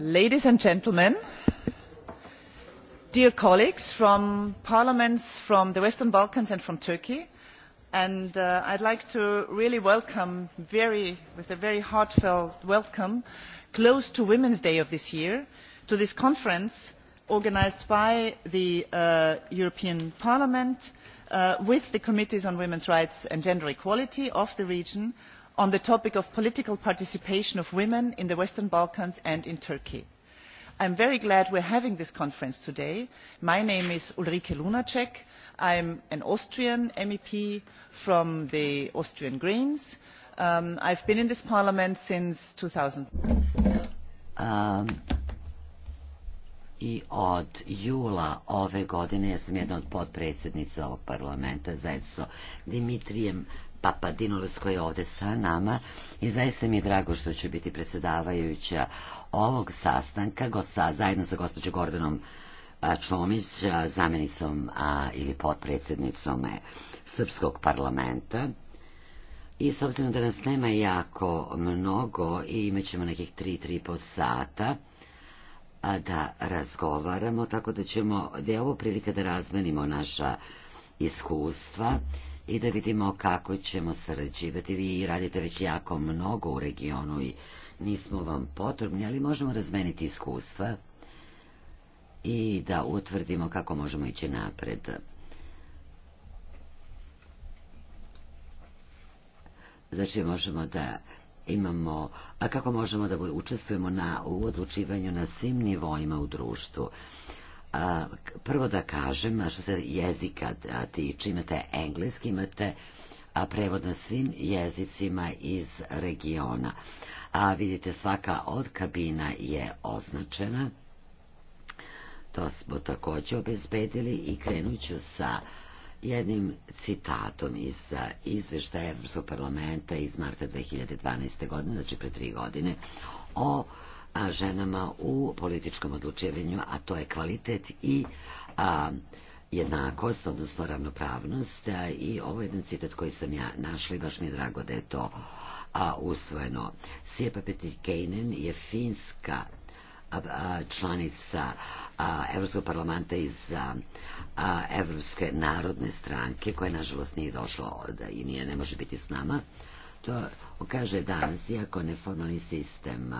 ladies and gentlemen dear colleagues from parliaments from the western balkans and from turkey and i would like to really welcome with a very heartfelt welcome close to women's day of this year to this conference organised by the european parliament with the committees on women's rights and gender equality of the region on the topic of political participation of women in the western balkans and in turkey. i am very glad we are having this conference today. my name is ulrike lunacek i am an austrian mep from the austrian greens. i have been in this parliament since. two thousand i od jula ove godine ja sam jedna od potpredsjednica ovog parlamenta zajedno s Dimitrijem Papa Dinulis koji je ovdje sa nama i zaista mi je drago što ću biti predsjedavajuća ovog sastanka sa, zajedno sa gospođom Gordonom Čomić, zamjenicom a, ili potpredsjednicom Srpskog parlamenta. I s obzirom da nas nema jako mnogo i imat ćemo nekih 3-3,5 sata, da razgovaramo, tako da ćemo, da je ovo prilika da razmenimo naša iskustva i da vidimo kako ćemo sarađivati. Vi radite već jako mnogo u regionu i nismo vam potrebni, ali možemo razmeniti iskustva i da utvrdimo kako možemo ići napred. Znači možemo da imamo, a kako možemo da učestvujemo na, u odlučivanju na svim nivoima u društvu prvo da kažem, što se jezika tiče, imate engleski, imate a, prevod na svim jezicima iz regiona. A vidite, svaka od kabina je označena. To smo također obezbedili i krenut ću sa jednim citatom iz izveštaja Evropskog parlamenta iz marta 2012. godine, znači pre tri godine, o ženama u političkom odlučivanju, a to je kvalitet i a, jednakost, odnosno ravnopravnost a, i ovo je jedan citat koji sam ja našla i baš mi je drago da je to a, usvojeno. Petit Kejnen je finska članica Evropskog parlamenta iz Evropske narodne stranke, koja nažalost nije došla i nije, ne može biti s nama, to kaže danas, iako neformalni sistem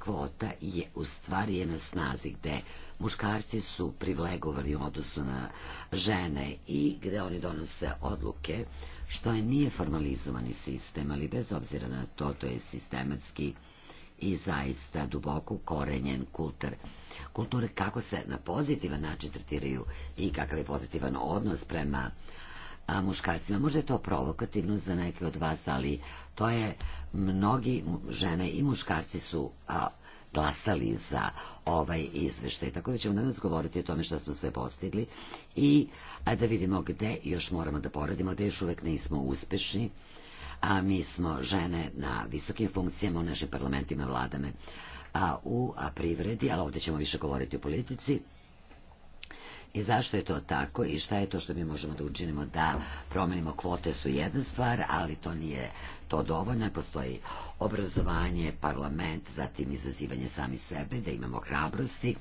kvota je u stvari je na snazi gde muškarci su privlegovani u odnosu na žene i gde oni donose odluke što je nije formalizovani sistem ali bez obzira na to to je sistematski i zaista duboko korenjen kultur kulture kako se na pozitivan način tretiraju i kakav je pozitivan odnos prema uh, muškarcima. Možda je to provokativno za neke od vas, ali to je mnogi žene i muškarci su glasali za ovaj izveštaj. Tako da ćemo danas govoriti o tome šta smo sve postigli i a, da vidimo gde još moramo da poradimo, da još uvek nismo uspešni. A mi smo žene na visokim funkcijama u našim parlamentima vladame a, u a privredi, ali ovde ćemo više govoriti o politici I zašto je to tako i šta je to što mi možemo da učinimo da promenimo kvote su jedna stvar, ali to nije to dovoljno. Postoji obrazovanje, parlament, zatim izazivanje sami sebe, da imamo hrabrosti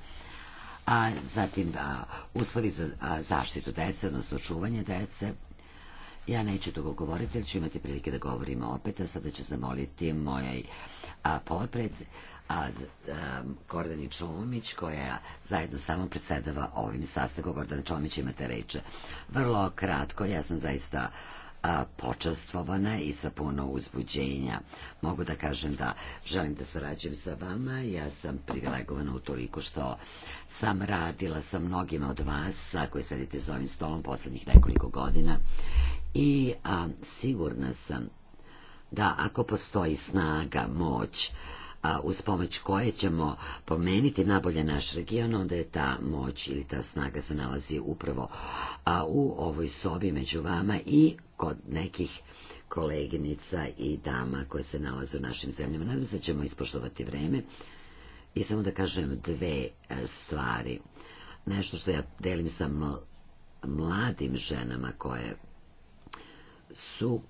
a zatim a, uslovi za a, zaštitu dece, odnosno čuvanje dece. Ja neću dugo govoriti, jer ću imati prilike da govorimo opet, a sada ću zamoliti mojoj a, Gordani Čomić koja zajedno sa vama predsedava ovim sastakom. Gordana Čomić imate reč. Vrlo kratko, ja sam zaista a, počastvovana i sa puno uzbuđenja. Mogu da kažem da želim da sarađujem sa vama, ja sam privilegovana u toliko što sam radila sa mnogima od vas a, koji sedite za ovim stolom poslednjih nekoliko godina i a, sigurna sam da ako postoji snaga, moć, a uz pomoć koje ćemo pomeniti nabolje naš region, onda je ta moć ili ta snaga se nalazi upravo a u ovoj sobi među vama i kod nekih koleginica i dama koje se nalaze u našim zemljama. Nadam se da ćemo ispoštovati vreme i samo da kažem dve stvari. Nešto što ja delim sa mladim ženama koje su,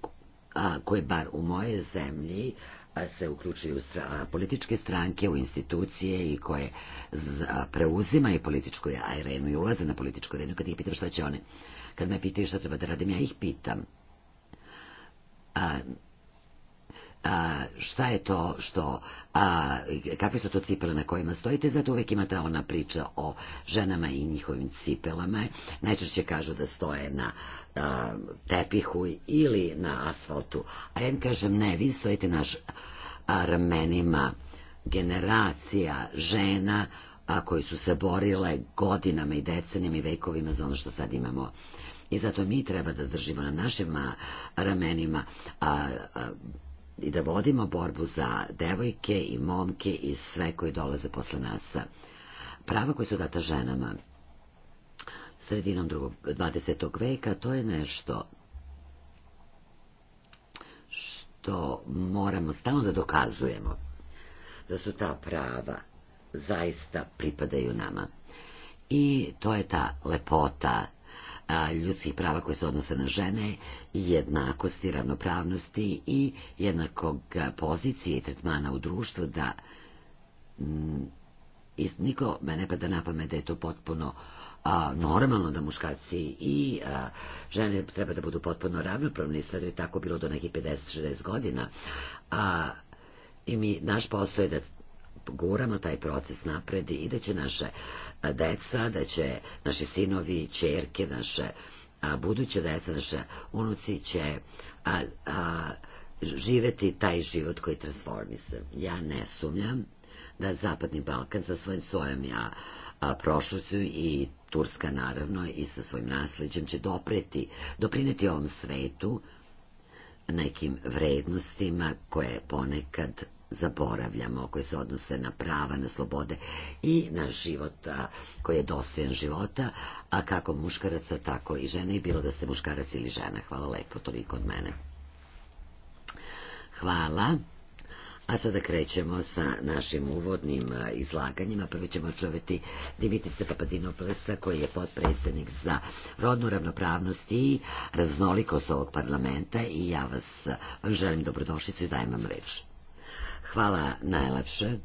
a, koje bar u moje zemlji, se uključuju političke stranke u institucije i koje preuzimaju političku arenu i ulaze na političku arenu kad ih pitam šta će one. Kad me pitaju šta treba da radim, ja ih pitam. A, a, šta je to što, a, kakve su to cipele na kojima stojite, zato uvek imate ona priča o ženama i njihovim cipelama. Najčešće kažu da stoje na a, tepihu ili na asfaltu. A ja im kažem, ne, vi stojite na ramenima generacija žena a, koji su se borile godinama i decenijama i vekovima za ono što sad imamo i zato mi treba da držimo na našima ramenima a, a, i da vodimo borbu za devojke i momke i sve koji dolaze posle nas. Prava koje su data ženama sredinom drugog, 20. veka, to je nešto što moramo stalno da dokazujemo da su ta prava zaista pripadaju nama. I to je ta lepota ljudskih prava koje se odnose na žene, jednakosti, ravnopravnosti i jednakog pozicije i tretmana u društvu da me ne pada na pamet da je to potpuno a, normalno da muškarci i a, žene treba da budu potpuno ravnopravni, sve da je tako bilo do nekih 50-60 godina. A, i mi, naš posao je da guramo taj proces napred i da će naše deca, da će naše sinovi, čerke, naše a, buduće deca, naše unuci će a, a, živeti taj život koji transformi se. Ja ne sumnjam da Zapadni Balkan sa svojim svojom ja a, i Turska naravno i sa svojim nasledđem će dopreti, doprineti ovom svetu nekim vrednostima koje ponekad zaboravljamo koje se odnose na prava, na slobode i na život koji je dostojan života, a kako muškaraca, tako i žene i bilo da ste muškarac ili žena. Hvala lepo, toliko od mene. Hvala. A sada krećemo sa našim uvodnim izlaganjima. Prvi ćemo čuvati Dimitrisa Papadinoplesa koji je potpredsjednik za rodnu ravnopravnost i raznolikost ovog parlamenta i ja vas želim dobrodošlicu i dajem vam reč. Hvala najlepše.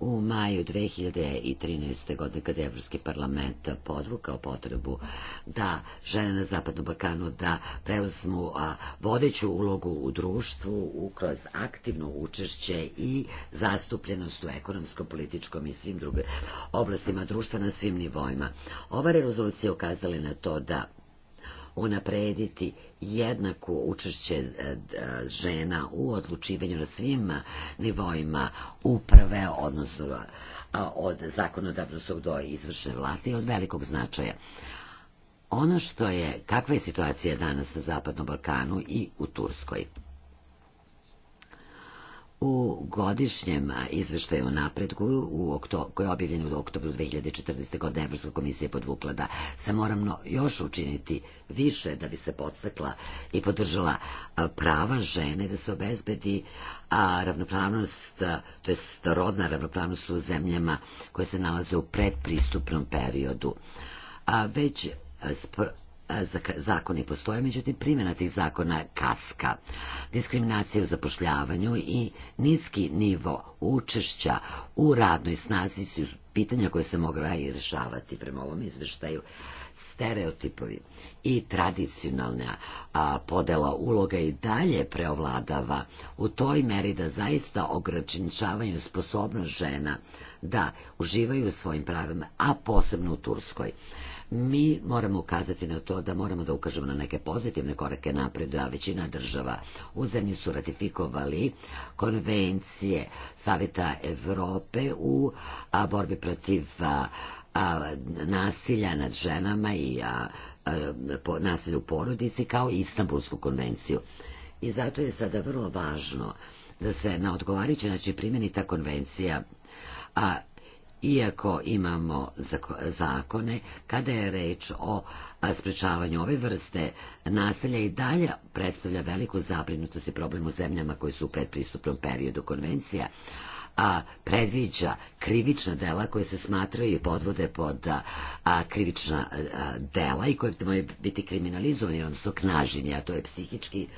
U maju 2013. godine kada je Evropski parlament podvukao potrebu da žene na Zapadnom Balkanu da preuzmu vodeću ulogu u društvu kroz aktivno učešće i zastupljenost u ekonomskom, političkom i svim drugim oblastima društva na svim nivoima. Ova rezolucija ukazala na to da unaprijediti jednako učešće žena u odlučivanju na svim nivoima uprave, odnosno od zakonodavnog do izvršne vlasti od velikog značaja. Ono što je, kakva je situacija danas na Zapadnom Balkanu i u Turskoj? U godišnjem izveštaju o napretku u okto, koji je objavljen u oktobru 2014. godine Evropska komisija je podvukla da se moramo još učiniti više da bi se podstakla i podržala prava žene da se obezbedi a, ravnopravnost, to je rodna ravnopravnost u zemljama koje se nalaze u predpristupnom periodu. A već zakoni postoje, međutim primjena tih zakona kaska. Diskriminacija u zapošljavanju i niski nivo učešća u radnoj snazi su pitanja koje se mogu i rešavati prema ovom izveštaju. Stereotipovi i tradicionalna podela uloga i dalje preovladava u toj meri da zaista ograničavaju sposobnost žena da uživaju u svojim pravima, a posebno u Turskoj mi moramo ukazati na to da moramo da ukažemo na neke pozitivne korake napredu, a većina država u zemlji su ratifikovali konvencije Savjeta Evrope u borbi protiv nasilja nad ženama i nasilju u porodici kao i Istanbulsku konvenciju. I zato je sada vrlo važno da se na odgovarajući način primjeni ta konvencija a iako imamo zakone, kada je reč o sprečavanju ove vrste naselja i dalje predstavlja veliku zabrinutost i problem u zemljama koji su u predpristupnom periodu konvencija, a predviđa krivična dela koje se smatraju i podvode pod a, krivična a, dela i koje moje biti kriminalizovani, odnosno knaženje, a to je psihički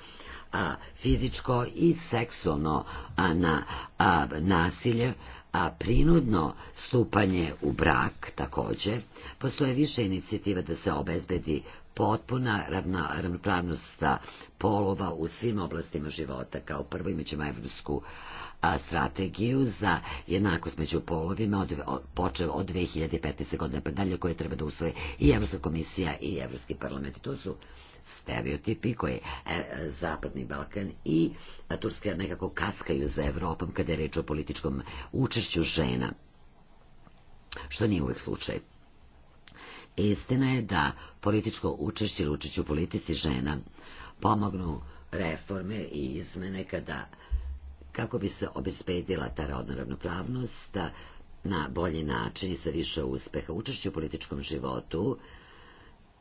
a, fizičko i seksualno a, na, a, nasilje A prinudno stupanje u brak takođe postoje više inicijativa da se obezbedi potpuna ravna, ravnopravnost polova u svim oblastima života. Kao prvo imaćemo evropsku a, strategiju za jednakost među polovima od, od, počeo od 2015. godine pa dalje koje treba da usvoje i Evropska komisija i Evropski parlament. I to su stereotipi koje je Zapadni Balkan i Turska nekako kaskaju za Evropom kada je reč o političkom učešću žena, što nije uvijek slučaj. Istina je da političko učešće ili učešće u politici žena pomognu reforme i izmene kada kako bi se obezbedila ta rodna ravnopravnost na bolji način i sa više uspeha. Učešće u političkom životu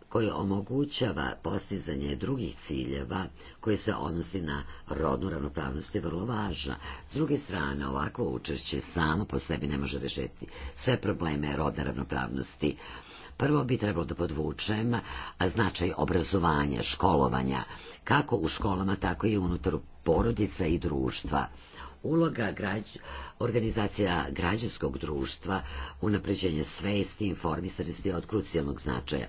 koji omogućava postizanje drugih ciljeva koji se odnosi na rodnu ravnopravnost je vrlo važna. S druge strane, ovako učešće samo po sebi ne može rešiti sve probleme rodne ravnopravnosti. Prvo bi trebalo da podvučem značaj obrazovanja, školovanja, kako u školama, tako i unutar porodica i društva uloga građ, organizacija građanskog društva, unapređenje svesti, informisanosti od krucijalnog značaja.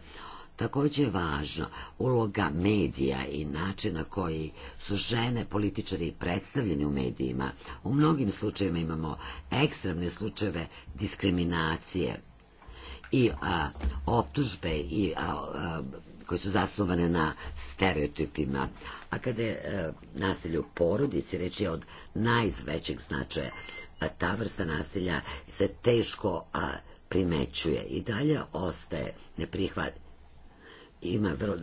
Također je važno uloga medija i način na koji su žene političari predstavljeni u medijima. U mnogim slučajevima imamo ekstremne slučajeve diskriminacije i a, optužbe i a, a, koje su zasnovane na stereotipima. A kada je a, nasilje u porodici, reč je od najvećeg značaja. A ta vrsta nasilja se teško a, primećuje i dalje ostaje neprihvat, ima vrlo,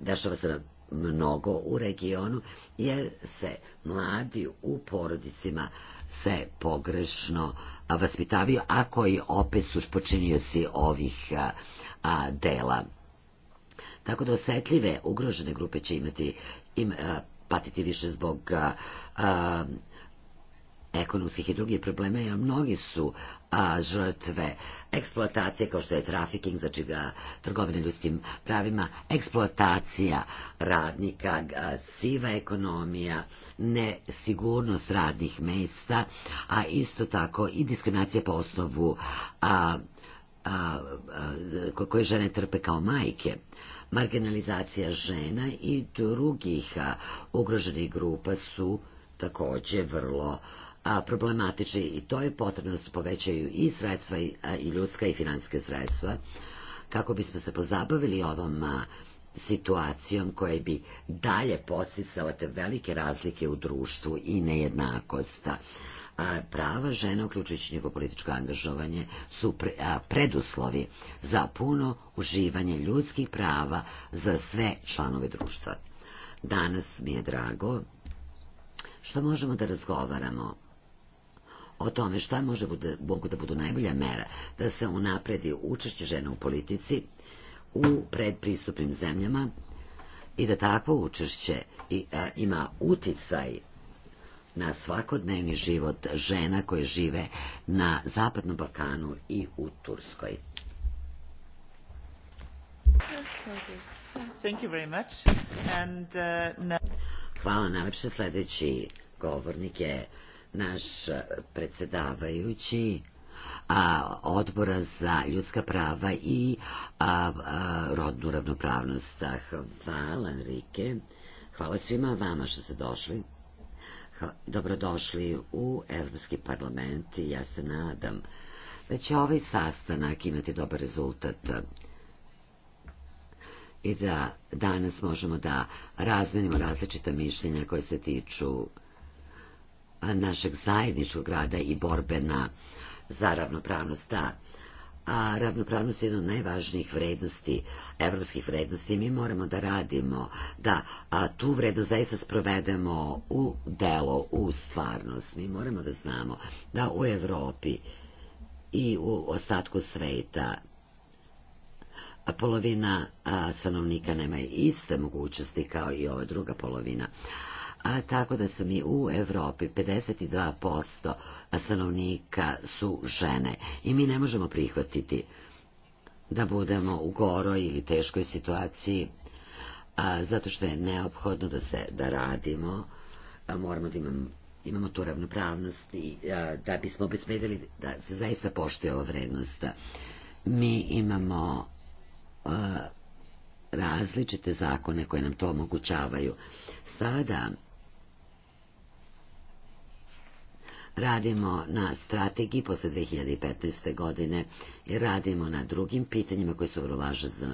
dešava se na mnogo u regionu, jer se mladi u porodicima se pogrešno vaspitavio, a koji opet su si ovih a, a, dela. Tako da osetljive, ugrožene grupe će imati, im, a, patiti više zbog a, a, ekonomskih i drugih problema, jer mnogi su a, žrtve eksploatacije kao što je trafiking, znači ga, trgovine ljudskim pravima, eksploatacija radnika, a, siva ekonomija, nesigurnost radnih mesta, a isto tako i diskriminacija po osnovu a, a, a, koje žene trpe kao majke marginalizacija žena i drugih ugroženih grupa su takođe vrlo problematični i to je potrebno da se povećaju i sredstva i ljudska i financijske sredstva kako bismo se pozabavili ovom situacijom koja bi dalje podsticala te velike razlike u društvu i nejednakost. Prava žena, uključujući njegovo političko angažovanje, su preduslovi za puno uživanje ljudskih prava za sve članove društva. Danas mi je drago što možemo da razgovaramo o tome šta može bude, mogu da budu najbolja mera da se unapredi učešće žena u politici u predpristupnim zemljama i da takvo učešće ima uticaj na svakodnevni život žena koje žive na Zapadnom Balkanu i u Turskoj. Thank you very much. And, uh, Hvala najlepše. Sledeći govornik je uh, naš predsjedavajući a, odbora za ljudska prava i a, a, rodnu ravnopravnost. Hvala, Enrique. Hvala svima vama što ste došli. Dobrodošli u Europski parlament i ja se nadam da će ovaj sastanak imati dobar rezultat i da danas možemo da razmenimo različita mišljenja koje se tiču našeg zajedničkog rada i borbe na, za ravnopravnost. Da, a ravnopravnost je jedna od najvažnijih vrednosti, evropskih vrednosti. Mi moramo da radimo, da a tu vrednost zaista sprovedemo u delo, u stvarnost. Mi moramo da znamo da u Evropi i u ostatku sveta polovina stanovnika nema iste mogućnosti kao i ova druga polovina a tako da sam i u Europi 52% stanovnika su žene i mi ne možemo prihvatiti da budemo u goroj ili teškoj situaciji a, zato što je neophodno da se da radimo a, moramo da imamo imamo tu ravnopravnost i a, da bismo obezbedili da se zaista poštuje ova vrednost. Mi imamo a, različite zakone koje nam to omogućavaju. Sada radimo na strategiji posle 2015. godine i radimo na drugim pitanjima koje su vrlo važne za,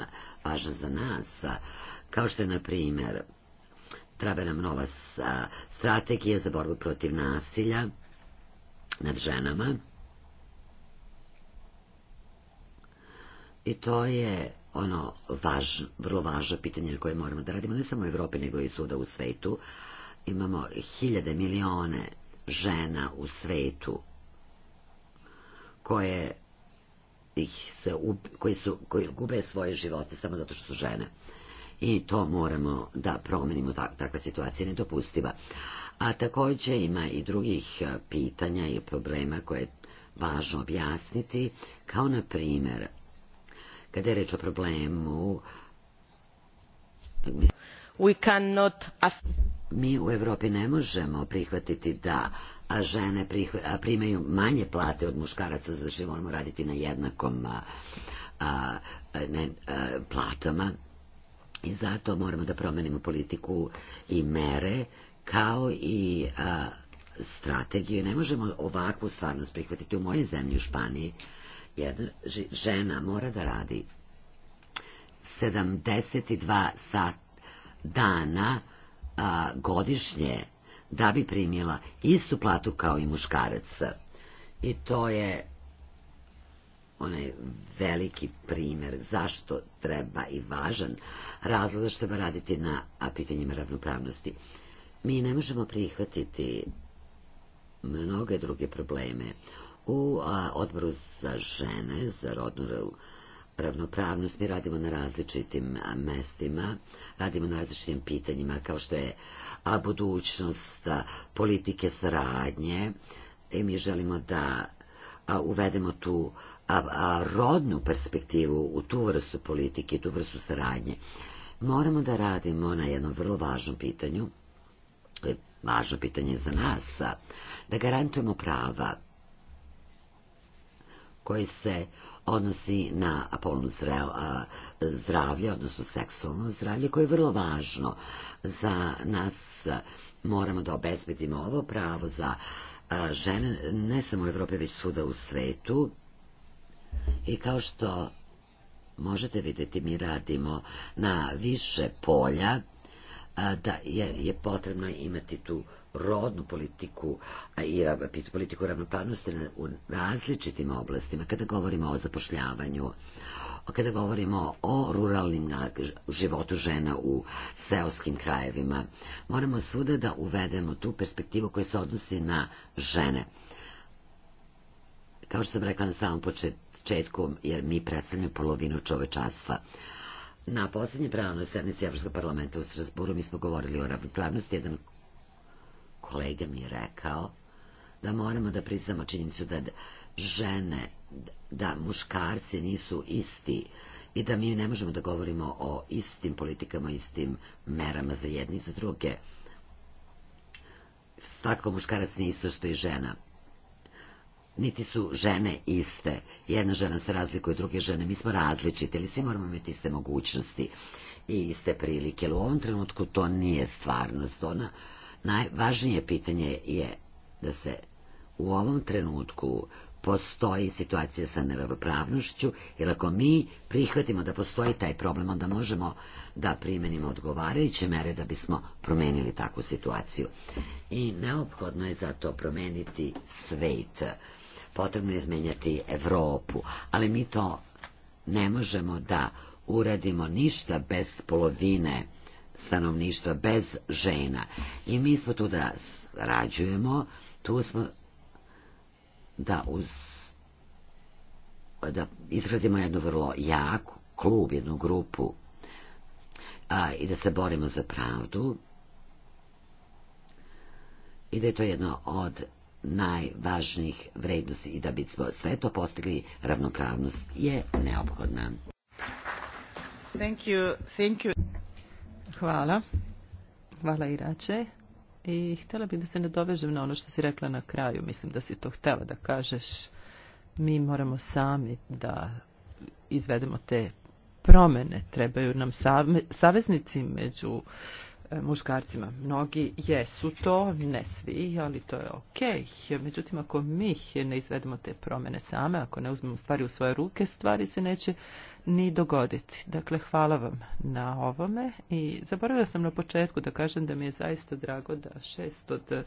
važne za nas, kao što je, na primjer, treba nam nova strategija za borbu protiv nasilja nad ženama. I to je ono važ, vrlo važno pitanje na koje moramo da radimo ne samo u Evropi nego i svuda u svetu. Imamo hiljade milione žena u svetu koje ih se, koji, su, koji gube svoje živote samo zato što su žene. I to moramo da promenimo, tak, takva situacija je nedopustiva. A takođe ima i drugih pitanja i problema koje je važno objasniti, kao na primer, kada je reč o problemu Mi u Europi ne možemo prihvatiti da žene primaju manje plate od muškaraca, zato što moramo raditi na jednakom platama. I zato moramo da promenimo politiku i mere, kao i strategiju. Ne možemo ovakvu stvarnost prihvatiti. U mojoj zemlji, u Španiji, jedna žena mora da radi 72 sata dana a, godišnje da bi primila istu platu kao i muškarac. I to je onaj veliki primer zašto treba i važan razlog zašto treba raditi na pitanjima ravnopravnosti. Mi ne možemo prihvatiti mnoge druge probleme. U a, odboru za žene, za rodnu ravnopravnost, mi radimo na različitim mestima, radimo na različitim pitanjima kao što je a budućnost politike saradnje i mi želimo da uvedemo tu rodnu perspektivu u tu vrstu politike, tu vrstu saradnje. Moramo da radimo na jednom vrlo važnom pitanju, koje je važno pitanje za nas, da garantujemo prava koji se odnosi na polno zdravlje, odnosno seksualno zdravlje, koje je vrlo važno za nas. Moramo da obezbedimo ovo pravo za žene, ne samo u Evropi, već svuda u svetu. I kao što možete vidjeti, mi radimo na više polja, da je, je potrebno imati tu rodnu politiku i politiku ravnopravnosti u različitim oblastima, kada govorimo o zapošljavanju, kada govorimo o ruralnim životu žena u seoskim krajevima, moramo svuda da uvedemo tu perspektivu koja se odnosi na žene. Kao što sam rekla na samom početku, jer mi predstavljamo polovinu čovečanstva. Na posljednji pravnoj sednici Evropskog parlamenta u Strasburu mi smo govorili o ravnopravnosti. Jedan kolega mi je rekao da moramo da priznamo činjenicu da žene, da muškarci nisu isti i da mi ne možemo da govorimo o istim politikama, istim merama za jedni i za druge. Svako muškarac nije isto što i žena. Niti su žene iste. Jedna žena se razlikuje od druge žene. Mi smo različiti, ali svi moramo imati iste mogućnosti i iste prilike. U ovom trenutku to nije stvarnost. Ona, Najvažnije pitanje je da se u ovom trenutku postoji situacija sa neravnopravnošću, jer ako mi prihvatimo da postoji taj problem, onda možemo da primenimo odgovarajuće mere da bismo promenili takvu situaciju. I neophodno je za to promeniti svet. Potrebno je izmenjati Evropu, ali mi to ne možemo da uradimo ništa bez polovine stanovništva bez žena. I mi smo tu da rađujemo, tu smo da uz da izgradimo jednu vrlo jaku klub, jednu grupu a, i da se borimo za pravdu i da je to jedno od najvažnijih vrednosti i da bi smo sve to postigli ravnopravnost je neophodna. Thank you. Thank you. Hvala. Hvala rače. I htjela bih da se nadovežem na ono što si rekla na kraju. Mislim da si to htjela da kažeš. Mi moramo sami da izvedemo te promene. Trebaju nam saveznici među muškarcima. Mnogi jesu to, ne svi, ali to je ok. Međutim, ako mi ne izvedemo te promene same, ako ne uzmemo stvari u svoje ruke, stvari se neće ni dogoditi. Dakle, hvala vam na ovome i zaboravila sam na početku da kažem da mi je zaista drago da šest od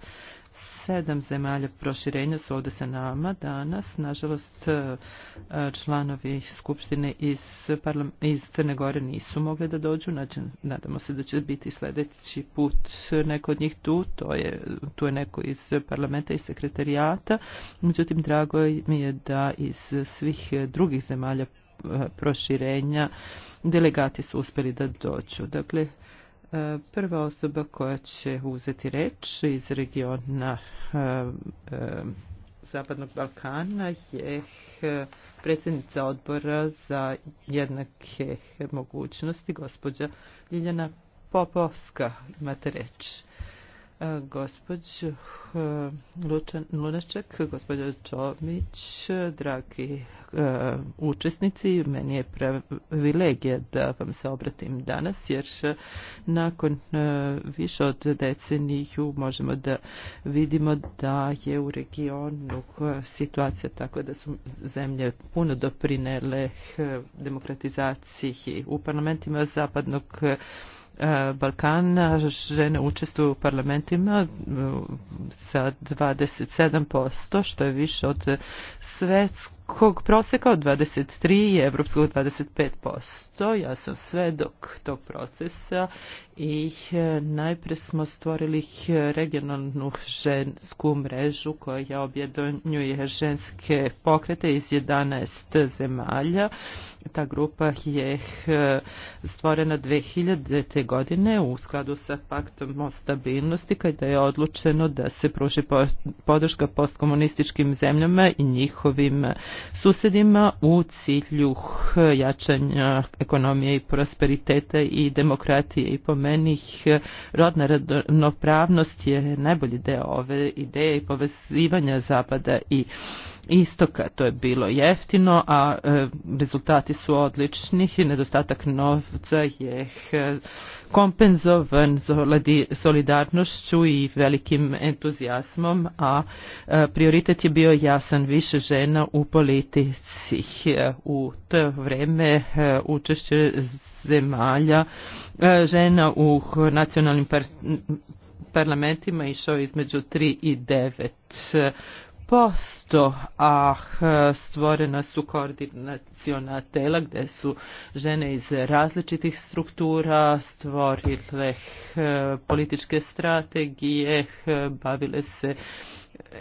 sedam zemalja proširenja su ovdje sa nama danas. Nažalost, članovi Skupštine iz, iz Crne Gore nisu mogli da dođu. Znači, nadamo se da će biti sljedeći put neko od njih tu. To je, tu je neko iz parlamenta i sekretarijata. Međutim, drago mi je da iz svih drugih zemalja proširenja delegati su uspjeli da dođu. Dakle, prva osoba koja će uzeti reč iz regiona Zapadnog Balkana je predsjednica odbora za jednake mogućnosti, gospođa Ljiljana Popovska. Imate reči gospođo Lunaček, gospođo Čomić, dragi učesnici, meni je privilegija da vam se obratim danas, jer nakon više od deceniju možemo da vidimo da je u regionu situacija tako da su zemlje puno doprinele demokratizaciji u parlamentima zapadnog Balkan žene učestvuju u parlamentima sa 27%, što je više od svetske Kog prosjeka od 23 i evropskog 25%. Ja sam sve dok tog procesa i najpre smo stvorili regionalnu žensku mrežu koja objedonjuje ženske pokrete iz 11 zemalja. Ta grupa je stvorena 2000. godine u skladu sa paktom o stabilnosti kada je odlučeno da se pruži podrška postkomunističkim zemljama i njihovim susjedima u cilju jačanja ekonomije i prosperiteta i demokratije i po meni rodna radnopravnost je najbolji deo ove ideje i povezivanja zapada i istoka. To je bilo jeftino, a rezultati su odlični i nedostatak novca je kompenzovan solidarnošću i velikim entuzijasmom, a prioritet je bio jasan više žena u politici. U to vreme učešće zemalja žena u nacionalnim par parlamentima išao između 3 i 9 posto a stvorena su koordinaciona tela gde su žene iz različitih struktura stvorile političke strategije, bavile se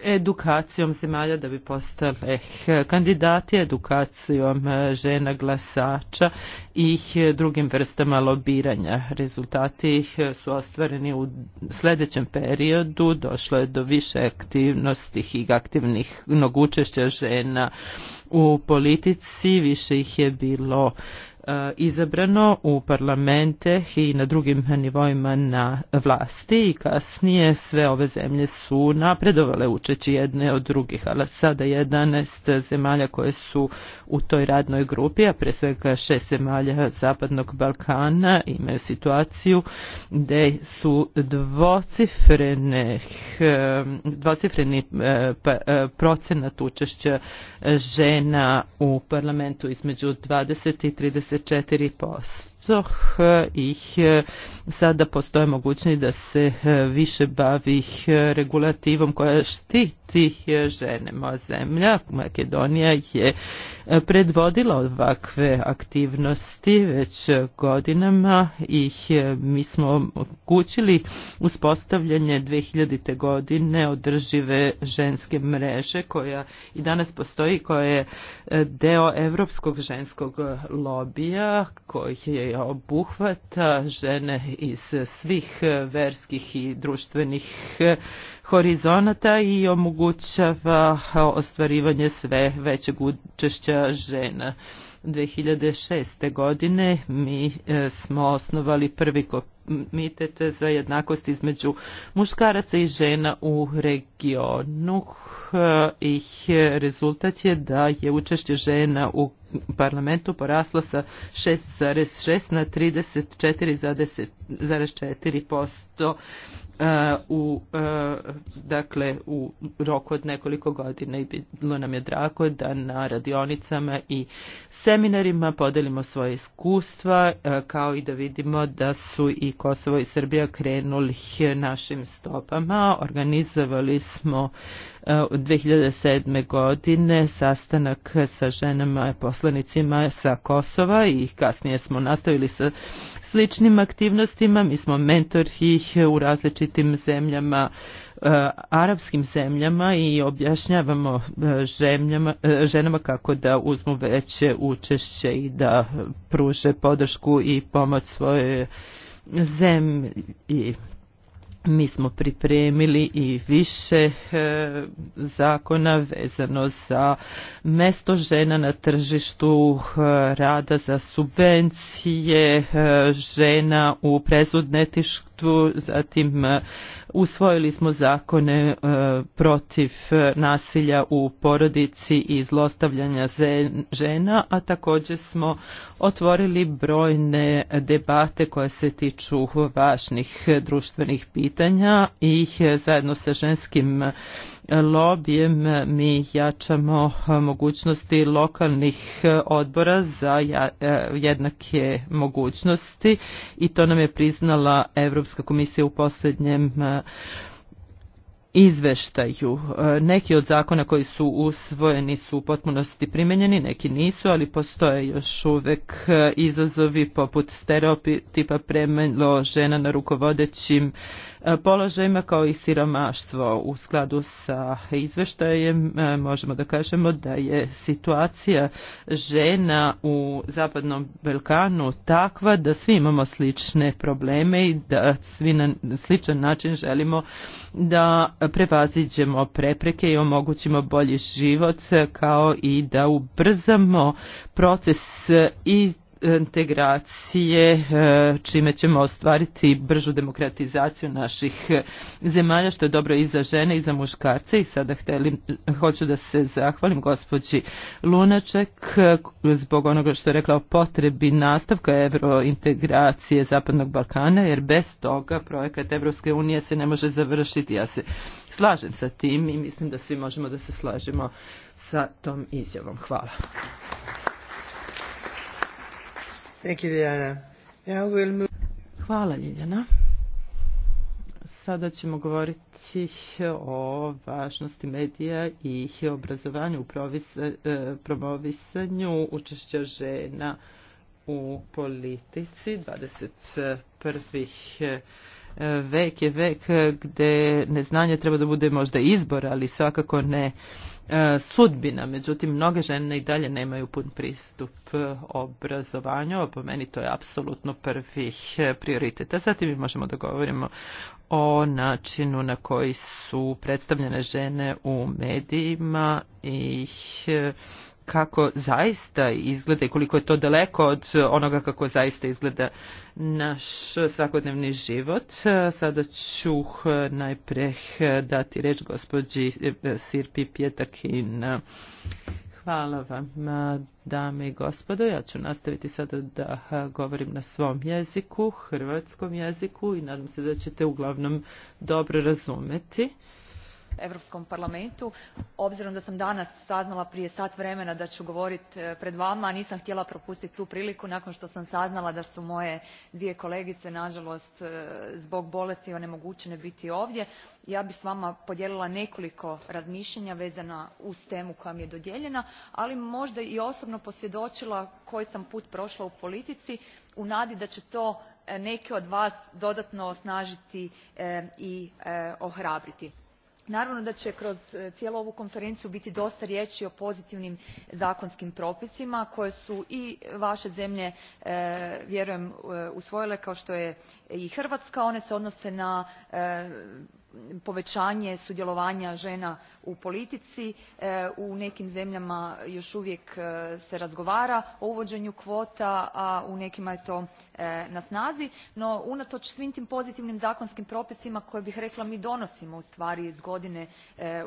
edukacijom zemalja da bi postale kandidati, edukacijom žena glasača i drugim vrstama lobiranja. Rezultati ih su ostvareni u sljedećem periodu, došlo je do više aktivnosti i aktivnih učešća žena u politici, više ih je bilo izabrano u parlamente i na drugim nivoima na vlasti i kasnije sve ove zemlje su napredovale učeći jedne od drugih, ali sada 11 zemalja koje su u toj radnoj grupi, a pre svega šest zemalja Zapadnog Balkana imaju situaciju gde su dvocifrene dvocifreni procenat učešća žena u parlamentu između 20 i 30 24% ih sada postoje mogućnosti da se više bavi regulativom koja štiti tih žene. Moja zemlja, Makedonija, je predvodila ovakve aktivnosti već godinama i mi smo kućili uspostavljanje 2000. godine održive ženske mreže koja i danas postoji koja je deo evropskog ženskog lobija koji je obuhvata žene iz svih verskih i društvenih horizonata i omogućava ostvarivanje sve većeg učešća žena. 2006. godine mi smo osnovali prvi kop komitete za jednakost između muškaraca i žena u regionu i rezultat je da je učešće žena u parlamentu poraslo sa 6,6 na 34,4% u, dakle, u roku od nekoliko godina i bilo nam je drago da na radionicama i seminarima podelimo svoje iskustva kao i da vidimo da su i Kosovo i Srbija krenulih našim stopama. Organizovali smo od 2007. godine sastanak sa ženama poslanicima sa Kosova i kasnije smo nastavili sa sličnim aktivnostima. Mi smo mentor ih u različitim zemljama arapskim zemljama i objašnjavamo žemljama, ženama kako da uzmu veće učešće i da pruže podršku i pomoć svoje uh, zemlji. Mi smo pripremili i više e, zakona vezano za mesto žena na tržištu e, rada, za subvencije e, žena u prezudnetiškom partnerstvu, zatim usvojili smo zakone protiv nasilja u porodici i zlostavljanja žena, a također smo otvorili brojne debate koje se tiču važnih društvenih pitanja i zajedno sa ženskim lobijem mi jačamo mogućnosti lokalnih odbora za jednake mogućnosti i to nam je priznala Evropska komisija u posljednjem izveštaju. Neki od zakona koji su usvojeni su u potpunosti primenjeni, neki nisu, ali postoje još uvek izazovi poput stereotipa premenilo žena na rukovodećim položajima kao i siromaštvo. U skladu sa izveštajem možemo da kažemo da je situacija žena u Zapadnom Balkanu takva da svi imamo slične probleme i da svi na sličan način želimo da prevaziđemo prepreke i omogućimo bolji život kao i da ubrzamo proces i integracije čime ćemo ostvariti bržu demokratizaciju naših zemalja što je dobro i za žene i za muškarce i sada hteli, hoću da se zahvalim gospođi Lunaček zbog onoga što je rekla o potrebi nastavka eurointegracije Zapadnog Balkana jer bez toga projekat Evropske unije se ne može završiti. Ja se slažem sa tim i mislim da svi možemo da se slažemo sa tom izjavom. Hvala. Thank you, Ljiljana. Now we'll move... Hvala Ljiljana. Sada ćemo govoriti o važnosti medija i obrazovanju u promovisanju učešća žena u politici 21. vek je vek gde neznanje treba da bude možda izbor, ali svakako ne uh, sudbina. Međutim, mnoge žene i dalje nemaju pun pristup obrazovanju, a po meni to je apsolutno prvih prioriteta. Zatim mi možemo da govorimo o načinu na koji su predstavljene žene u medijima i kako zaista izgleda i koliko je to daleko od onoga kako zaista izgleda naš svakodnevni život. Sada ću najprej dati reč gospođi Sirpi Pjetakin. Hvala vam, dame i gospodo. Ja ću nastaviti sada da govorim na svom jeziku, hrvatskom jeziku i nadam se da ćete uglavnom dobro razumeti europskom parlamentu. obzirom da sam danas saznala prije sat vremena da ću govoriti pred vama nisam htjela propustiti tu priliku nakon što sam saznala da su moje dvije kolegice nažalost zbog bolesti onemogućene biti ovdje. ja bih s vama podijelila nekoliko razmišljanja vezana uz temu koja mi je dodijeljena ali možda i osobno posvjedočila koji sam put prošla u politici u nadi da će to neke od vas dodatno osnažiti i ohrabriti naravno da će kroz cijelu ovu konferenciju biti dosta riječi o pozitivnim zakonskim propisima koje su i vaše zemlje vjerujem usvojile kao što je i hrvatska. one se odnose na povećanje sudjelovanja žena u politici u nekim zemljama još uvijek se razgovara o uvođenju kvota a u nekima je to na snazi no unatoč svim tim pozitivnim zakonskim propisima koje bih rekla mi donosimo ustvari iz godine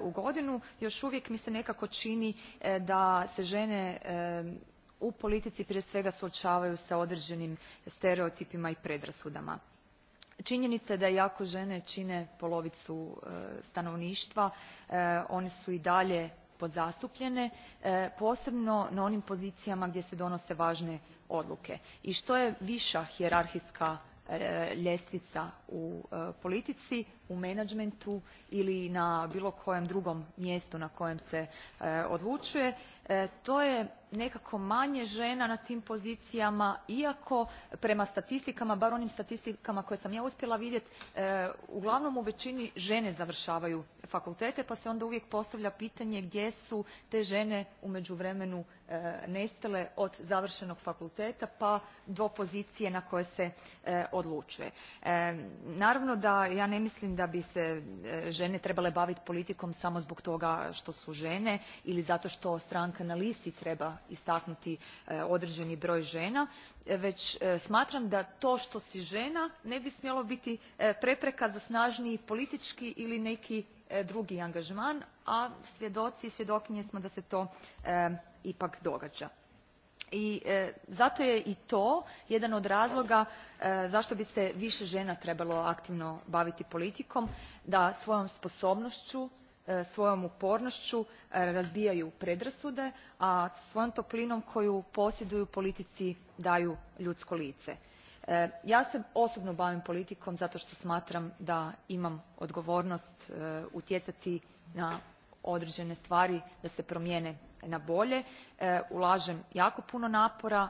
u godinu još uvijek mi se nekako čini da se žene u politici prije svega suočavaju s određenim stereotipima i predrasudama. Činjenica je da iako žene čine polovicu stanovništva, one su i dalje podzastupljene, posebno na onim pozicijama gdje se donose važne odluke. I što je viša hijerarhijska ljestvica u politici, u menadžmentu ili na bilo kojem drugom mjestu na kojem se odlučuje, to je nekako manje žena na tim pozicijama iako prema statistikama bar onim statistikama koje sam ja uspjela vidjeti uglavnom u većini žene završavaju fakultete pa se onda uvijek postavlja pitanje gdje su te žene u međuvremenu nestale od završenog fakulteta pa do pozicije na koje se odlučuje. naravno da ja ne mislim da bi se žene trebale baviti politikom samo zbog toga što su žene ili zato što stranka stranaka na listi treba istaknuti određeni broj žena već smatram da to što si žena ne bi smjelo biti prepreka za snažniji politički ili neki drugi angažman a svjedoci i svjedokinje smo da se to ipak događa i zato je i to jedan od razloga zašto bi se više žena trebalo aktivno baviti politikom da svojom sposobnošću svojom upornou razbijaju predrasude a svojom toplinom koju posjeduju politici daju ljudsko lice. ja se osobno bavim politikom zato to smatram da imam odgovornost utjecati na odreene stvari da se promijene na bolje. ulaem jako puno napora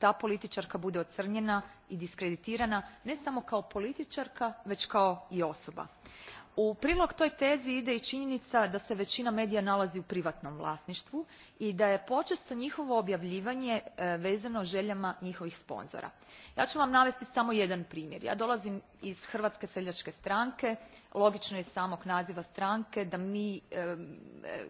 ta političarka bude ocrnjena i diskreditirana ne samo kao političarka već i kao osoba u prilog toj tezi ide i činjenica da se većina medija nalazi u privatnom vlasništvu i da je počesto njihovo objavljivanje vezano željama njihovih sponzora. ja ću vam navesti samo jedan primjer. ja dolazim iz hrvatske seljačke stranke logično je iz samog naziva stranke da mi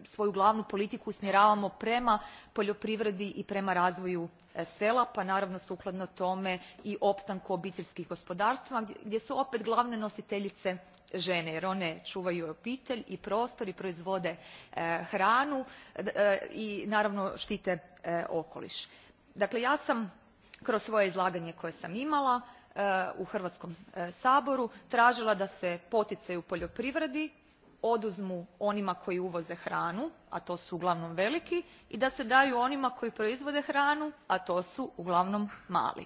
svoju glavnu politiku usmjeravamo prema poljoprivredi i prema razvoju sela pa naravno sukladno tome i opstanku obiteljskih gospodarstava gdje su opet glavne nositeljice žene jer one čuvaju obitelj i prostor i proizvode hranu i naravno štite okoliš. dakle ja sam kroz svoje izlaganje koje sam imala u hrvatskom saboru tražila da se poticaji u poljoprivredi oduzmu onima koji uvoze hranu a to su uglavnom veliki i da se daju onima koji proizvode hranu a to su uglavnom mali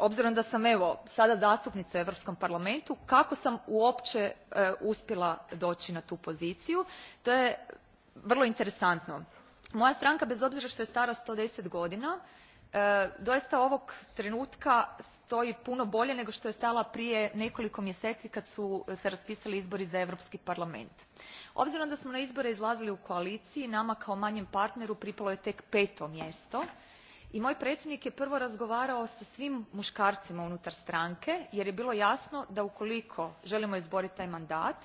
obzirom da sam evo sada zastupnica u europskom parlamentu kako sam uope uspjela doi na tu poziciju to je vrlo interesantno. moja stranka bez obzira to je stara one hundred and ten godina doista ovog trenutka stoji puno bolje nego to je stajala prije nekoliko mjeseci kad su se raspisali izbori za europski parlament. obzirom da smo na izbore izlazili u koaliciji nama kao manjem partneru pripalo je tek peto mjesto i moj predsjednik je prvo razgovarao sa svim muškarcima unutar stranke jer je bilo jasno da ukoliko želimo izboriti taj mandat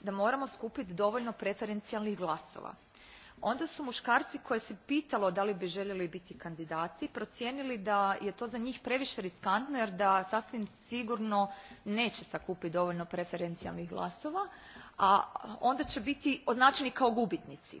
da moramo skupiti dovoljno preferencijalnih glasova. onda su muškarci koje se pitalo da li bi željeli biti kandidati procijenili da je to za njih previše riskantno jer da sasvim sigurno neće sakupiti dovoljno preferencijalnih glasova a onda će biti označeni kao gubitnici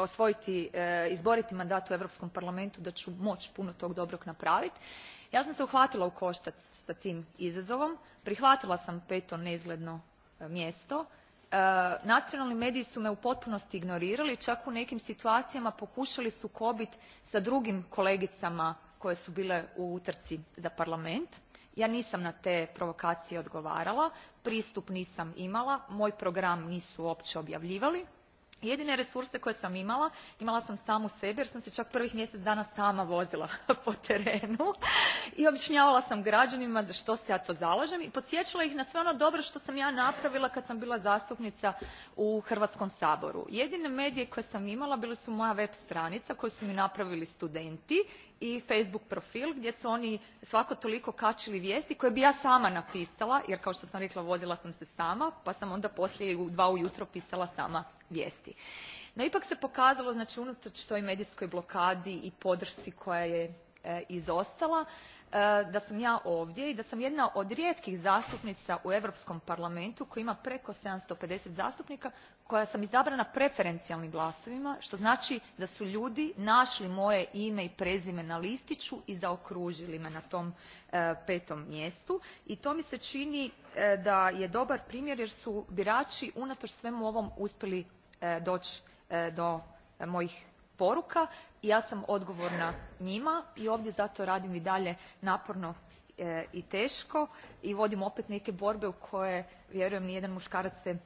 osvojiti izboriti mandat u europskom parlamentu da ću moći puno toga dobrog napraviti ja sam se uhvatila u koštac s tim izazovom prihvatila sam peto neizgledno mjesto nacionalni mediji su me u potpunosti ignorirali čak u nekim situacijama pokušali sukobiti s drugim kolegicama koje su bile u utrci za parlament ja nisam na te provokacije odgovarala pristup nisam imala moj program nisu uopće objavljivali jedine resurse koje sam imala imala sam samu sebe jer sam se ak prvih mjesec dana sama vozila po terenu i objanjavala sam graanima za to se ja to zalaem i podsjeala ih na sve ono dobro to sam ja napravila kad sam bila zastupnica u hrvatskom saboru. jedini mediji koje sam imala bili su moja web stranica koju su mi napravili studenti i facebook profil gdje su oni svako toliko kaili vijesti koje bi ja sama napisala jer kao to sam rekla vozila sam se sama pa sam onda poslije u two ujutro pisala sama vijesti. No ipak se pokazalo, znači unatoč toj medijskoj blokadi i podršci koja je izostala da sam ja ovdje i da sam jedna od rijetkih zastupnica u europskom parlamentu koji ima preko seven hundred and fifty zastupnika koja sam izabrana preferencijalnim glasovima to znai da su ljudi nali moje ime i prezime na listiu i zaokruili me na tom petom mjestu i to mi se ini da je dobar primjer jer su birai unato svemu ovom uspjeli doi do mojih poruka i ja sam odgovorna njima i ovdje zato radim i dalje naporno i teško i vodim opet neke borbe u koje vjerujem nijedan muškarac se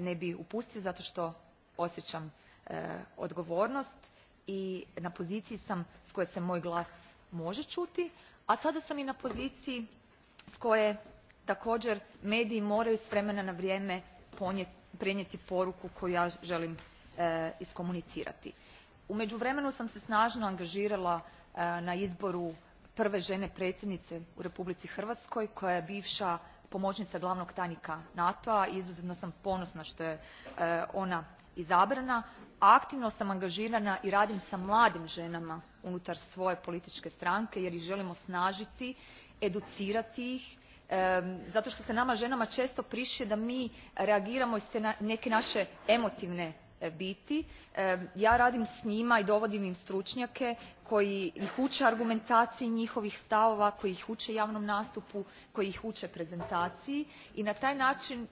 ne bi upustio zato što osjećam odgovornost i na poziciji sam s koje se moj glas može čuti a sada sam i na poziciji s koje također mediji moraju s vremena na vrijeme prenijeti poruku koju ja želim iskomunicirati. U međuvremenu sam se snažno angažirala na izboru prve žene predsjednice u Republici Hrvatskoj koja je bivša pomoćnica glavnog tajnika NATO-a i izuzetno sam ponosna što je ona izabrana. Aktivno sam angažirana i radim sa mladim ženama unutar svoje političke stranke jer ih želim osnažiti, educirati ih, zato što se nama ženama često prišije da mi reagiramo iz te neke naše emotivne biti ja radim s njima i dovodim im strunjake koji ih ue argumentaciji njihovih stavova koji ih ue javnom nastupu koji ih ue prezentaciji i na taj nain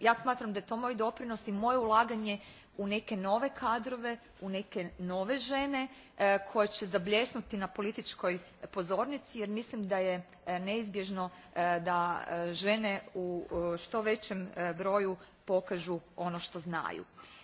ja smatram da je to moj doprinos i moje ulaganje u neke nove kadrove u neke nove ene koje e zabljesnuti na politikoj pozornici jer mislim da je neizbjeno da ene u to veem broju pokau ono to znaju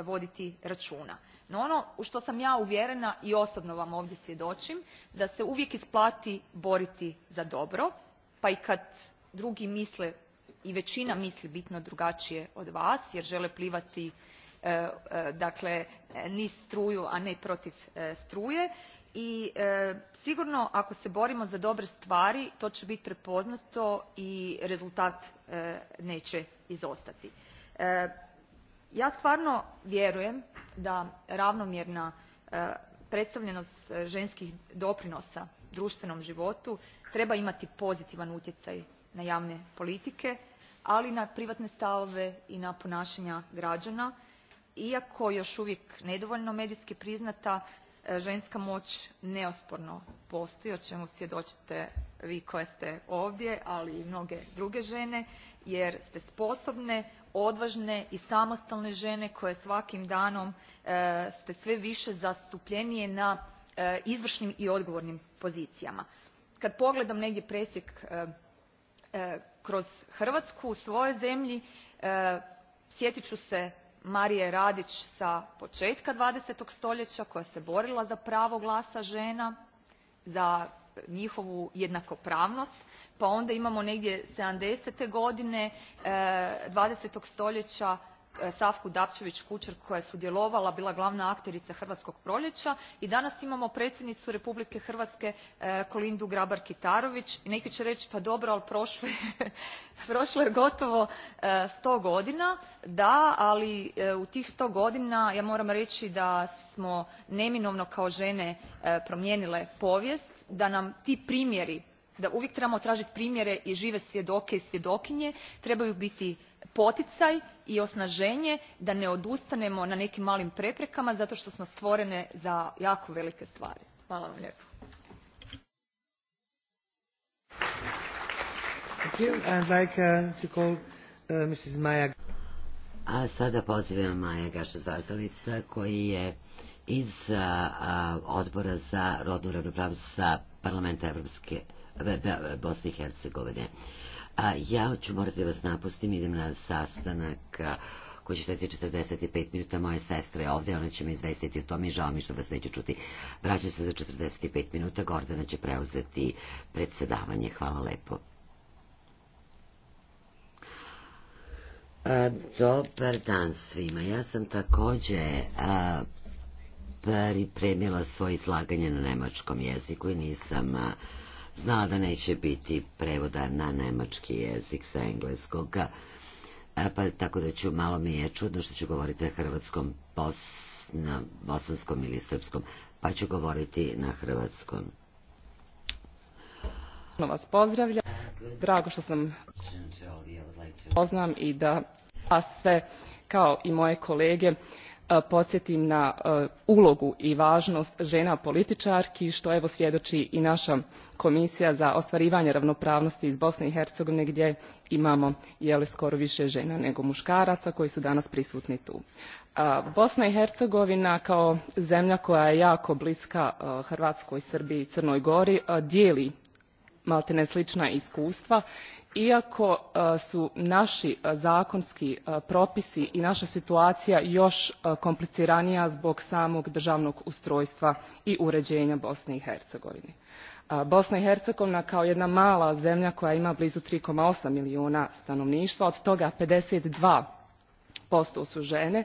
voditi računa. No ono u što sam ja uvjerena i osobno vam ovdje svjedočim, da se uvijek isplati boriti za dobro, pa i kad drugi misle i većina misli bitno drugačije od vas jer žele plivati dakle niz struju a ne protiv struje i sigurno ako se borimo za dobre stvari to će biti prepoznato i rezultat neće izostati ja stvarno vjerujem da ravnomjerna predstavljenost ženskih doprinosa društvenom životu treba imati pozitivan utjecaj na javne politike ali i na privatne stavove i na ponašanja građana iako još uvijek nedovoljno medijski priznata ženska moć neosporno postoji o čemu svjedočite vi koja ste ovdje ali i mnoge druge žene jer ste sposobne odvažne i samostalne žene koje svakim danom ste sve više zastupljenije na izvršnim i odgovornim pozicijama. Kad pogledam negdje presjek kroz Hrvatsku u svojoj zemlji, sjetit ću se Marije Radić sa početka 20. stoljeća koja se borila za pravo glasa žena, za njihovu jednakopravnost pa onda imamo negdje sedamdesete godine dvadesetog stoljeća savku dapčević kučar koja je sudjelovala bila glavna akterica hrvatskog proljeća i danas imamo predsjednicu republike hrvatske kolindu grabar kitarović i neki će reći pa dobro ali prošlo je gotovo sto godina da ali u tih sto godina ja moram reći da smo neminovno kao žene promijenile povijest da nam ti primjeri da uvijek trebamo tražiti primjere i žive svjedoke i svjedokinje trebaju biti poticaj i osnaženje da ne odustanemo na nekim malim preprekama zato što smo stvorene za jako velike stvari. Hvala vam lijepo iz Odbora za rodnu ravnopravnost sa parlamenta Evropske Bosne i Hercegovine. ja ću morati da vas napustim, idem na sastanak koji će stati 45 minuta. Moja sestra je ovdje, ona će me izvestiti o tome i žao mi što vas neću čuti. Vraćam se za 45 minuta, Gordana će preuzeti predsedavanje. Hvala lepo. Dobar dan svima. Ja sam takođe pripremila svoje izlaganje na nemačkom jeziku i nisam znala da neće biti prevoda na nemački jezik sa engleskog. Pa tako da ću, malo mi je čudno što ću govoriti na hrvatskom, bos, na bosanskom ili srpskom, pa ću govoriti na hrvatskom. Vas pozdravljam. Drago što sam poznam i da vas sve kao i moje kolege podsjetim na ulogu i važnost žena političarki što evo svjedoči i naša komisija za ostvarivanje ravnopravnosti iz bosne i hercegovine gdje imamo skoro više žena nego muškaraca koji su danas prisutni tu. bosna i hercegovina kao zemlja koja je jako bliska hrvatskoj srbiji i crnoj gori dijeli maltene slina iskustva iako su naši zakonski propisi i naa situacija jo kompliciranija zbog samog dravnog ustrojstva i ureenja bosne i hercegovine. bosna i hercegovina kao jedna mala zemlja koja ima blizu three eight milijuna stanovnitva od toga fifty two su ene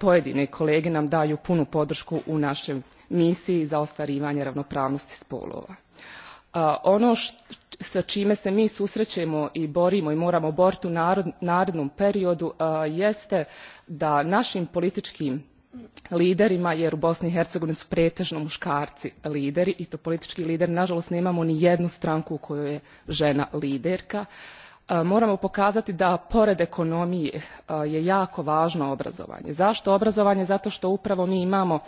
pojedini kolege nam daju punu podršku u našoj misiji za ostvarivanje ravnopravnosti spolova. ono sa čime se mi susrećemo i borimo i moramo boriti u narednom periodu jeste da našim političkim liderima jer u bosni i hercegovini su pretežno muškarci lideri i to politički lider nažalost nemamo ni jednu stranku u kojoj je žena liderka moramo pokazati da pored ekonomije je jako vano obrazovanje. zato obrazovanje? zato to upravo mi imamo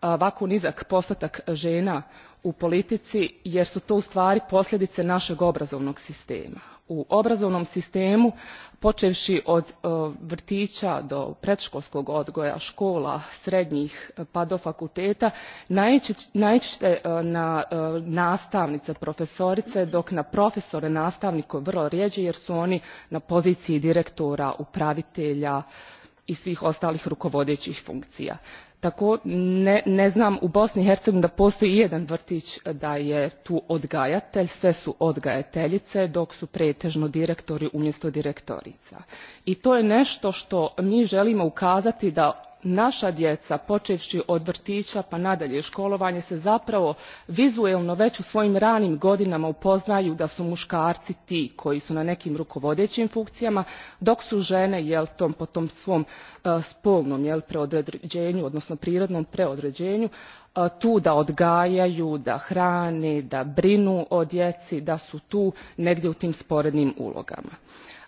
ovako nizak postotak ena u politici jer su to ustvari posljedice naeg obrazovnog sistema u obrazovnom sistemu poevši od vrtića do predškolskog odgoja škola, srednjih pa do fakulteta naići ćete na nastavnice profesorice dok na profesore nastavnike vrlo rijeđe jer su oni na poziciji direktora upravitelja i svih ostalih rukovodećih funkcija ne znam u bosni i hercegovini da postoji ijedan vrti da je tu odgajatelj sve su odgajateljice dok su pretežno direktori umjesto direktorica i to je nešto na što mi želimo ukazati da naša djeca počevši od vrtića pa nadalje školovanje se zapravo vizuelno već u svojim ranim godinama upoznaju da su muškarci ti koji su na nekim rukovodećim funkcijama dok su žene tom po tom svom spolnom preodređenju, odnosno prirodnom preodređenju tu da odgajaju da hrane da brinu o djeci da su tu negdje u tim sporednim ulogama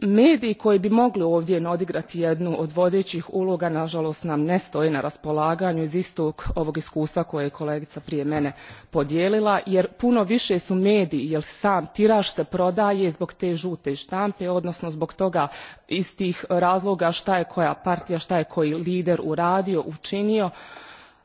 mediji koji bi mogli ovdje odigrati jednu od vodeih uloga naalost nam ne stoje na raspolaganju iz istog ovog iskustva koje je kolegica prije mene podijelila jer puno vie su mediji jer sam tira se prodaje zbog te ute tampe odnosno zbog toga iz tih razloga šta je koja partija šta je koji lider uradio uinio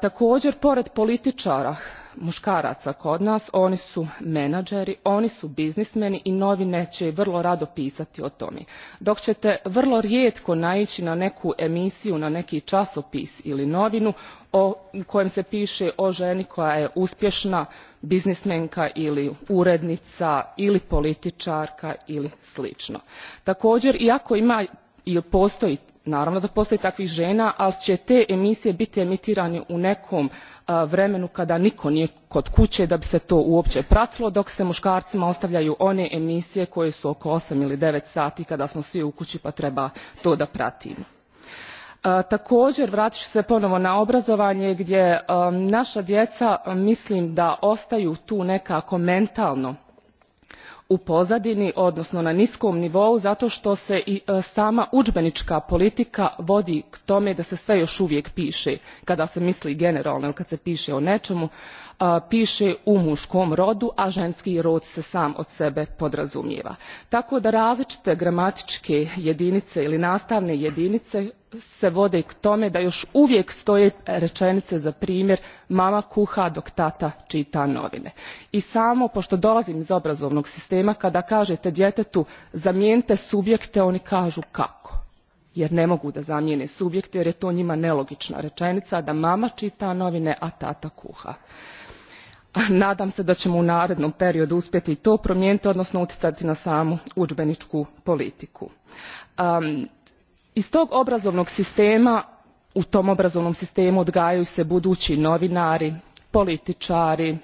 takoer pored politiara mukaraca kod nas oni su menadžeri oni su biznismeni i novine će vrlo rado pisati o tome dok ćete vrlo rijetko naići na neku emisiju na neki časopis ili novinu u kojem se piše o ženi koja je uspješna biznismenka ili urednica ili političarka ili slično. također iako ima i postoji naravno da postoji takvih žena, ali će te emisije biti emitirane u nekom vremenu kada nitko nije kod kuće da bi se to uopće pratilo dok se muškarcima ostavljaju one emisije koje su oko osam ili devet sati kada smo svi u kući pa treba to da pratimo. Također, vratit ću se ponovo na obrazovanje gdje naša djeca mislim da ostaju tu nekako mentalno u pozadini odnosno na niskom nivou zato što se i sama udžbenička politika vodi k tome da se sve još uvijek piše kada se misli generalno ili kad se piše o nečemu piše u muškom rodu a ženski rod se sam od sebe podrazumijeva tako da različite gramatičke jedinice ili nastavne jedinice se vode k tome da još uvijek stoje rečenice za primjer mama kuha dok tata čita novine. i samo pošto dolazim iz obrazovnog sistema kada kažete djetetu zamijenite subjekte oni kažu kako jer ne mogu da zamijene subjekte jer je to njima nelogična rečenica da mama čita novine a tata kuha nadam se da ćemo u narednom periodu uspjeti i to promijeniti odnosno utjecati na samu udžbeničku politiku. Um, iz tog obrazovnog sistema u tom obrazovnom sistemu odgajaju se budui novinari politiari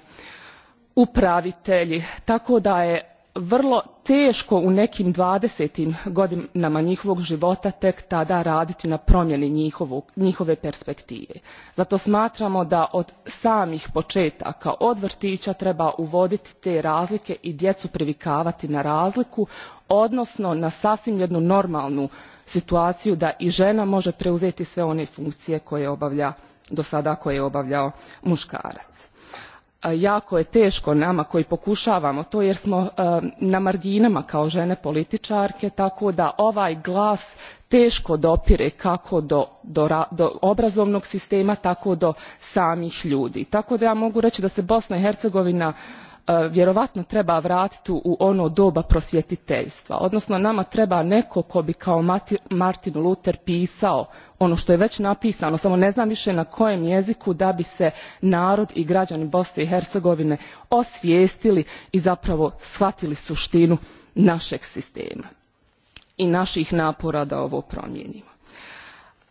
upravitelji tako da je vrlo teško u nekim dvadesetim godinama njihovog života tek tada raditi na promjeni njihove perspektive. zato smatramo da od samih početaka od vrtića treba uvoditi te razlike i djecu privikavati na razliku odnosno na sasvim jednu normalnu situaciju da i žena može preuzeti sve one funkcije koje obavlja do sada koje je obavljao muškarac jako je teško nama koji pokušavamo to jer smo na marginama kao žene političarke tako da ovaj glas teško dopire kako do, do, do obrazovnog sistema tako do samih ljudi. Tako da ja mogu reći da se Bosna i Hercegovina uh, vjerojatno treba vratiti u ono doba prosvjetiteljstva odnosno nama treba neko ko bi kao martin luther pisao ono što je već napisano samo ne znam više na kojem jeziku da bi se narod i građani bosne i hercegovine osvijestili i zapravo shvatili suštinu našeg sistema i naših napora da ovo promijenimo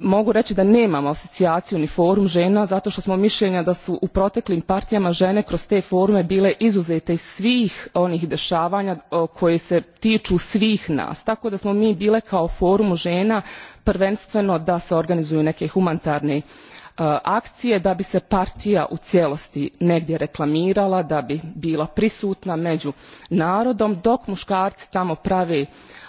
mogu rei da nemamo asocijaciju ni forum ena zato to smo miljenja da su u proteklim partijama ene kroz te forume bile izuzete iz svih onih deavanja koja se tiu svih nas tako da smo mi bile kao forum ena prvenstveno da se organizuju neke humanitarne akcije da bi se partija u cijelosti negdje reklamirala da bi bila prisutna meu narodom dok mukarci tamo prave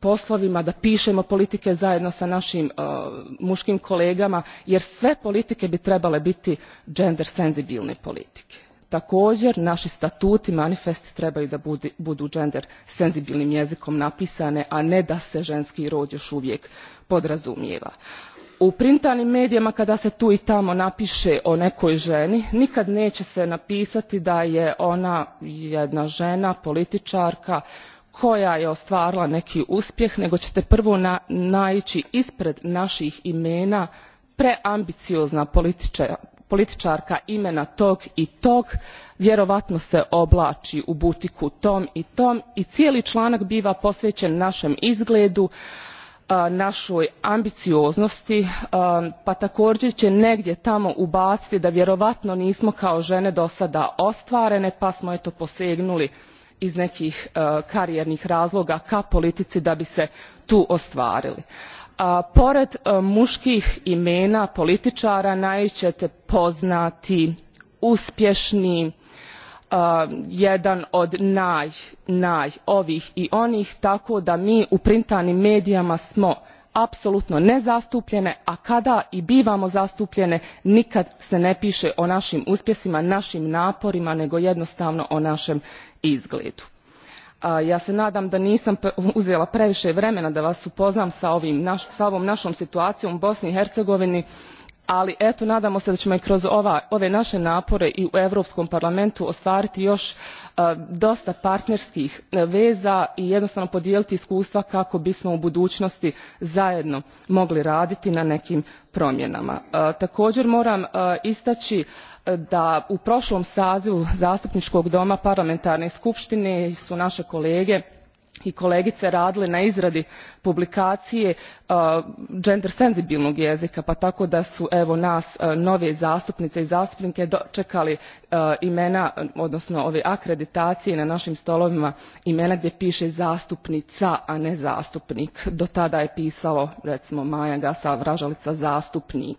poslovima da pišemo politike zajedno sa našim muškim kolegama jer sve politike bi trebale biti gender senzibilne politike. također naši statuti manifesti trebaju da budu gender senzibilnim jezikom napisani a ne da se ženski rod još uvijek podrazumijeva u printanim medijima kada se tu i tamo napiše o nekoj ženi nikad neće se napisati da je ona jedna žena političarka koja je ostvarila neki uspjeh nego ete prvo nai ispred naih imena preambiciozna politiarka imena tog i tog vjerojatno se oblai u butiku tom i tom i cijeli lanak biva posveen naem izgledu naoj ambicioznosti pa takoer e negdje tamo ubaciti da vjerojatno nismo kao ene dosada ostvarene pa smo eto posegnuli iz nekih karijernih razloga ka politici da bi se tu ostvarili pored mukih imena politiara naići ete poznati uspješni jedan od naj naj ovih i onih tako da mi u printanim medijima smo apsolutno nezastupljene a kada i bivamo zastupljene nikad se ne piše o našim uspjesima našim naporima nego jednostavno o našem izgledu. ja se nadam da nisam uzela previše vremena da vas upoznam sa ovom našom situacijom u bosni i hercegovini ali eto nadamo se da ćemo i kroz ove naše napore i u europskom parlamentu ostvariti još dosta partnerskih veza i jednostavno podijeliti iskustva kako bismo u budućnosti zajedno mogli raditi na nekim promjenama. također moram istaći da u prošlom sazivu zastupničkog doma parlamentarne skupštine su naše kolege i kolegice radile na izradi publikacije gender senzibilnog jezika pa tako da su evo nas nove zastupnice i zastupnike dočekali imena odnosno ove akreditacije na našim stolovima imena gdje piše zastupnica a ne zastupnik do tada je pisalo recimo maja gasa vražalica zastupnik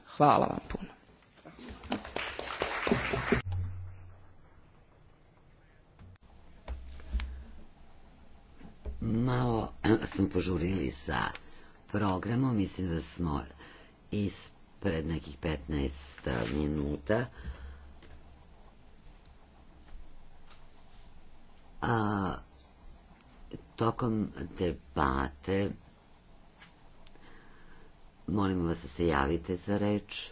Hvala vam puno. Malo smo požurili sa programom, mislim da smo ispred nekih 15 minuta. A, tokom debate Molim vas da se javite za reč.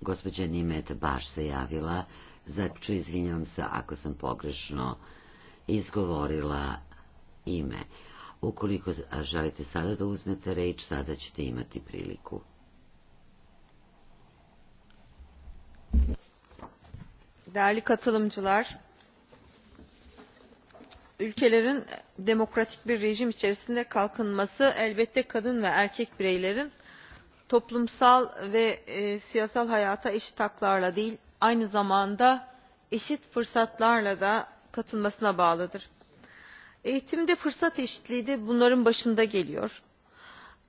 Gospođa Nimet baš se javila. Začu izvinjavam se ako sam pogrešno izgovorila ime. Ukoliko želite sada da uzmete reč, sada ćete imati priliku. Değerli katılımcılar, ülkelerin demokratik bir rejim içerisinde kalkınması elbette kadın ve erkek bireylerin toplumsal ve e, siyasal hayata eşit haklarla değil aynı zamanda eşit fırsatlarla da katılmasına bağlıdır. Eğitimde fırsat eşitliği de bunların başında geliyor.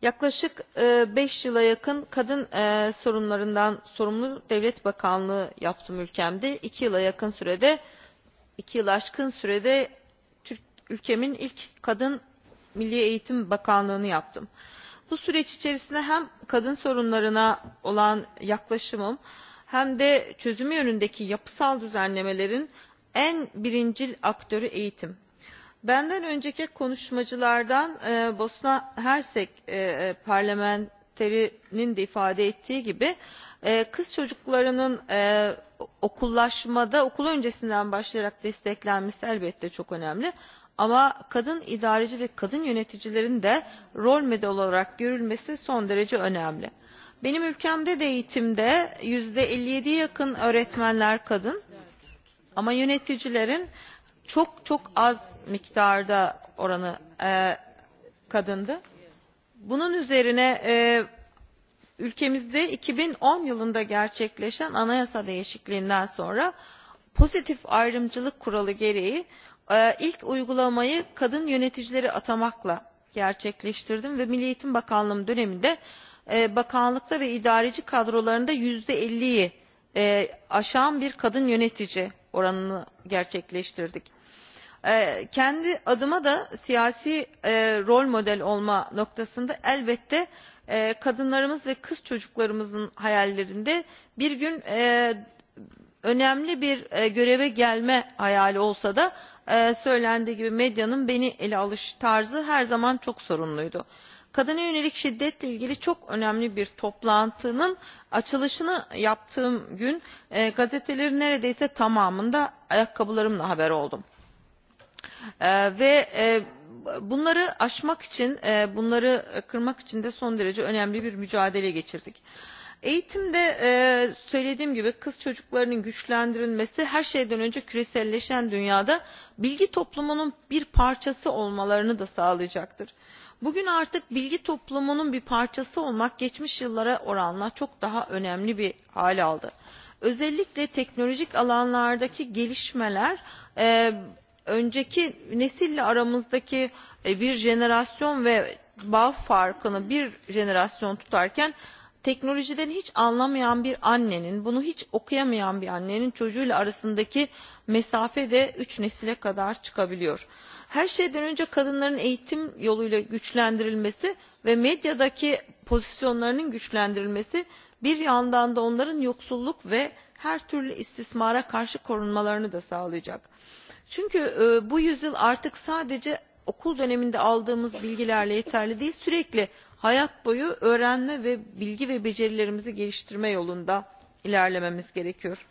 Yaklaşık 5 e, yıla yakın kadın e, sorunlarından sorumlu devlet bakanlığı yaptım ülkemde. 2 yıla yakın sürede, 2 yıl aşkın sürede ülkemin ilk kadın milli eğitim bakanlığını yaptım. bu süreç içerisinde hem kadın sorunlarına olan yaklaşımım hem de çözümü yönündeki yapısal düzenlemelerin en birincil aktörü eğitim. benden önceki konuşmacılardan e, bosna hersek e, parlamenterinin de ifade ettiği gibi e, kız çocuklarının e, okullaşmada okul öncesinden başlayarak desteklenmesi elbette çok önemli ama kadın idareci ve kadın yöneticilerin de rol model olarak görülmesi son derece önemli. Benim ülkemde de eğitimde yüzde 57'ye yakın öğretmenler kadın ama yöneticilerin çok çok az miktarda oranı e, kadındı. Bunun üzerine e, ülkemizde 2010 yılında gerçekleşen anayasa değişikliğinden sonra pozitif ayrımcılık kuralı gereği ilk uygulamayı kadın yöneticileri atamakla gerçekleştirdim ve Milli Eğitim Bakanlığım döneminde bakanlıkta ve idareci kadrolarında yüzde elliyi aşan bir kadın yönetici oranını gerçekleştirdik. Kendi adıma da siyasi rol model olma noktasında elbette kadınlarımız ve kız çocuklarımızın hayallerinde bir gün önemli bir göreve gelme hayali olsa da söylendiği gibi medyanın beni ele alış tarzı her zaman çok sorunluydu. Kadına yönelik şiddetle ilgili çok önemli bir toplantının açılışını yaptığım gün e, gazetelerin neredeyse tamamında ayakkabılarımla haber oldum. E, ve e, bunları aşmak için, e, bunları kırmak için de son derece önemli bir mücadele geçirdik. E, Eğitimde e, söylediğim gibi kız çocuklarının güçlendirilmesi her şeyden önce küreselleşen dünyada bilgi toplumunun bir parçası olmalarını da sağlayacaktır. Bugün artık bilgi toplumunun bir parçası olmak geçmiş yıllara oranla çok daha önemli bir hal aldı. Özellikle teknolojik alanlardaki gelişmeler e, önceki nesille aramızdaki e, bir jenerasyon ve bağ farkını bir jenerasyon tutarken teknolojiden hiç anlamayan bir annenin bunu hiç okuyamayan bir annenin çocuğuyla arasındaki mesafe de üç nesile kadar çıkabiliyor. her şeyden önce kadınların eğitim yoluyla güçlendirilmesi ve medyadaki pozisyonlarının güçlendirilmesi bir yandan da onların yoksulluk ve her türlü istismara karşı korunmalarını da sağlayacak. çünkü bu yüzyıl artık sadece okul döneminde aldığımız bilgilerle yeterli değil sürekli hayat boyu öğrenme ve bilgi ve becerilerimizi geliştirme yolunda ilerlememiz gerekiyor.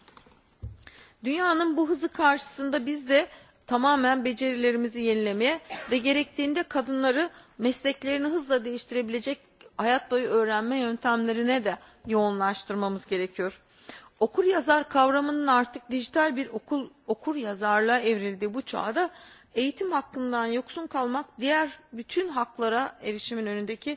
Dünyanın bu hızı karşısında biz de tamamen becerilerimizi yenilemeye ve gerektiğinde kadınları mesleklerini hızla değiştirebilecek hayat boyu öğrenme yöntemlerine de yoğunlaştırmamız gerekiyor. Okur yazar kavramının artık dijital bir okul, okur yazarlığa evrildiği bu çağda eğitim hakkından yoksun kalmak diğer bütün haklara erişimin önündeki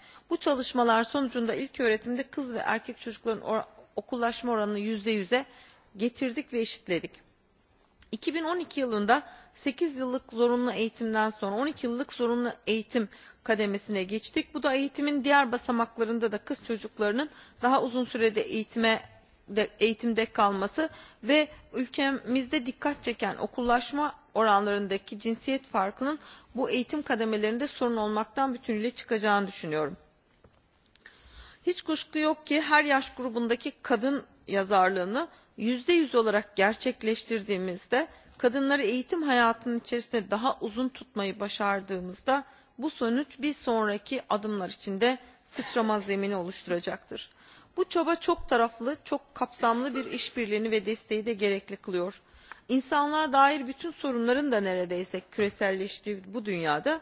bu çalışmalar sonucunda ilk öğretimde kız ve erkek çocukların or okullaşma oranını yüzde yüze getirdik ve eşitledik. 2012 yılında 8 yıllık zorunlu eğitimden sonra 12 yıllık zorunlu eğitim kademesine geçtik. Bu da eğitimin diğer basamaklarında da kız çocuklarının daha uzun sürede eğitime de, eğitimde kalması ve ülkemizde dikkat çeken okullaşma oranlarındaki cinsiyet farkının bu eğitim kademelerinde sorun olmaktan bütünüyle çıkacağını düşünüyorum hiç kuşku yok ki her yaş grubundaki kadın yazarlığını yüzde yüz olarak gerçekleştirdiğimizde kadınları eğitim hayatının içerisinde daha uzun tutmayı başardığımızda bu sonuç bir sonraki adımlar içinde sıçrama zemini oluşturacaktır. Bu çaba çok taraflı, çok kapsamlı bir işbirliğini ve desteği de gerekli kılıyor. İnsanlığa dair bütün sorunların da neredeyse küreselleştiği bu dünyada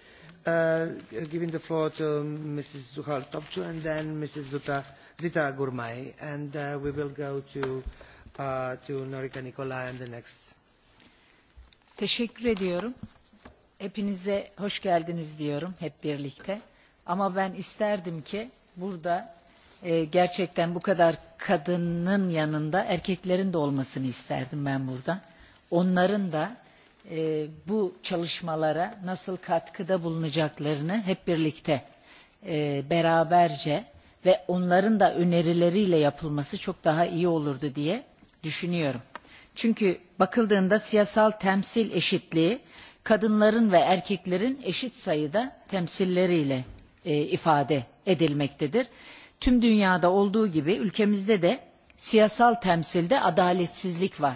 giving the floor to Mrs. Zuhal Topcu and then Mrs. Zuta, Zita Gurmai. And uh, we will go to, uh, to Norika Nikolai and the next. Teşekkür ediyorum. Hepinize hoş geldiniz diyorum hep birlikte. Ama ben isterdim ki burada e, gerçekten bu kadar kadının yanında erkeklerin de olmasını isterdim ben burada. Onların da bu çalışmalara nasıl katkıda bulunacaklarını hep birlikte beraberce ve onların da önerileriyle yapılması çok daha iyi olurdu diye düşünüyorum. Çünkü bakıldığında siyasal temsil eşitliği kadınların ve erkeklerin eşit sayıda temsilleriyle e, ifade edilmektedir. Tüm dünyada olduğu gibi ülkemizde de siyasal temsilde adaletsizlik var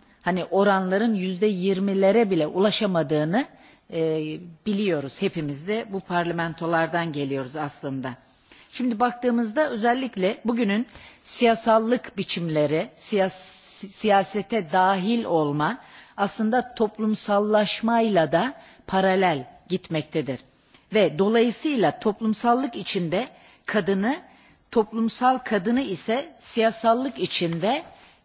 hani oranların yüzde yirmilere bile ulaşamadığını e, biliyoruz hepimiz de bu parlamentolardan geliyoruz aslında. Şimdi baktığımızda özellikle bugünün siyasallık biçimleri, siyas siyasete dahil olma aslında toplumsallaşmayla da paralel gitmektedir. Ve dolayısıyla toplumsallık içinde kadını, toplumsal kadını ise siyasallık içinde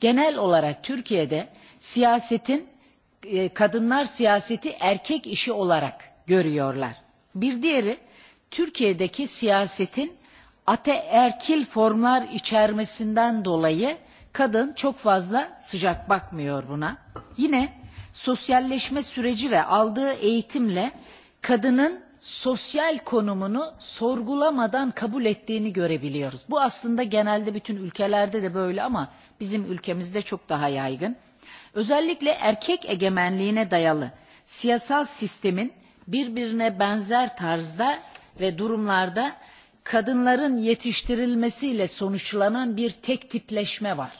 genel olarak Türkiye'de siyasetin kadınlar siyaseti erkek işi olarak görüyorlar. Bir diğeri Türkiye'deki siyasetin ateerkil formlar içermesinden dolayı kadın çok fazla sıcak bakmıyor buna. Yine sosyalleşme süreci ve aldığı eğitimle kadının sosyal konumunu sorgulamadan kabul ettiğini görebiliyoruz. Bu aslında genelde bütün ülkelerde de böyle ama bizim ülkemizde çok daha yaygın. Özellikle erkek egemenliğine dayalı siyasal sistemin birbirine benzer tarzda ve durumlarda kadınların yetiştirilmesiyle sonuçlanan bir tek tipleşme var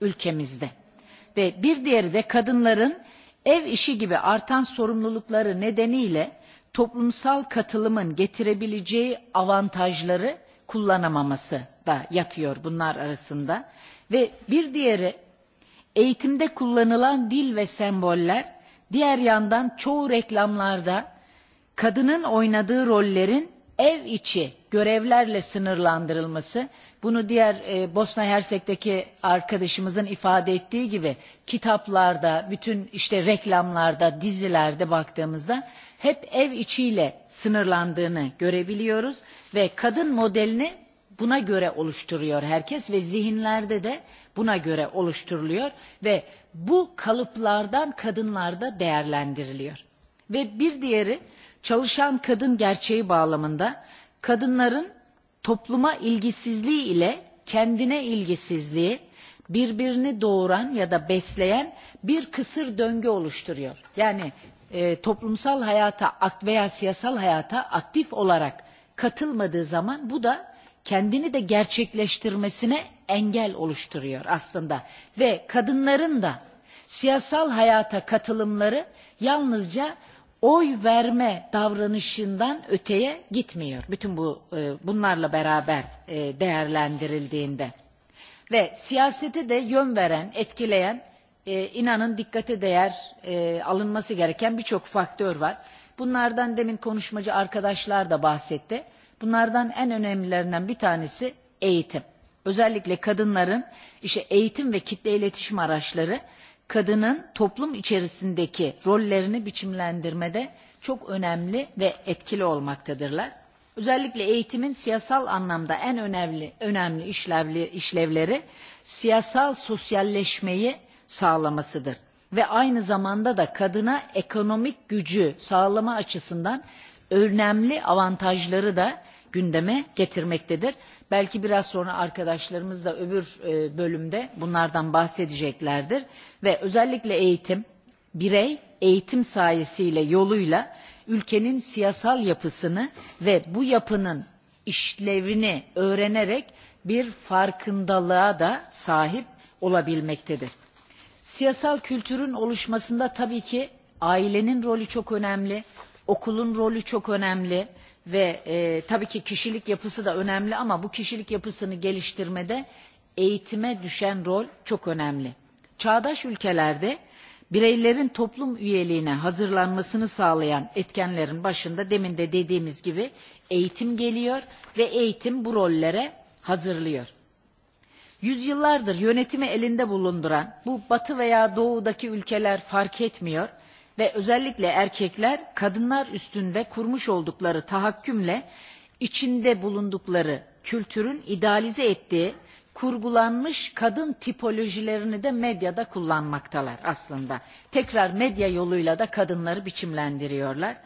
ülkemizde. Ve bir diğeri de kadınların ev işi gibi artan sorumlulukları nedeniyle toplumsal katılımın getirebileceği avantajları kullanamaması da yatıyor bunlar arasında. Ve bir diğeri eğitimde kullanılan dil ve semboller diğer yandan çoğu reklamlarda kadının oynadığı rollerin ev içi görevlerle sınırlandırılması bunu diğer e, Bosna Hersek'teki arkadaşımızın ifade ettiği gibi kitaplarda bütün işte reklamlarda dizilerde baktığımızda hep ev içiyle sınırlandığını görebiliyoruz ve kadın modelini buna göre oluşturuyor herkes ve zihinlerde de buna göre oluşturuluyor ve bu kalıplardan da değerlendiriliyor. Ve bir diğeri çalışan kadın gerçeği bağlamında kadınların topluma ilgisizliği ile kendine ilgisizliği birbirini doğuran ya da besleyen bir kısır döngü oluşturuyor. Yani e, toplumsal hayata veya siyasal hayata aktif olarak katılmadığı zaman bu da kendini de gerçekleştirmesine engel oluşturuyor aslında. Ve kadınların da siyasal hayata katılımları yalnızca oy verme davranışından öteye gitmiyor. Bütün bu bunlarla beraber değerlendirildiğinde ve siyasete de yön veren, etkileyen inanın dikkate değer alınması gereken birçok faktör var. Bunlardan demin konuşmacı arkadaşlar da bahsetti. Bunlardan en önemlilerinden bir tanesi eğitim. Özellikle kadınların işte eğitim ve kitle iletişim araçları kadının toplum içerisindeki rollerini biçimlendirmede çok önemli ve etkili olmaktadırlar. Özellikle eğitimin siyasal anlamda en önemli önemli işlevli, işlevleri siyasal sosyalleşmeyi sağlamasıdır. Ve aynı zamanda da kadına ekonomik gücü sağlama açısından önemli avantajları da gündeme getirmektedir. Belki biraz sonra arkadaşlarımız da öbür bölümde bunlardan bahsedeceklerdir. Ve özellikle eğitim, birey eğitim sayesiyle yoluyla ülkenin siyasal yapısını ve bu yapının işlevini öğrenerek bir farkındalığa da sahip olabilmektedir. Siyasal kültürün oluşmasında tabii ki ailenin rolü çok önemli, okulun rolü çok önemli ve e, tabii ki kişilik yapısı da önemli ama bu kişilik yapısını geliştirmede eğitime düşen rol çok önemli. Çağdaş ülkelerde bireylerin toplum üyeliğine hazırlanmasını sağlayan etkenlerin başında demin de dediğimiz gibi eğitim geliyor ve eğitim bu rollere hazırlıyor yüzyıllardır yönetimi elinde bulunduran bu batı veya doğudaki ülkeler fark etmiyor ve özellikle erkekler kadınlar üstünde kurmuş oldukları tahakkümle içinde bulundukları kültürün idealize ettiği kurgulanmış kadın tipolojilerini de medyada kullanmaktalar aslında. Tekrar medya yoluyla da kadınları biçimlendiriyorlar.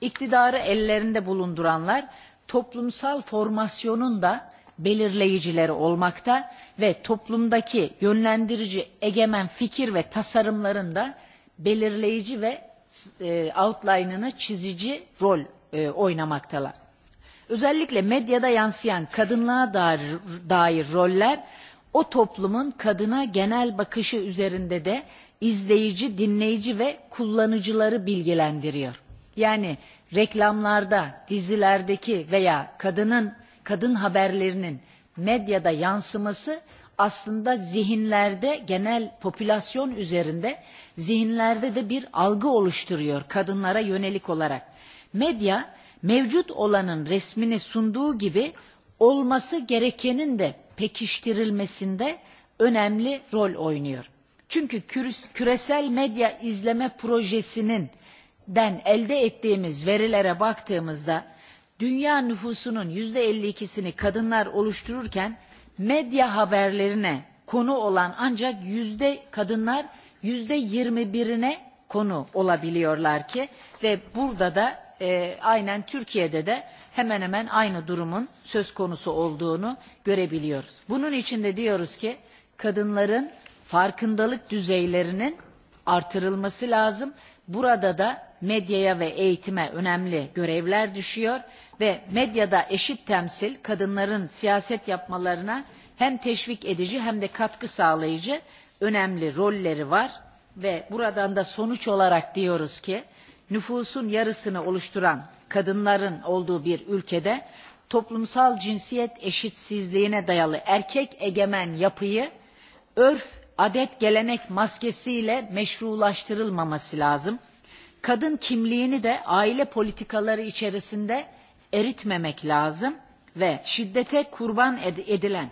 İktidarı ellerinde bulunduranlar toplumsal formasyonun da belirleyiciler olmakta ve toplumdaki yönlendirici egemen fikir ve tasarımlarında belirleyici ve outline'ını çizici rol oynamaktalar. Özellikle medyada yansıyan kadınlığa dair, dair roller o toplumun kadına genel bakışı üzerinde de izleyici, dinleyici ve kullanıcıları bilgilendiriyor. Yani reklamlarda, dizilerdeki veya kadının kadın haberlerinin medyada yansıması aslında zihinlerde genel popülasyon üzerinde zihinlerde de bir algı oluşturuyor kadınlara yönelik olarak. Medya mevcut olanın resmini sunduğu gibi olması gerekenin de pekiştirilmesinde önemli rol oynuyor. Çünkü küresel medya izleme projesinin den elde ettiğimiz verilere baktığımızda dünya nüfusunun yüzde %52'sini kadınlar oluştururken medya haberlerine konu olan ancak yüzde kadınlar yüzde yirmi birine konu olabiliyorlar ki ve burada da e, aynen Türkiye'de de hemen hemen aynı durumun söz konusu olduğunu görebiliyoruz. Bunun için de diyoruz ki kadınların farkındalık düzeylerinin artırılması lazım Burada da medyaya ve eğitime önemli görevler düşüyor ve medyada eşit temsil kadınların siyaset yapmalarına hem teşvik edici hem de katkı sağlayıcı önemli rolleri var ve buradan da sonuç olarak diyoruz ki nüfusun yarısını oluşturan kadınların olduğu bir ülkede toplumsal cinsiyet eşitsizliğine dayalı erkek egemen yapıyı örf adet gelenek maskesiyle meşrulaştırılmaması lazım. Kadın kimliğini de aile politikaları içerisinde eritmemek lazım ve şiddete kurban edilen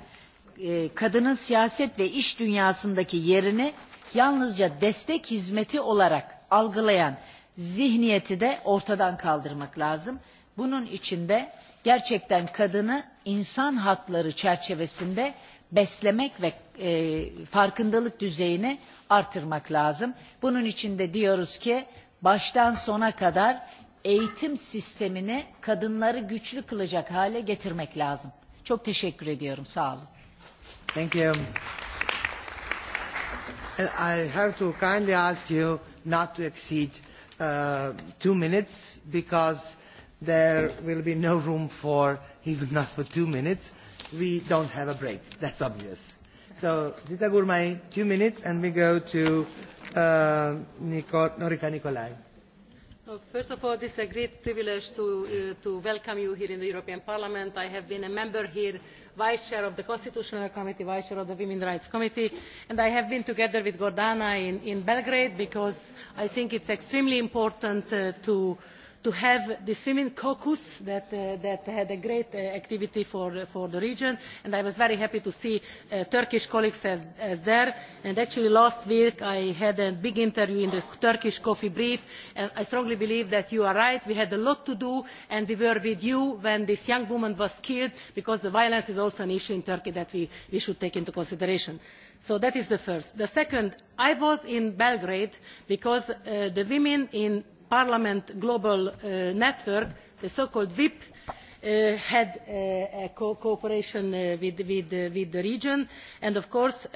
kadının siyaset ve iş dünyasındaki yerini yalnızca destek hizmeti olarak algılayan zihniyeti de ortadan kaldırmak lazım. Bunun için de gerçekten kadını insan hakları çerçevesinde beslemek ve e, farkındalık düzeyini artırmak lazım. Bunun için de diyoruz ki baştan sona kadar eğitim sistemini kadınları güçlü kılacak hale getirmek lazım. Çok teşekkür ediyorum. Sağ olun. Thank you. And I have to kindly ask you not to exceed uh, two minutes because there will be no room for even not for two minutes we don't have a break. That's obvious. So, Zita Gurmai, two minutes, and we go to uh, Nico, Norika Nikolai. First of all, this is a great privilege to, uh, to welcome you here in the European Parliament. I have been a member here, Vice Chair of the Constitutional Committee, Vice Chair of the Women's Rights Committee, and I have been together with Gordana in, in Belgrade because I think it's extremely important uh, to to have this women caucus that, had a great activity for, the region and I was very happy to see Turkish colleagues there actually last week I had a big interview in the Turkish coffee brief and I strongly believe that you are right. We had a lot to do and we were with you when this young woman was killed because the violence is also an issue in Turkey that we, we should take into consideration. So that is the first. The second, I was in Belgrade because the women in parliament global network the so called vip had cooperation with the region and of course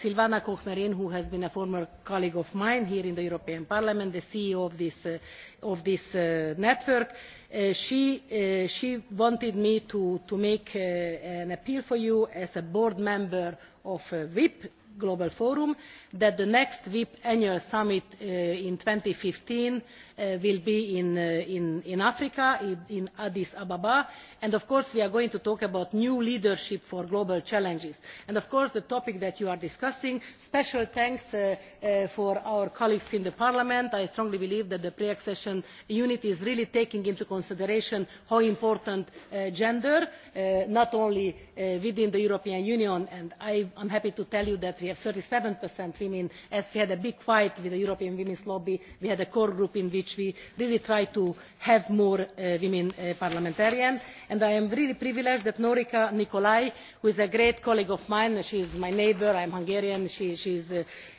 silvana koch who has been a former colleague of mine here in the european parliament the ceo of this network she wanted me to make an appeal for you as a board member of vip global forum that the next vip annual summit in two thousand and fifteen will be in africa in addis ababa and of course we are going to talk about new leadership for global challenges and of course the topic that you are discussing special thanks to our colleagues in parliament i strongly believe that the pre accession unit is really taking into consideration how important gender is not only within the european union and i am happy to tell you we have thirty seven women as we had a big fight with the european women's lobby we had a core group in which we really tried to have more women parliamentarians and i am really privileged that norica nicolai who is a great colleague of mine she is my neighbour i am hungarian she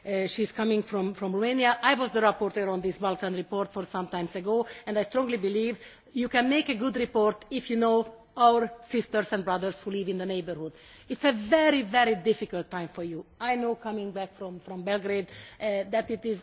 is coming from romania i was the rapporteur on this balkan report some time ago and i strongly believe you can make a good report if you know our sisters and brothers who live in the neighbourhood. it is a very very difficult time for you. i know coming back from belgrade that it is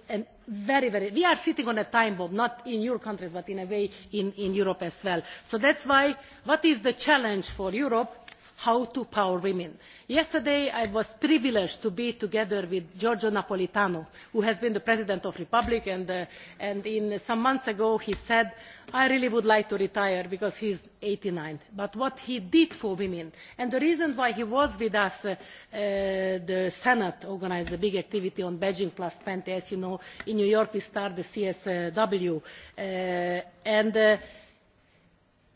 very very we are sitting on a time bomb not in your countries but in a way in europe as well. so that is why what is the challenge for europe? how to empower women. yesterday i was privileged to be together with giorgio napolitano who has been the president of the republic and some months ago he said i really would like to retire because he is eighty nine but what he did for women and the reason why he was with us the senate organised a big activity on beijing plus twenty as you know in new york we started the csw and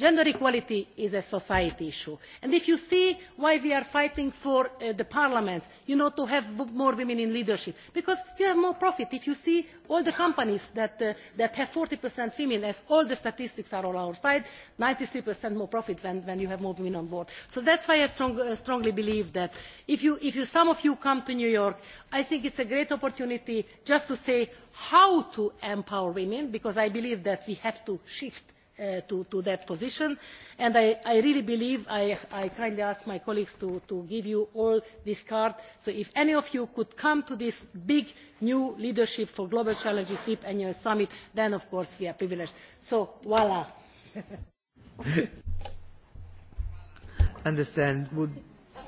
gender equality is a society issue and if you see why we are fighting for the parliaments to have more women in leadership because you have more profit if you see all the companies that have forty women as all the statistics are on our side ninety three more profit when you have more women on board. so that is why i strongly believe that if some of you come to new york i think it is a great opportunity just to say how to empower women because i believe that we have to shift to that position and i really believe i kindly ask my colleagues to give you all this card so if any of you could come to this big new leadership for global challenges fifth annual summit then of course we are privileged. so voila understand would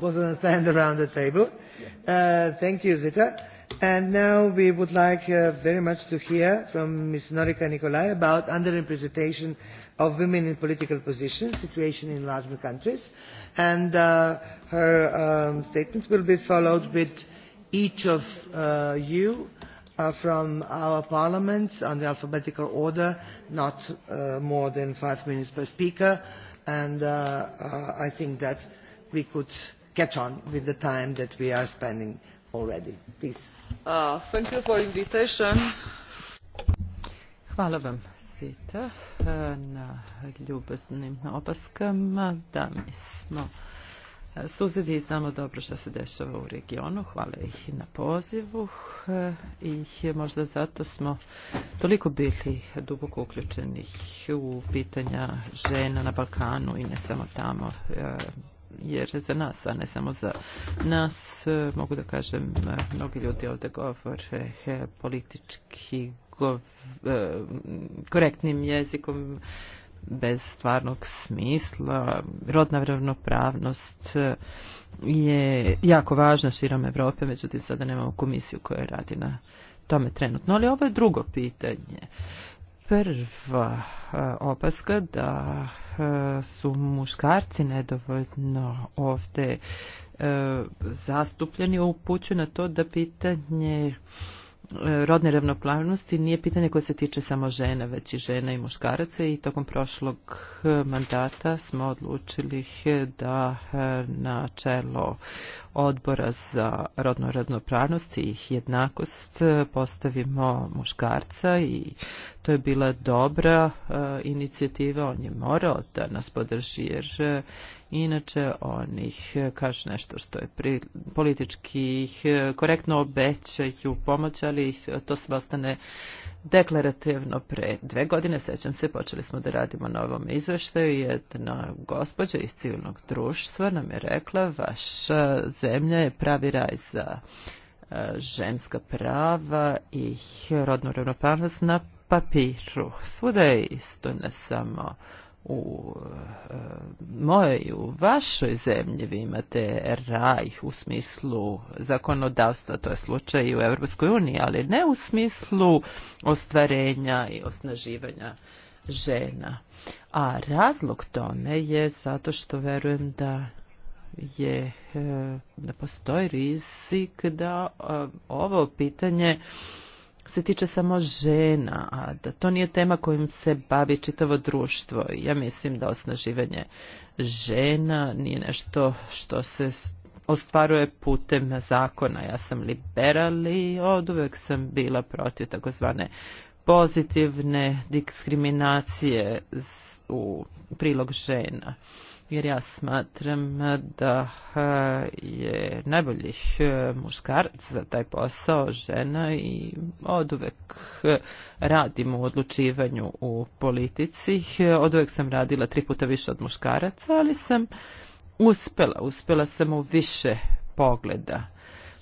was understand around the table. Uh, thank you, Zita. And now we would like uh, very much to hear from Ms. Norika Nicolai about underrepresentation of women in political positions, situation in larger countries. And uh, her um, statements will be followed with each of uh, you uh, from our parliaments on the alphabetical order, not uh, more than five minutes per speaker. And uh, uh, I think that we could catch on with the time that we are spending already. Please. Uh, thank you for invitation. Hvala vam Pita na ljubaznim opaskama da mi smo suzidi i znamo dobro što se dešava u regionu. Hvala ih na pozivu i možda zato smo toliko bili duboko uključeni u pitanja žena na Balkanu i ne samo tamo jer za nas, a ne samo za nas, mogu da kažem, mnogi ljudi ovde govore politički korektnim jezikom bez stvarnog smisla. Rodna ravnopravnost je jako važna širom Evrope, međutim sada nemamo komisiju koja radi na tome trenutno. Ali ovo je drugo pitanje. Prva opaska da su muškarci nedovoljno ovde zastupljeni upućuje na to da pitanje rodne ravnopravnosti nije pitanje koje se tiče samo žena, već i žena i muškaraca i tokom prošlog mandata smo odlučili da na čelo odbora za rodnu ravnopravnost i jednakost postavimo muškarca i to je bila dobra inicijativa, on je morao da nas podrži jer inače onih, kaže nešto što je pri, politički korektno obećaju pomoć, ali to sve ostane deklarativno. Pre dve godine, sećam se, počeli smo da radimo na ovom izveštaju. Jedna gospođa iz civilnog društva nam je rekla, vaša zemlja je pravi raj za ženska prava i rodnu ravnopravnost na papiru. Svuda je isto, ne samo uh, u mojoj i u vašoj zemlji vi imate raj u smislu zakonodavstva, to je slučaj i u Europskoj uniji, ali ne u smislu ostvarenja i osnaživanja žena. A razlog tome je zato što verujem da je da postoji rizik da ovo pitanje se tiče samo žena, a da to nije tema kojim se bavi čitavo društvo. Ja mislim da osnaživanje žena nije nešto što se ostvaruje putem zakona. Ja sam liberal i od uvek sam bila protiv takozvane pozitivne diskriminacije u prilog žena jer ja smatram da je najboljih muškarac za taj posao žena i od uvek radim u odlučivanju u politici. Od uvek sam radila tri puta više od muškaraca, ali sam uspela, uspela sam u više pogleda.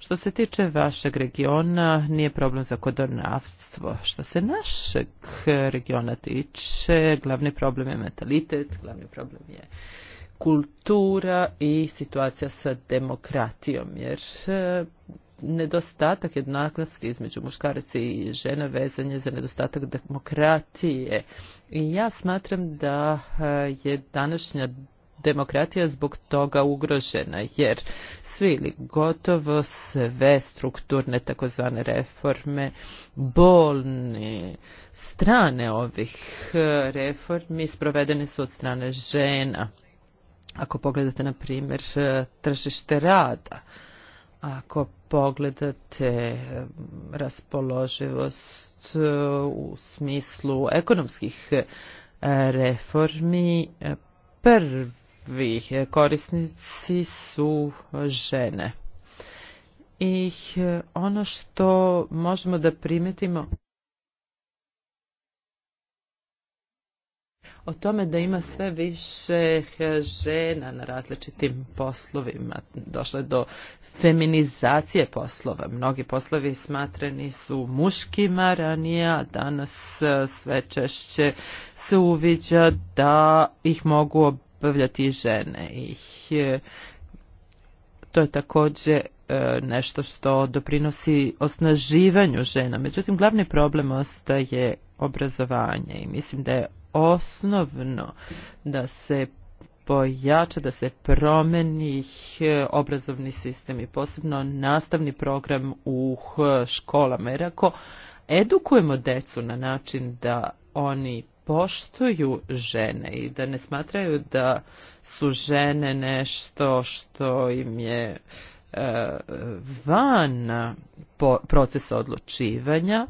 Što se tiče vašeg regiona, nije problem za kodonavstvo. Što se našeg regiona tiče, glavni problem je mentalitet, glavni problem je uh, kultura i situacija sa demokratijom, jer nedostatak jednakosti između muškaraca i žena vezan je za nedostatak demokratije. I ja smatram da je današnja demokratija zbog toga ugrožena, jer svi ili gotovo sve strukturne takozvane reforme, bolne strane ovih reformi sprovedene su od strane žena Ako pogledate, na primjer, tržište rada, ako pogledate raspoloživost u smislu ekonomskih reformi, prvi korisnici su žene. I ono što možemo da primetimo o tome da ima sve više žena na različitim poslovima. Došlo je do feminizacije poslova. Mnogi poslovi smatrani su muškima ranije, a danas sve češće se uviđa da ih mogu obavljati žene. Ih, to je također nešto što doprinosi osnaživanju žena. Međutim, glavni problem ostaje obrazovanje i mislim da je osnovno da se pojača, da se promeni obrazovni sistem i posebno nastavni program u školama. Jer ako edukujemo decu na način da oni poštuju žene i da ne smatraju da su žene nešto što im je van procesa odlučivanja,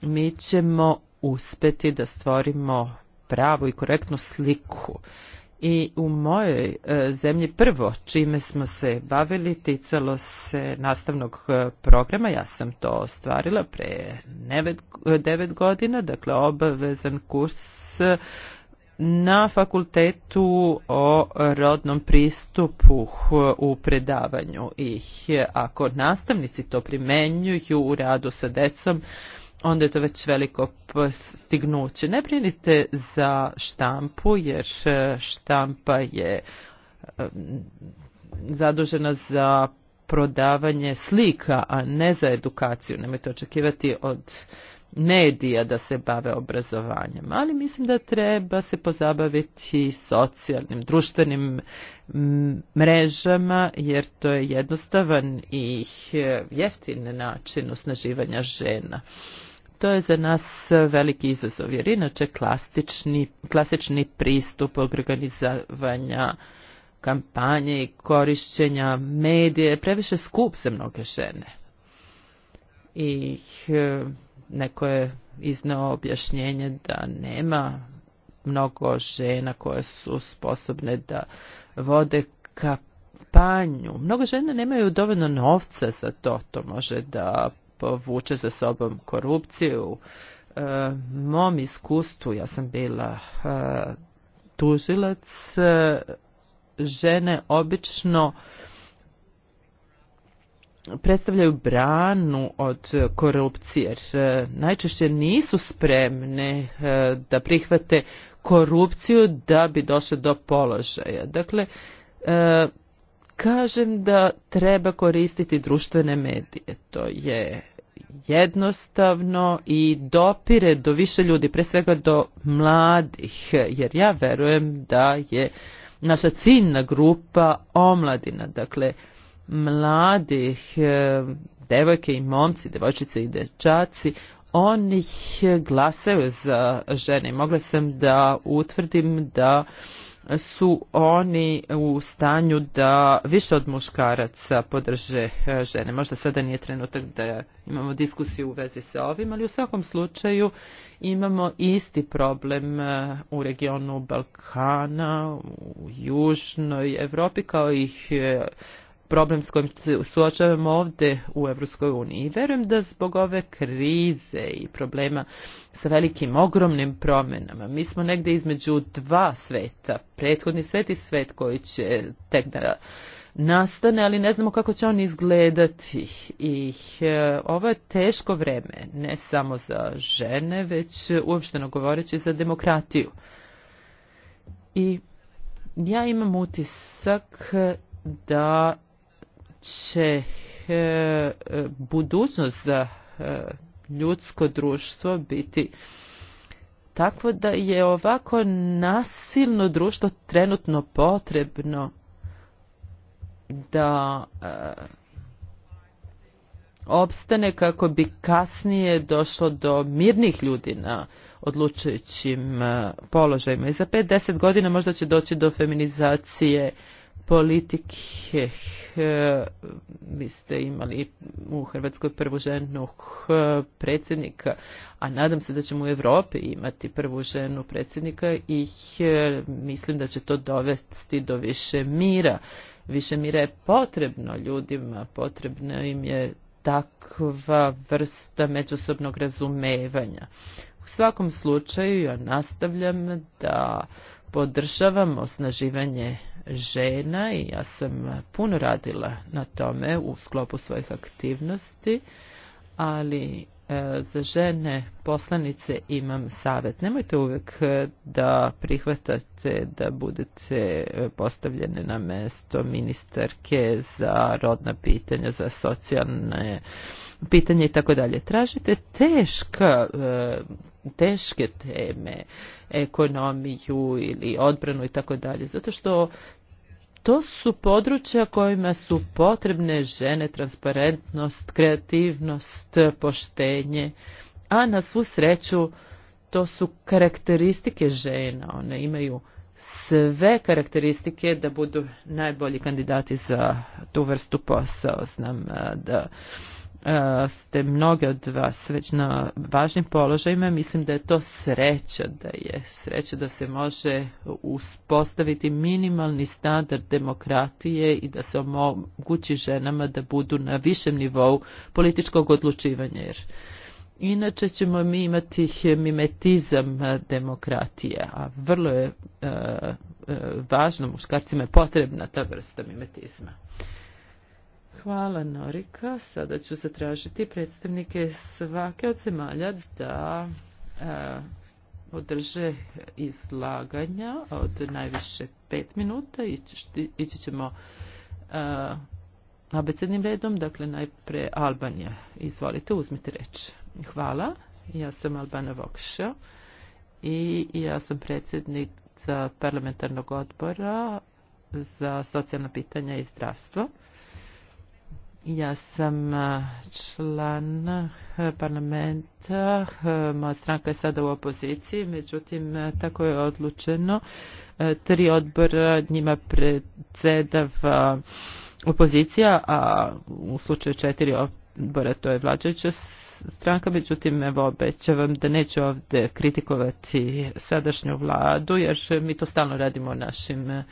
mi ćemo uspeti da stvorimo pravu i korektnu sliku. I u mojoj zemlji prvo čime smo se bavili ticalo se nastavnog programa, ja sam to ostvarila pre 9, godina, dakle obavezan kurs na fakultetu o rodnom pristupu u predavanju ih. Ako nastavnici to primenjuju u radu sa decom, onda je to već veliko stignuće. Ne brinite za štampu jer štampa je zadužena za prodavanje slika, a ne za edukaciju. Nemojte očekivati od medija da se bave obrazovanjem, ali mislim da treba se pozabaviti socijalnim, društvenim mrežama, jer to je jednostavan i jeftin način osnaživanja žena. To je za nas veliki izazov, jer inače klasični, klasični pristup organizavanja kampanje i korišćenja medije je previše skup za mnoge žene. I neko je iznao objašnjenje da nema mnogo žena koje su sposobne da vode kampanju. Mnogo žena nemaju dovoljno novca za to, to može da povuče za sobom korupciju. E, mom iskustvu, ja sam bila e, tužilac, e, žene obično predstavljaju branu od korupcije. Jer najčešće nisu spremne da prihvate korupciju da bi došle do položaja. Dakle, kažem da treba koristiti društvene medije. To je jednostavno i dopire do više ljudi, pre svega do mladih, jer ja verujem da je naša ciljna grupa omladina, dakle mladih devojke i momci, devojčice i dečaci, oni glasaju za žene. Mogla sam da utvrdim da uh, su oni u stanju da više od muškaraca podrže žene. Možda sada nije trenutak da imamo diskusiju u vezi sa ovim, ali u svakom slučaju imamo isti problem u regionu Balkana, u južnoj Evropi kao i problem s kojim se suočavamo ovdje u Evropskoj uniji. I vjerujem da zbog ove krize i problema sa velikim ogromnim promjenama, mi smo negdje između dva sveta, prethodni svet i svet koji će tek da nastane, ali ne znamo kako će on izgledati. I ovo je teško vreme, ne samo za žene, već uopšteno govoreći za demokratiju. I ja imam utisak da će budućnost za ljudsko društvo biti tako da je ovako nasilno društvo trenutno potrebno da e, opstane kako bi kasnije došlo do mirnih ljudi na odlučujućim e, položajima. I za 5-10 godina možda će doći do feminizacije politikih. Vi ste imali u Hrvatskoj prvu ženu predsjednika, a nadam se da ćemo u Europi imati prvu ženu predsjednika i mislim da će to dovesti do više mira. Više mira je potrebno ljudima, potrebno im je takva vrsta međusobnog razumevanja. U svakom slučaju ja nastavljam da podržavam osnaživanje žena i ja sam puno radila na tome u sklopu svojih aktivnosti, ali za žene poslanice imam savjet. Nemojte uvijek da prihvatate da budete postavljene na mesto ministarke za rodna pitanja, za socijalne uh, pitanje i tako dalje. Tražite teška, teške teme, ekonomiju ili odbranu i tako dalje, zato što to su područja kojima su potrebne žene, transparentnost, kreativnost, poštenje, a na svu sreću to su karakteristike žena, one imaju sve karakteristike da budu najbolji kandidati za tu vrstu posao. Znam da uh, ste mnoge od vas već na važnim položajima. Mislim da je to sreća, da je sreća da se može uspostaviti minimalni standard demokratije i da se omogući ženama da budu na višem nivou političkog odlučivanja. Jer Inače ćemo mi imati mimetizam demokratije, a vrlo je e, e, važno, muškarcima je potrebna ta vrsta mimetizma. Hvala Norika. Sada ću zatražiti predstavnike svake od zemalja da e, održe izlaganja od najviše pet minuta. Ići, ćemo e, abecednim redom, dakle najpre Albanija. Izvolite, uzmite reč. Hvala, ja sam Albana Vokša i ja sam predsjednica parlamentarnog odbora za socijalna pitanja i zdravstvo. Ja sam član parlamenta, moja stranka je sada u opoziciji, međutim tako je odlučeno. Tri odbora njima predsedava opozicija, a u slučaju četiri odbora to je vlađajuća stranka, međutim evo obećavam da neću ovde kritikovati sadašnju vladu jer mi to stalno radimo našim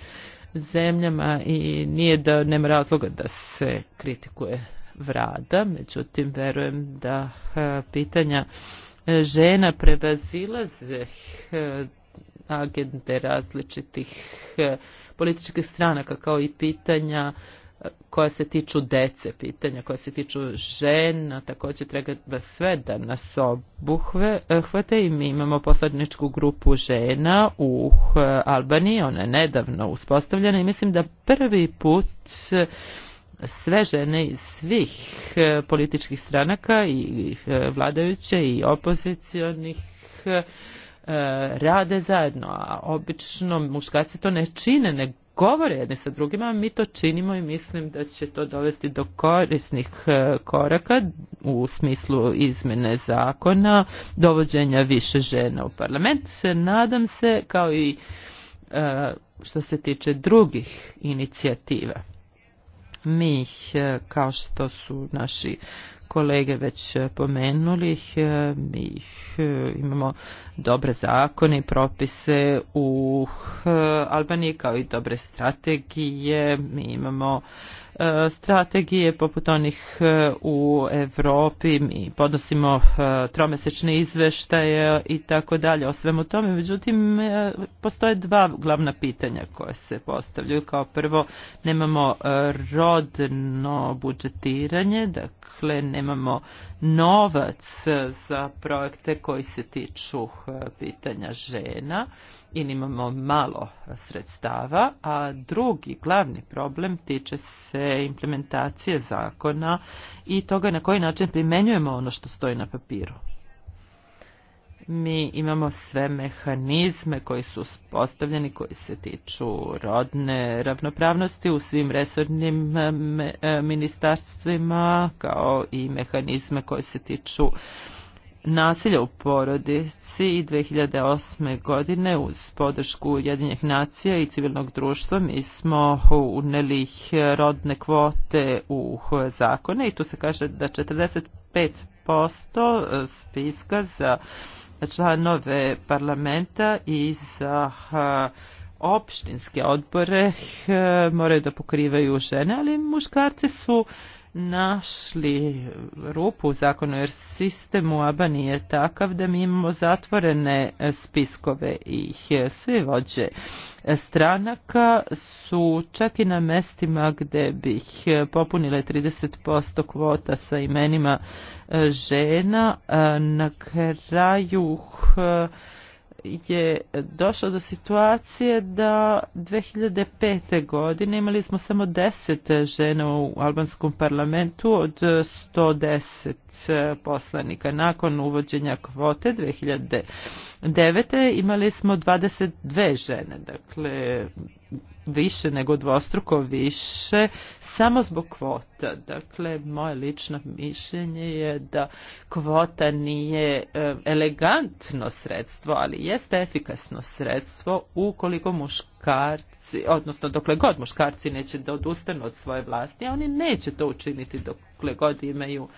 zemljama i nije da nema razloga da se kritikuje vrada, međutim verujem da pitanja žena prevazilaze agende različitih političkih stranaka kao i pitanja koja se tiču dece, pitanja koja se tiču žena, također treba sve da nas obuhvate i mi imamo posledničku grupu žena u Albaniji, ona je nedavno uspostavljena i mislim da prvi put sve žene iz svih političkih stranaka i vladajuće i opozicijonih rade zajedno, a obično muškarci to ne čine, ne govore jedni sa drugima, mi to činimo i mislim da će to dovesti do korisnih koraka u smislu izmene zakona, dovođenja više žena u parlament. Nadam se kao i što se tiče drugih inicijativa. Mi, kao što su naši kolege već pomenuli, mi ih imamo dobre zakone i propise u Albaniji kao i dobre strategije, mi imamo strategije poput onih u Europi, mi podnosimo tromesečne izveštaje i tako dalje o svemu tome. Međutim, postoje dva glavna pitanja koje se postavljaju. Kao prvo, nemamo rodno budžetiranje, dakle Dakle, nemamo novac za projekte koji se tiču pitanja žena i imamo malo sredstava, a drugi glavni problem tiče se implementacije zakona i toga na koji način primenjujemo ono što stoji na papiru mi imamo sve mehanizme koji su postavljeni, koji se tiču rodne ravnopravnosti u svim resornim ministarstvima, kao i mehanizme koji se tiču nasilja u porodici i 2008. godine uz podršku Jedinjeg nacija i civilnog društva mi smo uneli rodne kvote u zakone i tu se kaže da 45% spiska za uh, članove parlamenta i za opštinske odbore moraju da pokrivaju žene, ali muškarci su našli rupu u zakonu jer sistem u Abani je takav da mi imamo zatvorene spiskove i svi vođe stranaka su čak i na mestima gde bih popunile 30% kvota sa imenima žena na kraju je došlo do situacije da 2005. godine imali smo samo 10 žena u albanskom parlamentu od 110 poslanika. Nakon uvođenja kvote 2009. imali smo 22 žene, dakle više nego dvostruko više samo zbog kvota. Dakle, moje lično mišljenje je da kvota nije elegantno sredstvo, ali jeste efikasno sredstvo ukoliko muškarci, odnosno dokle god muškarci neće da odustanu od svoje vlasti, a oni neće to učiniti dokle god imaju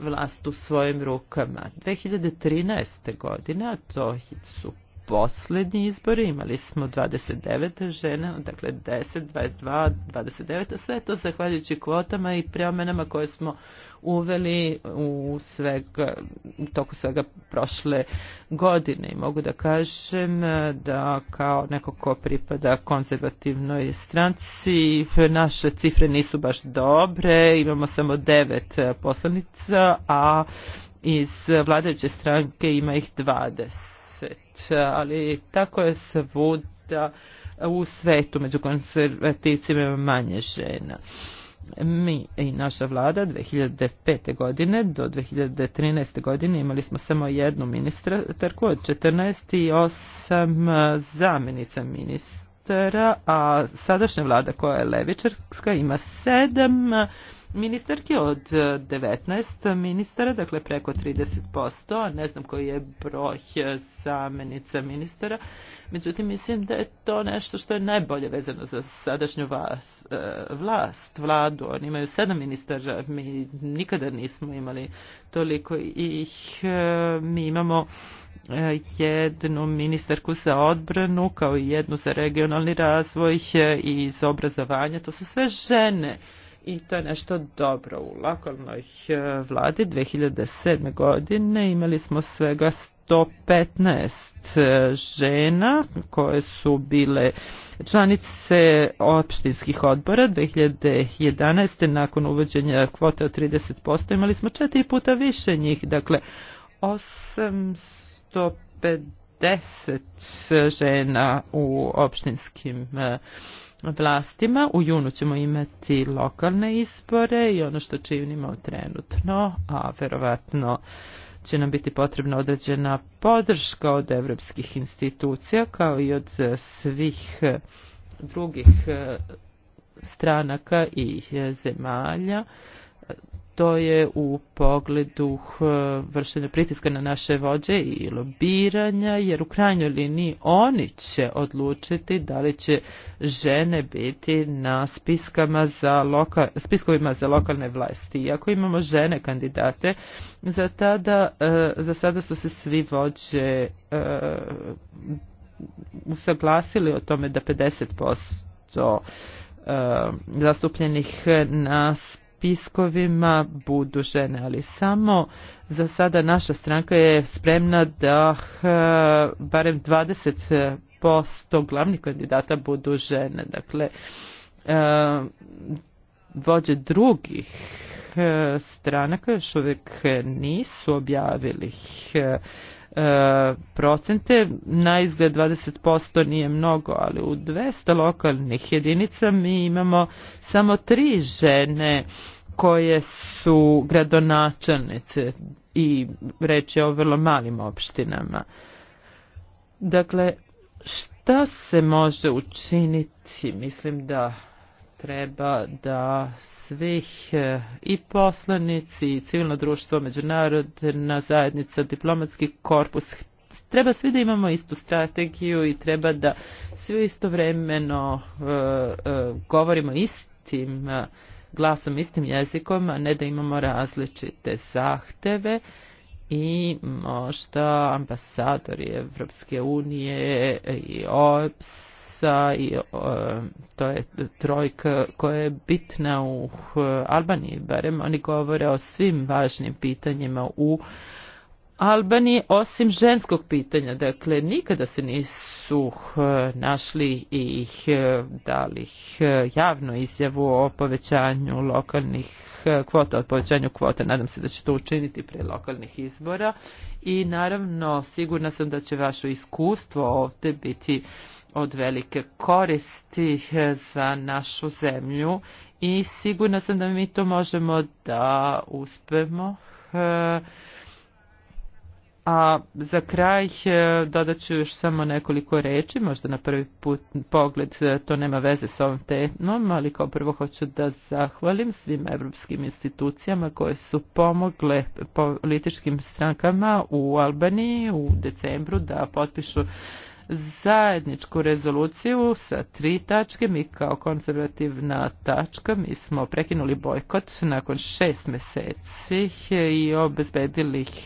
vlast u svojim rukama. 2013. godine, a to su posljednji izbori imali smo 29 žena, dakle 10, 22, 29, a sve to zahvaljujući kvotama i promjenama koje smo uveli u, svega, u toku svega prošle godine. I mogu da kažem da kao neko ko pripada konzervativnoj stranci, naše cifre nisu baš dobre, imamo samo 9 poslanica, a iz vladajuće stranke ima ih 20 Kosec, ali tako je svuda u svetu, među konservativcima manje žena. Mi i naša vlada 2005. godine do 2013. godine imali smo samo jednu ministarku od 14 i 8 zamjenica ministra, a sadašnja vlada koja je levičarska ima 7 ministarke od 19 ministara, dakle preko 30%, ne znam koji je broj zamenica ministara, međutim mislim da je to nešto što je najbolje vezano za sadašnju vas, vlast, vladu, oni imaju sedam ministara, mi nikada nismo imali toliko ih, mi imamo jednu ministarku za odbranu kao i jednu za regionalni razvoj i za obrazovanje. To su sve žene i to je nešto dobro. U lokalnoj vladi 2007. godine imali smo svega 115 žena koje su bile članice opštinskih odbora 2011. nakon uvođenja kvote od 30% imali smo četiri puta više njih, dakle 850 žena u opštinskim odborima vlastima. U junu ćemo imati lokalne izbore i ono što činimo trenutno, a verovatno će nam biti potrebna određena podrška od evropskih institucija kao i od svih drugih stranaka i zemalja to je u pogledu vršenja pritiska na naše vođe i lobiranja, jer u krajnjoj liniji oni će odlučiti da li će žene biti na spiskama za loka, spiskovima za lokalne vlasti. Iako imamo žene kandidate, za, tada, za sada su se svi vođe usaglasili o tome da 50% zastupljenih na spiskovima budu žene, ali samo za sada naša stranka je spremna da barem 20% glavnih kandidata budu žene. Dakle, vođe drugih stranaka još uvijek nisu objavili procente. Na izgled 20% nije mnogo, ali u 200 lokalnih jedinica mi imamo samo tri žene koje su gradonačelnice i reći o vrlo malim opštinama. Dakle, šta se može učiniti? Mislim da treba da svih i poslanici i civilno društvo, međunarodna zajednica, diplomatski korpus, treba svi da imamo istu strategiju i treba da svi istovremeno uh, uh, govorimo istim uh, glasom istim jezikom, a ne da imamo različite zahteve i možda ambasadori Evropske unije i OEPS-a i to je trojka koja je bitna u Albaniji, barem oni govore o svim važnim pitanjima u Albaniji Albani osim ženskog pitanja. Dakle, nikada se nisu našli i ih dali javnu izjavu o povećanju lokalnih kvota, o povećanju kvota. Nadam se da će to učiniti pre lokalnih izbora i naravno sigurna sam da će vaše iskustvo ovde biti od velike koristi za našu zemlju i sigurna sam da mi to možemo da uspemo. Uh, A za kraj dodat ću još samo nekoliko reči, možda na prvi put pogled to nema veze s ovom temom, ali kao prvo hoću da zahvalim svim evropskim institucijama koje su pomogle političkim strankama u Albaniji u decembru da potpišu zajedničku rezoluciju sa tri tačke. Mi kao konservativna tačka mi smo prekinuli bojkot nakon šest meseci i obezbedili ih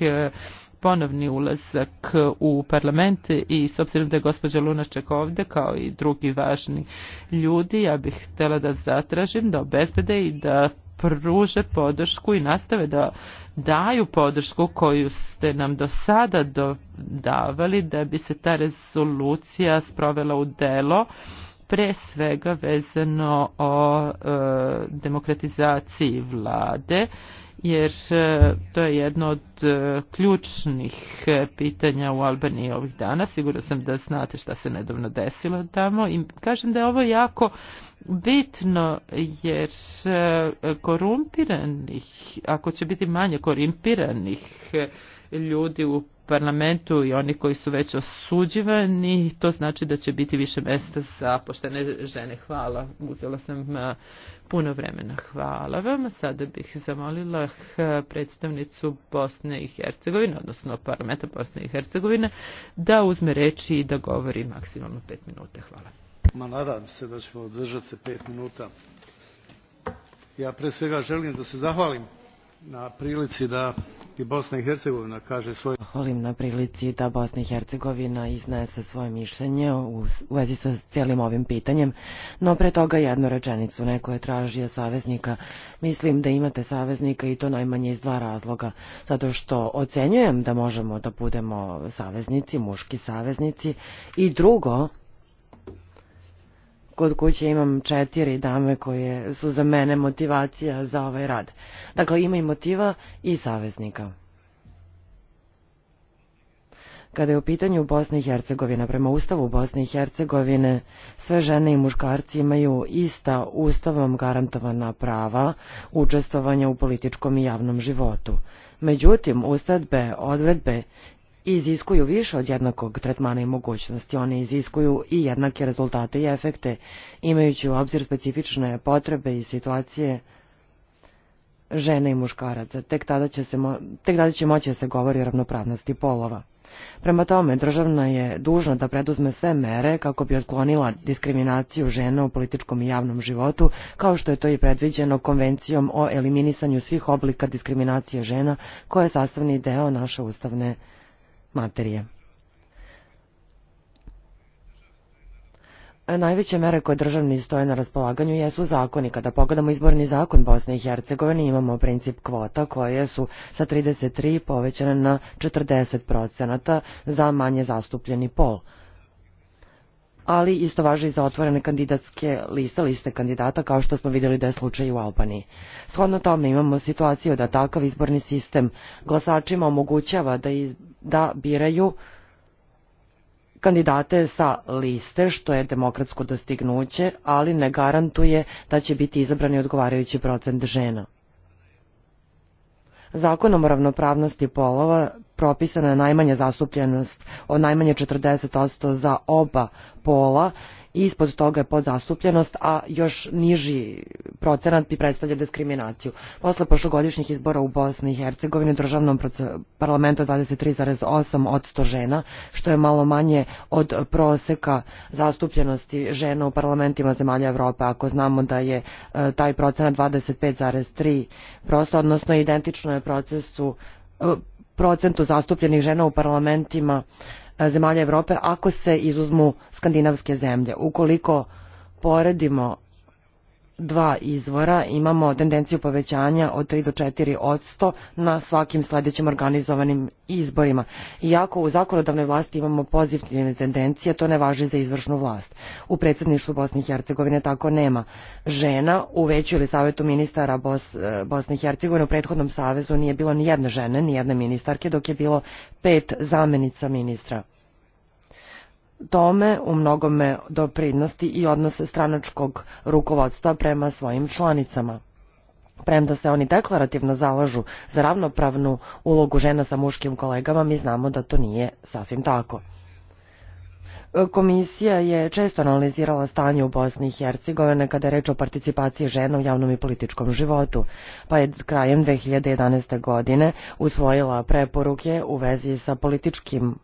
ponovni ulazak u parlament i s obzirom da je gospođa Lunaček ovde kao i drugi važni ljudi, ja bih htjela da zatražim da obezbede i da pruže podršku i nastave da daju podršku koju ste nam do sada davali da bi se ta rezolucija sprovela u delo pre svega vezano o e, demokratizaciji vlade jer to je jedno od ključnih pitanja u Albaniji ovih dana. Sigurno sam da znate šta se nedavno desilo tamo i kažem da je ovo jako bitno jer korumpiranih, ako će biti manje korumpiranih ljudi u parlamentu i oni koji su već osuđivani. To znači da će biti više mjesta za poštene žene. Hvala. Uzela sam puno vremena. Hvala vam. Sada bih zamolila predstavnicu Bosne i Hercegovine, odnosno parlamenta Bosne i Hercegovine, da uzme reći i da govori maksimalno pet minuta. Hvala. Ma nadam se da ćemo održati se pet minuta. Ja pre svega želim da se zahvalim na prilici da i Bosna i Hercegovina kaže svoje... Hvalim na prilici da Bosna i Hercegovina iznese svoje mišljenje u vezi sa cijelim ovim pitanjem, no pre toga jednu rečenicu. Neko je tražio saveznika. Mislim da imate saveznika i to najmanje iz dva razloga. Zato što ocenjujem da možemo da budemo saveznici, muški saveznici i drugo, kod kuće imam četiri dame koje su za mene motivacija za ovaj rad. Dakle, ima i motiva i saveznika. Kada je u pitanju Bosne i Hercegovine, prema Ustavu Bosne i Hercegovine, sve žene i muškarci imaju ista Ustavom garantovana prava učestvovanja u političkom i javnom životu. Međutim, ustadbe, odredbe iziskuju više od jednakog tretmana i mogućnosti. One iziskuju i jednake rezultate i efekte, imajući u obzir specifične potrebe i situacije žene i muškaraca. Tek tada će, se mo tek tada će moći da se govori o ravnopravnosti polova. Prema tome, državna je dužna da preduzme sve mere kako bi otklonila diskriminaciju žena u političkom i javnom životu, kao što je to i predviđeno konvencijom o eliminisanju svih oblika diskriminacije žena koja je sastavni deo naše ustavne materije. Najveće mere koje državni stoje na raspolaganju jesu zakoni. Kada pogledamo izborni zakon Bosne i Hercegovine imamo princip kvota koje su sa 33 povećane na 40 procenata za manje zastupljeni pol. Ali isto važi i za otvorene kandidatske liste, liste kandidata kao što smo vidjeli da je slučaj u Albaniji. Shodno tome imamo situaciju da takav izborni sistem glasačima omogućava da iz da biraju kandidate sa liste, što je demokratsko dostignuće, ali ne garantuje da će biti izabrani odgovarajući procent žena. Zakonom o ravnopravnosti polova propisana je najmanja zastupljenost od najmanje 40% za oba pola ispod toga je podzastupljenost, a još niži procenat bi predstavlja diskriminaciju. Posle prošlogodišnjih izbora u Bosni i Hercegovini u državnom parlamentu 23,8 od 100 žena, što je malo manje od proseka zastupljenosti žena u parlamentima zemalja Evrope, ako znamo da je taj procenat 25,3 prosto, odnosno identično je procesu procentu zastupljenih žena u parlamentima uh, zemalja Europe ako se izuzmu skandinavske zemlje. Ukoliko poredimo dva izvora imamo tendenciju povećanja od 3 do 4 odsto na svakim sljedećim organizovanim izborima. Iako u zakonodavnoj vlasti imamo pozitivne tendencije, to ne važi za izvršnu vlast. U predsjedništvu Bosni i Hercegovine tako nema. Žena u veću ili savjetu ministara Bos, i Hercegovine u prethodnom savezu nije bilo ni jedne žene, ni jedne ministarke, dok je bilo pet zamenica ministra tome u mnogome doprinosti i odnose stranačkog rukovodstva prema svojim članicama. Premda se oni deklarativno zalažu za ravnopravnu ulogu žena sa muškim kolegama, mi znamo da to nije sasvim tako. Komisija je često analizirala stanje u Bosni i Hercegovine kada je reč o participaciji žena u javnom i političkom životu, pa je krajem 2011. godine usvojila preporuke u vezi sa političkim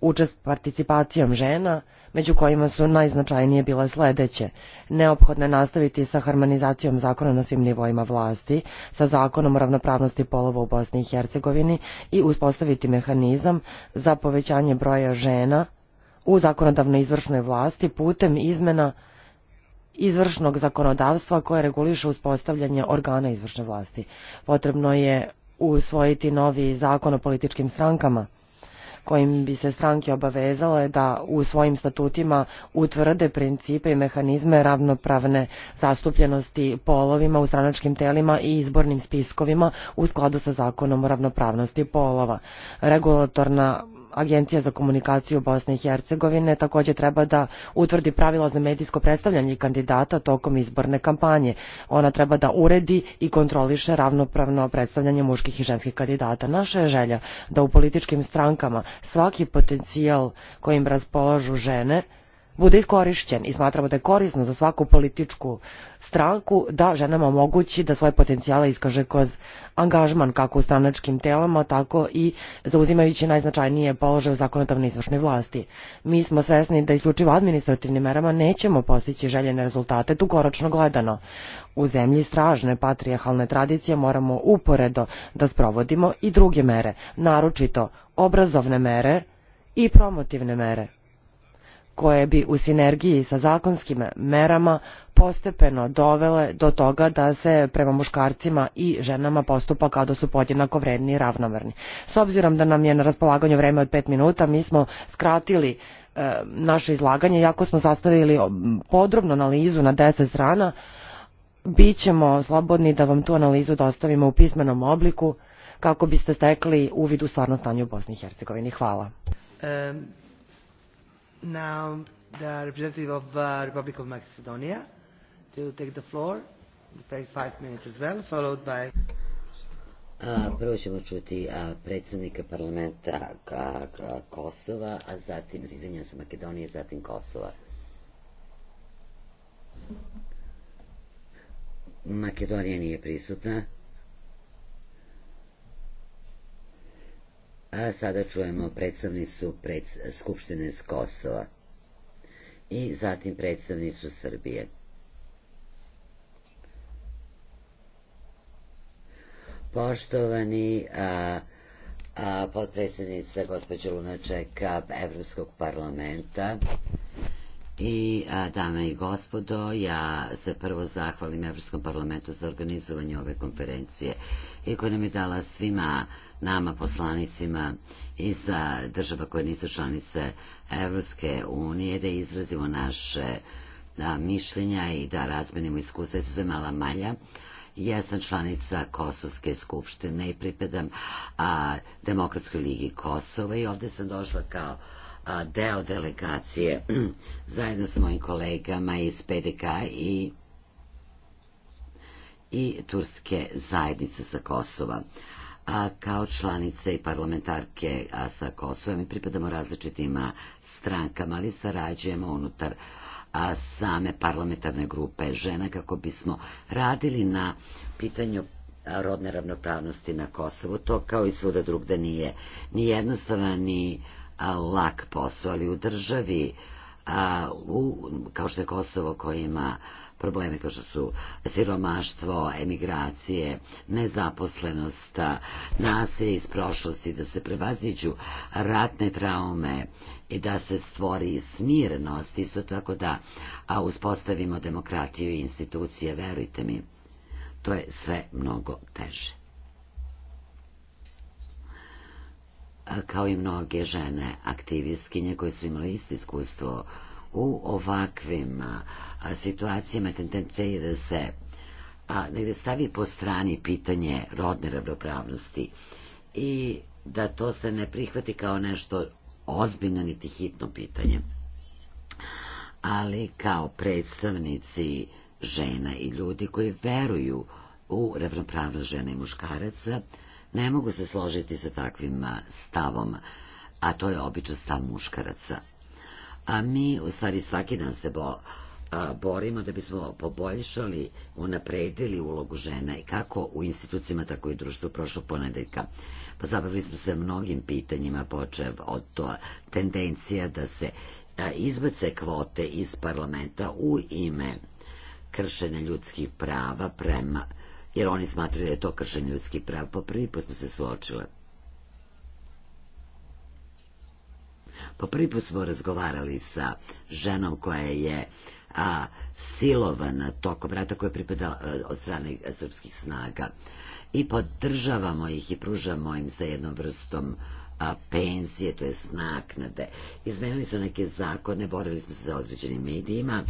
učest participacijom žena, među kojima su najznačajnije bile sledeće. Neophodno je nastaviti sa harmonizacijom zakona na svim nivoima vlasti, sa zakonom o ravnopravnosti polova u Bosni i Hercegovini i uspostaviti mehanizam za povećanje broja žena u zakonodavno izvršnoj vlasti putem izmena izvršnog zakonodavstva koje reguliše uspostavljanje organa izvršne vlasti. Potrebno je usvojiti novi zakon o političkim strankama – kojim bi se stranke obavezale da u svojim statutima utvrde principe i mehanizme ravnopravne zastupljenosti polovima u stranačkim telima i izbornim spiskovima u skladu sa zakonom o ravnopravnosti polova. Regulatorna Agencija za komunikaciju Bosne i Hercegovine također treba da utvrdi pravila za medijsko predstavljanje kandidata tokom izborne kampanje. Ona treba da uredi i kontroliše ravnopravno predstavljanje muških i ženskih kandidata. Naša je želja da u političkim strankama svaki potencijal kojim raspolažu žene – bude iskorišćen i smatramo da je korisno za svaku političku stranku da ženama omogući da svoje potencijale iskaže kroz angažman kako u stranačkim telama, tako i zauzimajući najznačajnije položaje u zakonodavnoj izvršnoj vlasti. Mi smo svesni da isključivo administrativnim merama nećemo postići željene rezultate dugoročno gledano. U zemlji stražne patrijahalne tradicije moramo uporedo da sprovodimo i druge mere, naročito obrazovne mere i promotivne mere koje bi u sinergiji sa zakonskim merama postepeno dovele do toga da se prema muškarcima i ženama postupa kao da su podjednako vredni i ravnomerni. S obzirom da nam je na raspolaganju vreme od pet minuta, mi smo skratili e, naše izlaganje, jako smo sastavili podrobnu analizu na deset strana, bit ćemo slobodni da vam tu analizu dostavimo u pismenom obliku kako biste stekli uvid u stvarno stanje u Bosni i Hercegovini. Hvala now the representative of the uh, Republic of Macedonia to take the floor. Five minutes as well, followed by... A, prvo ćemo čuti a, predsednika parlamenta ka, ka, Kosova, a zatim, izvinjam se, Makedonije, zatim Kosova. Makedonija nije prisutna. a sada čujemo predstavnicu pred Skupštine s Kosova i zatim predstavnicu Srbije. Poštovani a, a, potpredsjednica gospođa Lunaček Evropskog parlamenta, I dame i gospodo, ja se prvo zahvalim Europskom parlamentu za organizovanje ove konferencije i koja nam je dala svima nama poslanicima za država koje nisu članice Evropske unije da izrazimo naše da, mišljenja i da razmenimo iskustva. sa sam mala malja. Ja sam članica Kosovske skupštine i pripadam a, Demokratskoj ligi Kosova i ovdje sam došla kao deo delegacije zajedno sa mojim kolegama iz PDK i i Turske zajednice sa Kosova. A kao članice i parlamentarke a sa Kosova mi pripadamo različitim strankama, ali sarađujemo unutar a same parlamentarne grupe žena kako bismo radili na pitanju rodne ravnopravnosti na Kosovu. To kao i svuda drugde nije ni jednostavna ni lak posao, ali u državi a, u, kao što je Kosovo koji ima probleme kao što su siromaštvo, emigracije, nezaposlenost, nasilje iz prošlosti, da se prevaziđu ratne traume i da se stvori smirenost, isto tako da a uspostavimo demokratiju i institucije, verujte mi, to je sve mnogo teže. kao i mnoge žene aktivistkinje koje su imale isto iskustvo u ovakvim situacijama tendencije je da se a, negde stavi po strani pitanje rodne ravnopravnosti i da to se ne prihvati kao nešto ozbiljno niti hitno pitanje. Ali kao predstavnici žena i ljudi koji veruju u ravnopravnost žena i muškaraca, Ne mogu se složiti sa takvim stavom, a to je običan stav muškaraca. A mi u stvari svaki dan se bo, borimo da bismo poboljšali, unapredili ulogu žena i kako u institucijama, tako i društvu prošlog ponedeljka. Pozabavili smo se mnogim pitanjima, počev od to tendencija da se izbace kvote iz parlamenta u ime kršenja ljudskih prava prema jer oni smatruju da je to kršen ljudski prav. Po prvi put smo se suočile. Po prvi put smo razgovarali sa ženom koja je a, silovana tokom rata koja je pripadala od strane srpskih snaga. I podržavamo ih i pružamo im sa jednom vrstom a, penzije, to je naknade. Izmenili smo neke zakone, borili smo se za određenim medijima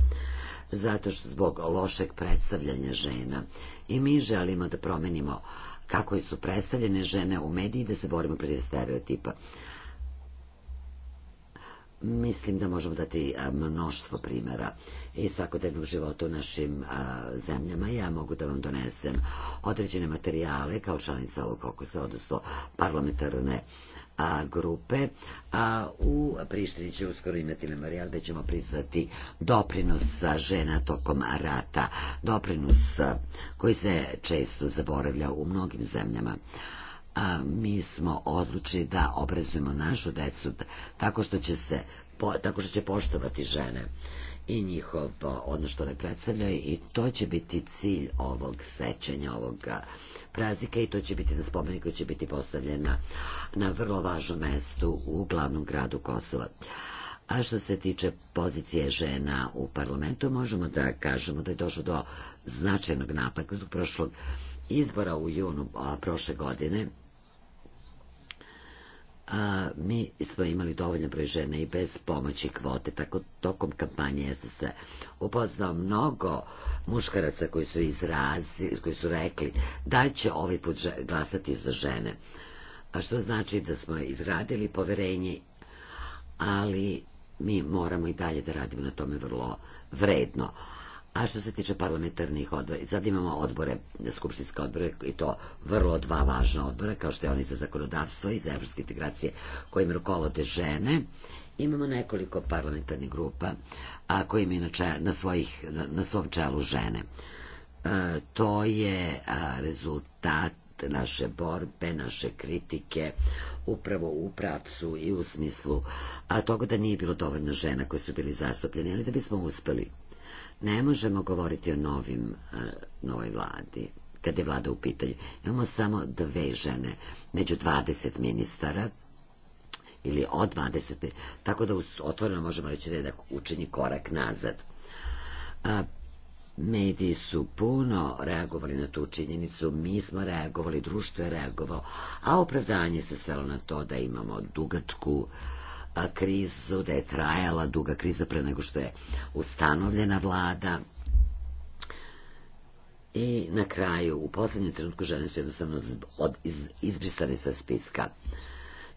zato što zbog lošeg predstavljanja žena. I mi želimo da promenimo kako su predstavljene žene u mediji da se borimo protiv stereotipa. Mislim da možemo dati mnoštvo primjera i svakodnevnog života u našim zemljama. Ja mogu da vam donesem određene materijale kao članica ovog kokosa, odnosno parlamentarne uh, групе, а u Prištini će uskoro imati memorijal gdje ćemo priznati doprinos žena tokom rata, doprinos koji se često zaboravlja u mnogim zemljama a, mi smo odlučili da obrazujemo našu decu tako što će se po, tako što će poštovati žene i njihov ono što ne predstavljaju i to će biti cilj ovog sećanja, ovog praznika i to će biti da spomenik koji će biti postavljen na, na vrlo važnom mestu u glavnom gradu Kosova. A što se tiče pozicije žena u parlamentu, možemo da kažemo da je došlo do značajnog napadka prošlog prošlog izbora u junu a, prošle godine a, mi smo imali dovoljno broj žena i bez pomoći kvote, tako tokom kampanje jeste se upoznao mnogo muškaraca koji su izrazi, koji su rekli da će ovaj put glasati za žene. A što znači da smo izgradili poverenje, ali mi moramo i dalje da radimo na tome vrlo vredno. A što se tiče parlamentarnih odbora, sad imamo odbore, skupštinske odbore i to vrlo dva važna odbora, kao što je oni za zakonodavstvo i za evropske integracije kojim rukovode žene. Imamo nekoliko parlamentarnih grupa, a koji imaju na, na, svojih, na, na svom čelu žene. E, to je a, rezultat naše borbe, naše kritike, upravo u pravcu i u smislu a toga da nije bilo dovoljno žena koje su bili zastupljene, ali da bismo uspeli Ne možemo govoriti o novim, novoj vladi, kad je vlada u pitanju. Imamo samo dve žene među 20 ministara, ili od 20, tako da otvoreno možemo reći da je da učini korak nazad. A, mediji su puno reagovali na tu činjenicu, mi smo reagovali, društvo je reagovalo, a opravdanje se svelo na to da imamo dugačku uh, krizu, da je trajala duga kriza pre nego što je ustanovljena vlada. I na kraju, u poslednjem trenutku žene su jednostavno od, iz, izbrisane sa spiska.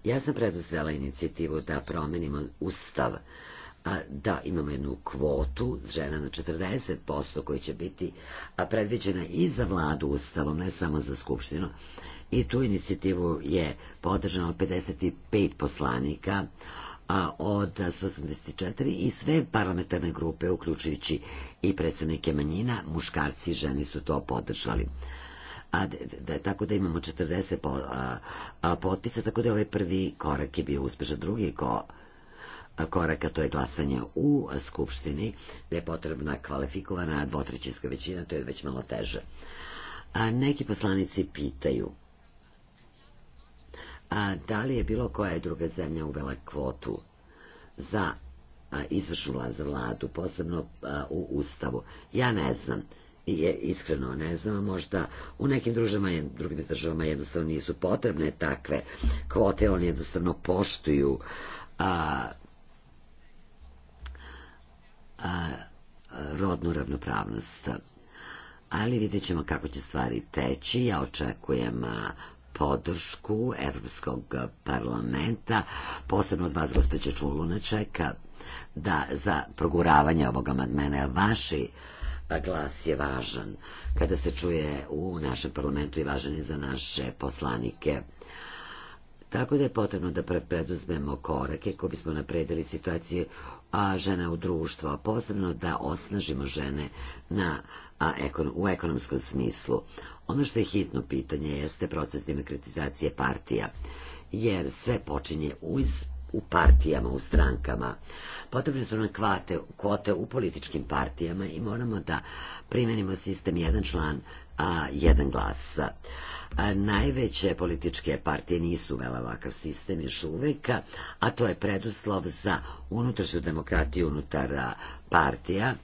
Ja sam preduzela inicijativu da promenimo ustav. Uh, da imamo jednu kvotu žena na 40% koji će biti predviđena i za vladu ustavom, ne samo za skupštinu. I tu inicijativu je podržano 55 poslanika a od 184 i sve parlamentarne grupe, uključujući i predsednike manjina, muškarci i ženi su to podržali a, da, tako da imamo 40 po, a, a, potpisa, tako da ovaj prvi korak je bio uspešan. Drugi ko, koraka to je glasanje u skupštini gdje je potrebna kvalifikovana dvotrećinska većina, to je već malo teže. A neki poslanici pitaju a da li je bilo koja je druga zemlja uvela kvotu za izvršnu vlast za vladu, posebno u Ustavu. Ja ne znam, iskreno ne znam, možda u nekim družama, drugim državama jednostavno nisu potrebne takve kvote, oni jednostavno poštuju a, rodnu ravnopravnost. Ali vidjet ćemo kako će stvari teći. Ja očekujem podršku Evropskog parlamenta, posebno od vas, gospođa Čulunačeka, da za proguravanje ovog amandmena vaši glas je važan. Kada se čuje u našem parlamentu i važan je za naše poslanike. Tako da je potrebno da preduzmemo korake koji bismo napredili situaciju a žena u društvu, a posebno da osnažimo žene na, a, ekon, u ekonomskom smislu. Ono što je hitno pitanje jeste proces demokratizacije partija, jer sve počinje uz u partijama, u strankama. Potrebne su nam kvate, kvote u političkim partijama i moramo da primenimo sistem jedan član, a jedan glas najveće političke partije nisu uvela ovakav sistem još uvek, a to je preduslov za unutrašnju demokratiju unutar partija,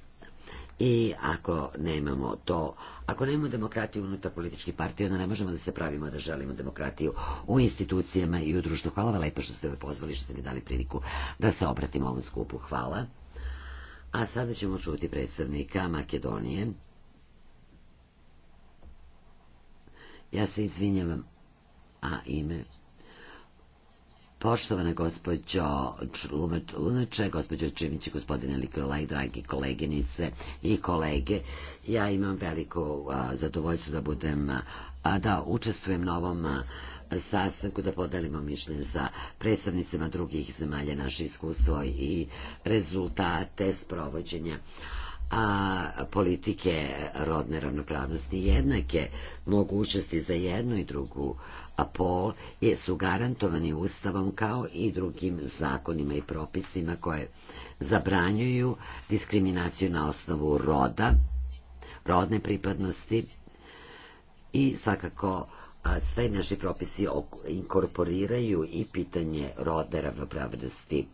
i ako nemamo to, ako nemamo demokratiju unutar političkih partija, onda ne možemo da se pravimo da želimo demokratiju u institucijama i u društvu. Hvala vam lepo što ste me pozvali, što ste mi dali priliku da se obratimo ovom skupu. Hvala. A sada ćemo čuti predstavnika Makedonije. Ja se izvinjavam. A ime? Poštovana gospođo Lunače, gospođo Čimić, gospodine Likolaj, dragi koleginice i kolege, ja imam veliko a, zadovoljstvo da budem, a, da učestvujem na ovom a, sastanku, da podelimo mišljenje sa predstavnicima drugih zemalja naše iskustvo i rezultate sprovođenja. provođenja a politike rodne ravnopravnosti jednake mogućnosti za jednu i drugu a pol je, su garantovani ustavom kao i drugim zakonima i propisima koje zabranjuju diskriminaciju na osnovu roda, rodne pripadnosti i svakako sve naši propisi inkorporiraju i pitanje rodne ravnopravnosti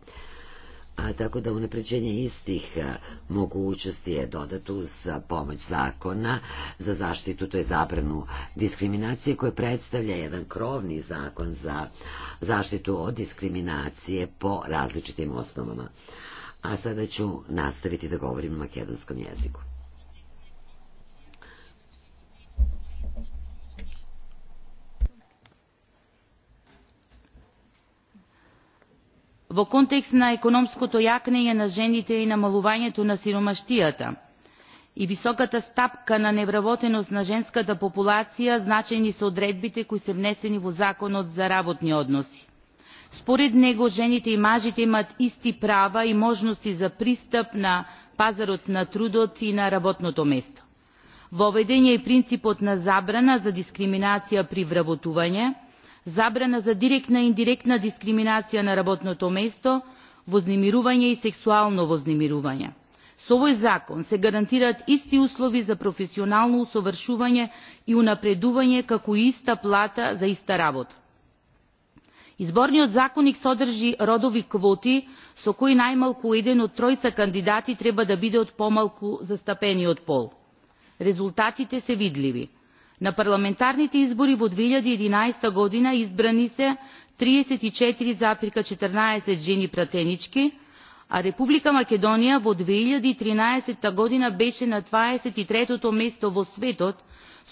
A tako da unapređenje istih mogućnosti je dodato uz pomoć zakona za zaštitu, to je zabranu diskriminacije koje predstavlja jedan krovni zakon za zaštitu od diskriminacije po različitim osnovama. A sada ću nastaviti da govorim na makedonskom jeziku. во контекст на економското јакнење на жените и намалувањето на сиромаштијата и високата стапка на невработеност на женската популација значајни се одредбите кои се внесени во законот за работни односи. според него жените и мажите имаат исти права и можности за пристап на пазарот на трудот и на работното место. воведен е и принципот на забрана за дискриминација при вработување Забрана за директна и индиректна дискриминација на работното место вознемирување и сексуално вознемирување. Со овој закон се гарантираат исти услови за професионално усовршување и унапредување како и иста плата за иста работа. Изборниот законник содржи родови квоти со кои најмалку еден од тројца кандидати треба да биде од помалку застапениот пол. Резултатите се видливи на парламентарните избори во 2011 година избрани се 34,14 жени пратенички, а Република Македонија во 2013 година беше на 23 тото место во светот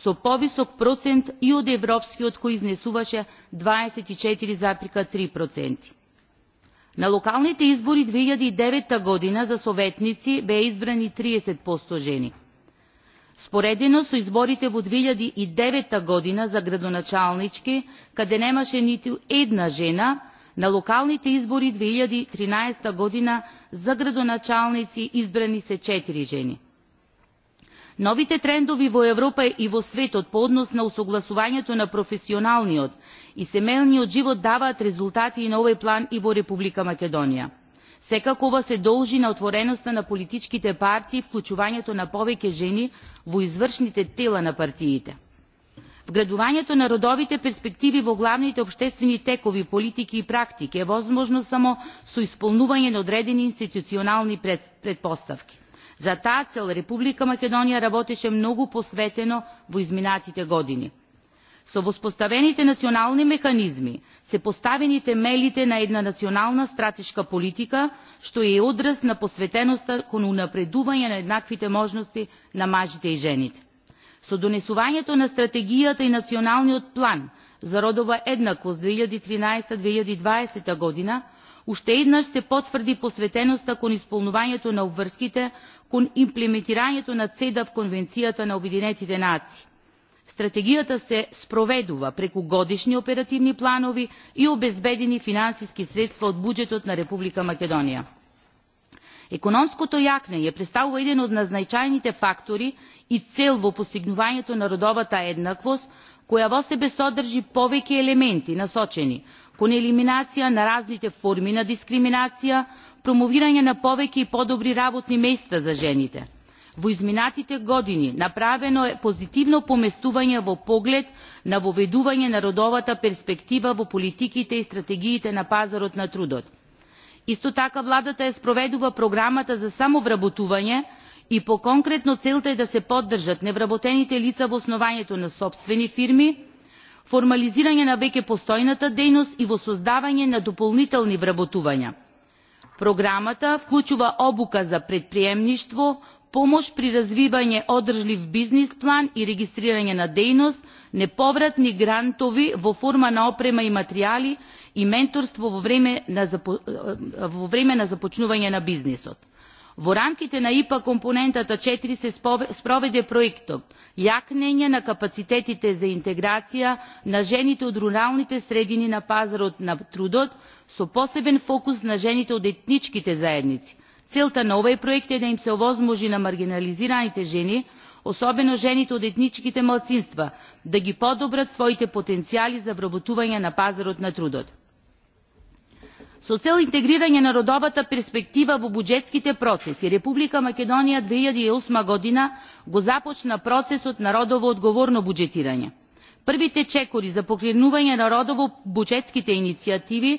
со повисок процент и од европскиот кој изнесуваше 24,3%. На локалните избори 2009 година за советници беа избрани 30% жени. Споредено со изборите во 2009 година за градоначалнички, каде немаше ниту една жена, на локалните избори 2013 година за градоначалници избрани се 4 жени. Новите трендови во Европа и во светот по однос на усогласувањето на професионалниот и семејниот живот даваат резултати и на овој план и во Република Македонија. Секакова се дължи на отвореността на политическите партии и включването на повече жени во извършните тела на партиите. Вградувањето на родовите перспективи во главните обштествени текови, политики и практики е возможно само со исполнување на одредени институционални предпоставки. За таа цел Република Македонија работеше многу посветено во изминатите години с воспоставените национални механизми се поставени темелите на една национална стратешка политика што е и одраз на посветеността кон унапредување на еднаквите можности на мажите и жените. Со донесувањето на стратегијата и националниот план за родова еднаквост 2013-2020 година, уште еднаш се потврди посветеността кон исполнувањето на обврските кон имплементирањето на цеда в конвенцијата на обединетите нации Стратегията се спроведува преку годишни оперативни планови и обезбедени финансиски средства од буџетот на република македонија економското јакнење претставува еден од најзначајните фактори и цел во постигнувањето на родовата еднаквост која во себе содржи повеќе елементи насочени кон елиминација на разните форми на дискриминација промовирање на повеќе и подобри работни места за жените во изминатите години направено е позитивно поместување во поглед на воведување на родовата перспектива во политиките и стратегиите на пазарот на трудот. исто така владата ја спроведува програмата за самовработување и по конкретно целта е да се поддржат невработените лица во основањето на собствени фирми формализирање на веќе постојната дејност и во создавање на дополнителни вработувања. програмата вклучува обука за предприемништво, помощ при развивање одржлив бизнис план и регистрирање на дејност неповратни грантови во форма на опрема и материјали и менторство во време на започнување на бизнисот. Во рамките на ИПА компонентата 4 се спроведе проектот Јакнење на капацитетите за интеграција на жените од руралните средини на пазарот на трудот со посебен фокус на жените од етничките заедници целта на ovaj проект е да им се овозможи на маргинализираните жени особено жените од етничките малцинства да ги подобрат своите потенцијали за вработување на пазарот на трудот. Со цел интегрирање на родовата перспектива во буџетските процеси, Република Македонија 2008 година го започна процесот на родово одговорно буџетирање. Првите чекори за покренување на родово буџетските иницијативи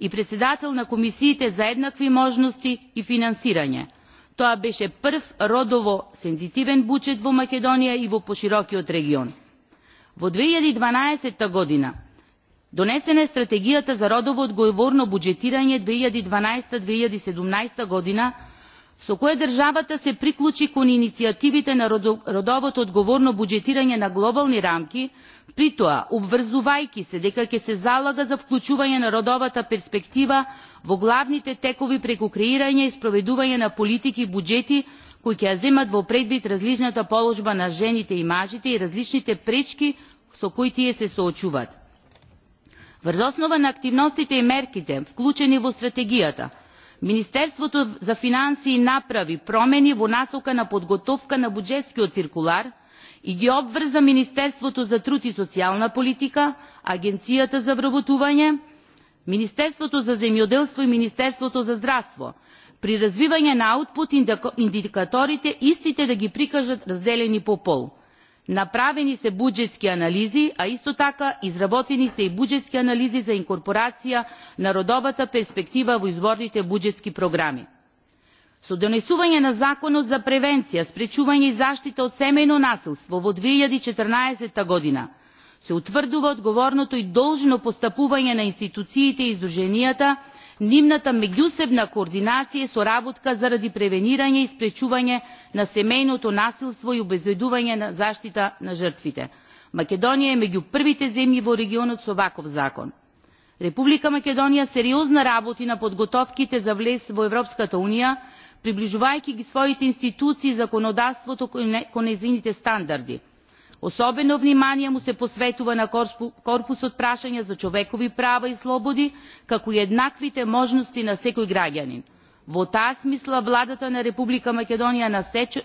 и председател на комисиите за еднакви можности и финансирање. тоа беше прв родово сензитивен буџет во македонија и во поширокиот регион. во 2012 година донесена е стратегијата за родово одговорно буџетирање 2012-2017 година со кое државата се приклучи кон иницијативите на родовото одговорно буџетирање на глобални рамки притоа обврзувајќи се дека ќе се залага за вклучување на родовата перспектива во главните текови преку креирање и спроведување на политики и буџети кои ќе ја земат во предвид различната положба на жените и мажите и различните пречки со кои тие се соочуваат. врз основа на активностите и мерките вклучени во стратегијата министерството за финансии направи промени во насока на подготовка на буџетскиот циркулар и ги обврза министерството за труд и социјална политика агенцијата за вработување министерството за земјоделство и министерството за здравство при развивање на аутпут индикаторите истите да ги прикажат разделени по пол направени се бюджетски анализи, а isto така изработени се и бюджетски анализи за инкорпорация на родовата перспектива во изворните бюджетски програми. Со донесување на Законот за превенција, спречување и заштита од семејно насилство во 2014 година се утврдува одговорното и должно постапување на институциите и издруженијата нивната меѓусебна координација и е соработка заради превенирање и спречување на семејното насилство и обезбедување на заштита на жртвите. македонија е меѓу првите земји во регионот со ваков закон. република македонија сериозно работи на подготовките за влез во европската унија приближувајќи ги своите институции и законодавството кон нејзините стандарди особено внимание му се посветува на корпус от прашања за човекови права и слободи како и еднаквите можности на секој граѓанин. во таа смисла владата на република македонија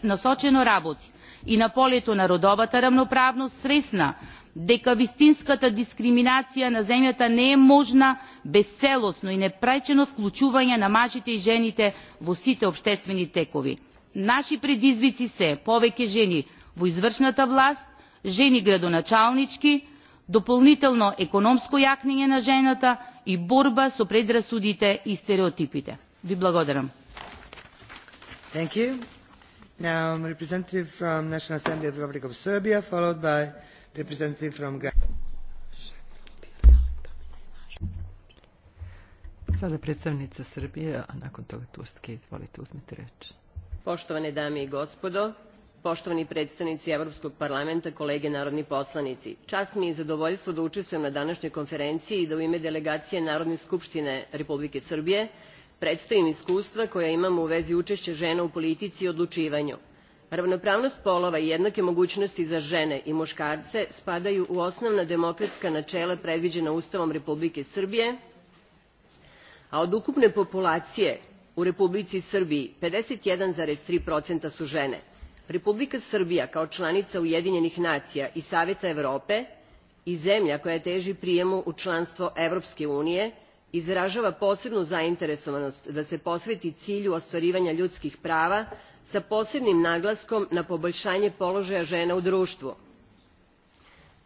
насочено работи и на полето на родовата равноправност свесна дека вистинската дискриминација на земјата не е можна без целосно и непречено вклучување на мажите и жените во сите обштествени текови. наши предизвици се повеќе жени во извршната власт жени градоначалнички допълнително економско јакнење на жената и борба со предрасудите и стереотипите. Ви благодарам. Sada predstavnica Srbije, a nakon toga Turske. Izvolite, uzmite reč. Poštovane dame i gospodo, poštovani predstavnici Evropskog parlamenta, kolege narodni poslanici. Čast mi je i zadovoljstvo da učestvujem na današnjoj konferenciji i da u ime delegacije Narodne skupštine Republike Srbije predstavim iskustva koja imamo u vezi učešća žena u politici i odlučivanju. Ravnopravnost polova i jednake mogućnosti za žene i muškarce spadaju u osnovna demokratska načela predviđena Ustavom Republike Srbije, a od ukupne populacije u Republici Srbiji three su žene republika srbija kao članica ujedinjenih nacija i saveta evrope i zemlja koja teži prijemu u članstvo evropske unije izražava posebnu zainteresovanost da se posveti cilju ostvarivanja ljudskih prava sa posebnim naglaskom na poboljšanje položaja žena u društvu.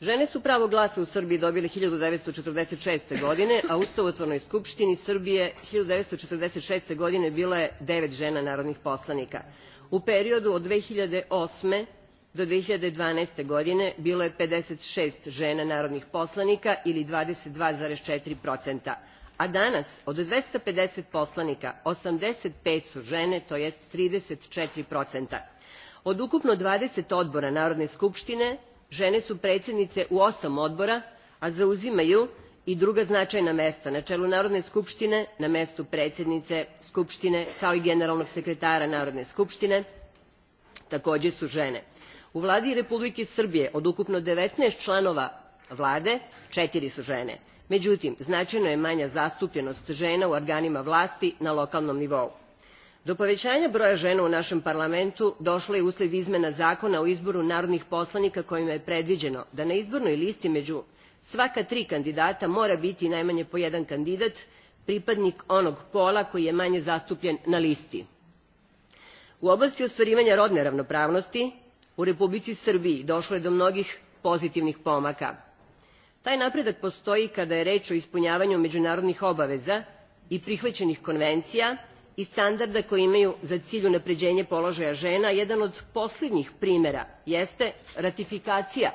Žene su pravo glasa u Srbiji dobile 1946. godine, a Ustavotvornoj skupštini Srbije 1946. godine bilo je devet žena narodnih poslanika. U periodu od 2008. do 2012. godine bilo je 56 žena narodnih poslanika ili 22,4%, a danas od 250 poslanika 85 su žene, to jest 34%. Od ukupno 20 odbora Narodne skupštine žene su predsjednice u osam odbora a zauzimaju i druga značajna mesta na čelu narodne skupštine na mestu predsjednice skupštine kao i generalnog sekretara narodne skupštine takođe su žene. u vladi republike srbije od ukupno 19 članova vlade četiri su žene međutim značajno je manja zastupljenost žena u organima vlasti na lokalnom nivou do povećanja broja žena u našem parlamentu došlo je usled izmena zakona o izboru narodnih poslanika kojima je predviđeno da na izbornoj listi među svaka tri kandidata mora biti najmanje po jedan kandidat pripadnik onog pola koji je manje zastupljen na listi. u oblasti ostvarivanja rodne ravnopravnosti u republici srbiji došlo je do mnogih pozitivnih pomaka. taj napredak postoji kada je reč o ispunjavanju međunarodnih obaveza i prihvaćenih konvencija i standarda koji imaju za cilj unapređenje položaja žena jedan od poslednjih primera jeste ratifikacija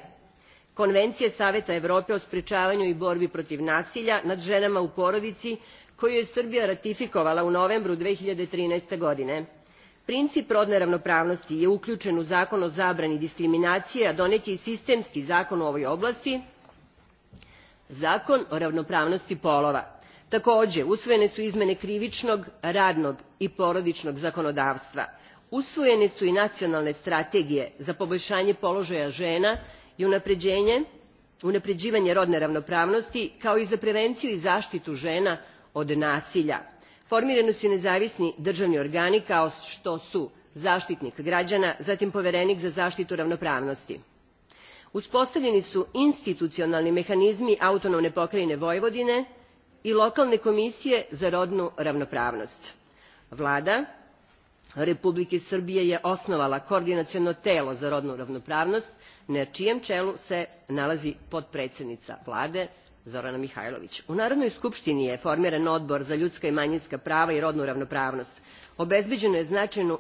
konvencije saveta evrope o sprečavanju i borbi protiv nasilja nad ženama u porodici koju je srbija ratifikovala u novembru. 2013. godine princip rodne ravnopravnosti je uključen u zakon o zabrani diskriminacije a donet je i sistemski zakon u ovoj oblasti zakon o ravnopravnosti polova također usvojene su izmjene krivičnog radnog i porodičnog zakonodavstva usvojene su i nacionalne strategije za poboljšanje položaja žena i unapređivanje rodne ravnopravnosti kao i za prevenciju i zaštitu žena od nasilja formirani su i nezavisni državni organi kao što su zaštitnik građana zatim poverenik za zaštitu ravnopravnosti uspostavljeni su institucionalni mehanizmi autonomne pokrajine vojvodine i lokalne komisije za rodnu ravnopravnost. Vlada Republike Srbije je osnovala koordinaciono telo za rodnu ravnopravnost, na čijem čelu se nalazi potpredsednica vlade Zorana Mihajlović. U Narodnoj skupštini je formiran odbor za ljudska i manjinska prava i rodnu ravnopravnost. Obezbeđeno je značajno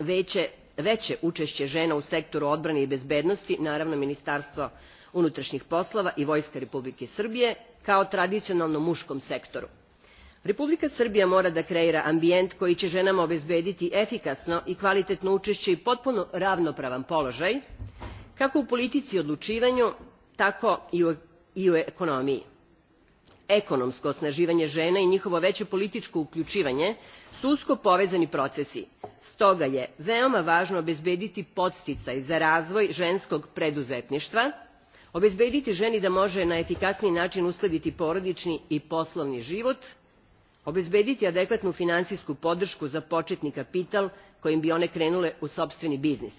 veće, veće učešće žena u sektoru odbrane i bezbednosti, naravno Ministarstvo unutrašnjih poslova i vojske Republike Srbije kao tradicionalno muškom sektoru. Republika Srbija mora da kreira ambijent koji će ženama obezbediti efikasno i kvalitetno učešće i potpuno ravnopravan položaj, kako u politici i odlučivanju, tako i u ekonomiji. Ekonomsko osnaživanje žena i njihovo veće političko uključivanje su usko povezani procesi. Stoga je veoma važno obezbediti podsticaj za razvoj ženskog preduzetništva – obezbediti ženi da može na efikasniji način uskladiti porodični i poslovni život obezbediti adekvatnu finansijsku podršku za početni kapital kojim bi one krenule u sopstveni biznis.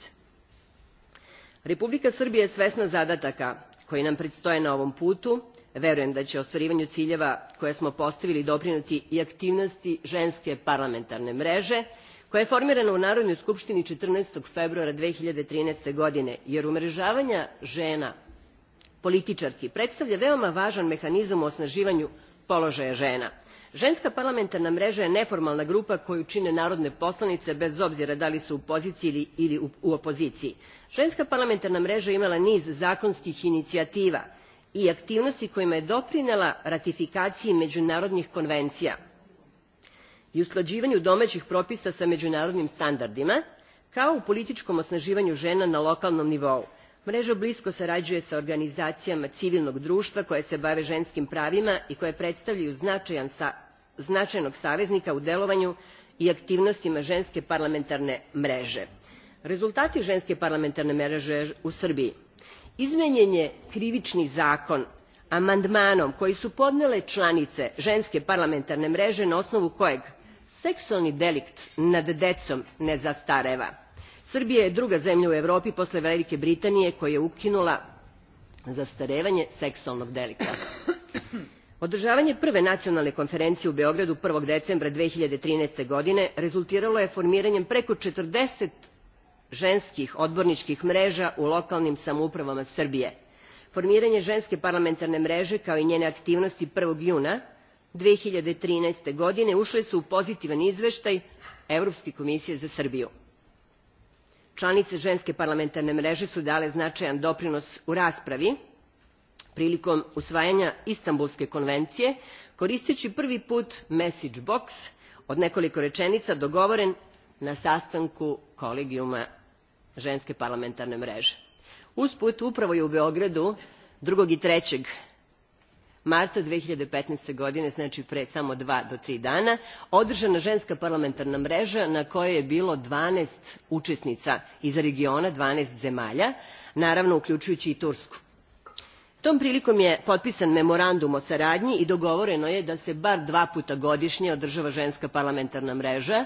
Republika Srbija je svesna zadataka koji nam predstoje na ovom putu. Verujem da će ostvarivanju ciljeva koje smo postavili doprinuti i aktivnosti ženske parlamentarne mreže, koja je formirana u Narodnoj skupštini 14. februara 2013. godine, jer umrežavanja žena političarki predstavlja veoma važan mehanizam u osnaživanju položaja žena. Ženska parlamentarna mreža je neformalna grupa koju čine narodne poslanice bez obzira da li su u poziciji ili u opoziciji. Ženska parlamentarna mreža imala niz zakonskih inicijativa i aktivnosti kojima je doprinela ratifikaciji međunarodnih konvencija i usklađivanju domaćih propisa sa međunarodnim standardima, kao u političkom osnaživanju žena na lokalnom nivou mreža blisko sarađuje sa organizacijama civilnog društva koje se bave ženskim pravima i koje predstavljaju značajnog saveznika u delovanju i aktivnostima ženske parlamentarne mreže. rezultati ženske parlamentarne mreže u srbiji izmenjen je krivični zakon amandmanom koji su podnele članice ženske parlamentarne mreže na osnovu kojeg seksualni delikt nad decom ne zastareva srbija je druga zemlja u evropi posle velike britanije koja je ukinula zastarevanje seksualnog delika. održavanje prve nacionalne konferencije u beogradu. 1. decembra. 2013. godine rezultiralo je formiranjem preko 40 ženskih odborničkih mreža u lokalnim samoupravama srbije. formiranje ženske parlamentarne mreže kao i njene aktivnosti. 1. juna. 2013. godine ušle su u pozitivan izveštaj evropske komisije za srbiju. Članice ženske parlamentarne mreže su dale značajan doprinos u raspravi prilikom usvajanja Istanbulske konvencije, koristeći prvi put message box od nekoliko rečenica dogovoren na sastanku kolegijuma ženske parlamentarne mreže. Usput, upravo je u Beogradu two i 3 marta. 2015. godine znači pre samo dva do tri dana održana ženska parlamentarna mreža na kojoj je bilo dvanaest učesnica iz regiona dvanaest zemalja naravno uključujući i tursku. Tom prilikom je potpisan memorandum o saradnji i dogovoreno je da se bar dva puta godišnje održava ženska parlamentarna mreža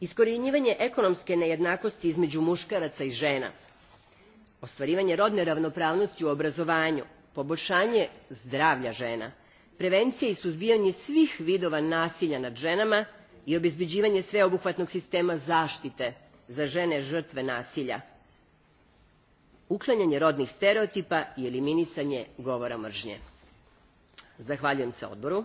iskorjenjivanje ekonomske nejednakosti između muškaraca i žena ostvarivanje rodne ravnopravnosti u obrazovanju poboljšanje zdravlja žena prevencija i suzbijanje svih vidova nasilja nad ženama i obezbeivanje sveobuhvatnog sistema zaštite za žene žrtve nasilja uklanjanje rodnih stereotipa i eliminisanje govora mržnje. Zahvaljujem se odboru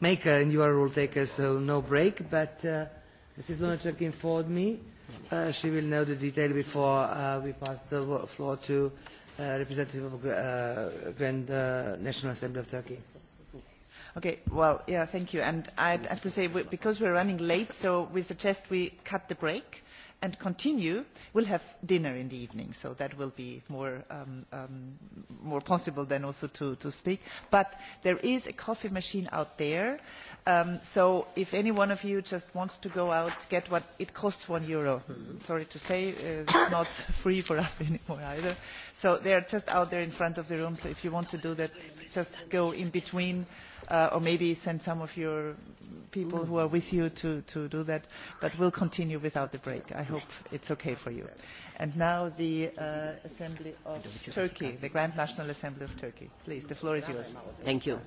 maker and you are a rule taker, so no break. But uh, Mrs. Lunacek informed me. Uh, she will know the detail before uh, we pass the floor to uh, representative of uh, Grand uh, National Assembly of Turkey. Okay, well, yeah, thank you. And I have to say, we, because we're running late, so we suggest we cut the break and continue, will have dinner in the evening, so that will be more, um, um, more possible then also to, to speak. But there is a coffee machine out there so if any one of you just wants to go out, get what it costs one euro. Sorry to say, it's not free for us anymore either. So they are just out there in front of the room. So if you want to do that, just go in between, uh, or maybe send some of your people who are with you to, to do that. But we'll continue without the break. I hope it's okay for you. And now the uh, Assembly of Turkey, the Grand National Assembly of Turkey. Please, the floor is yours. Thank you.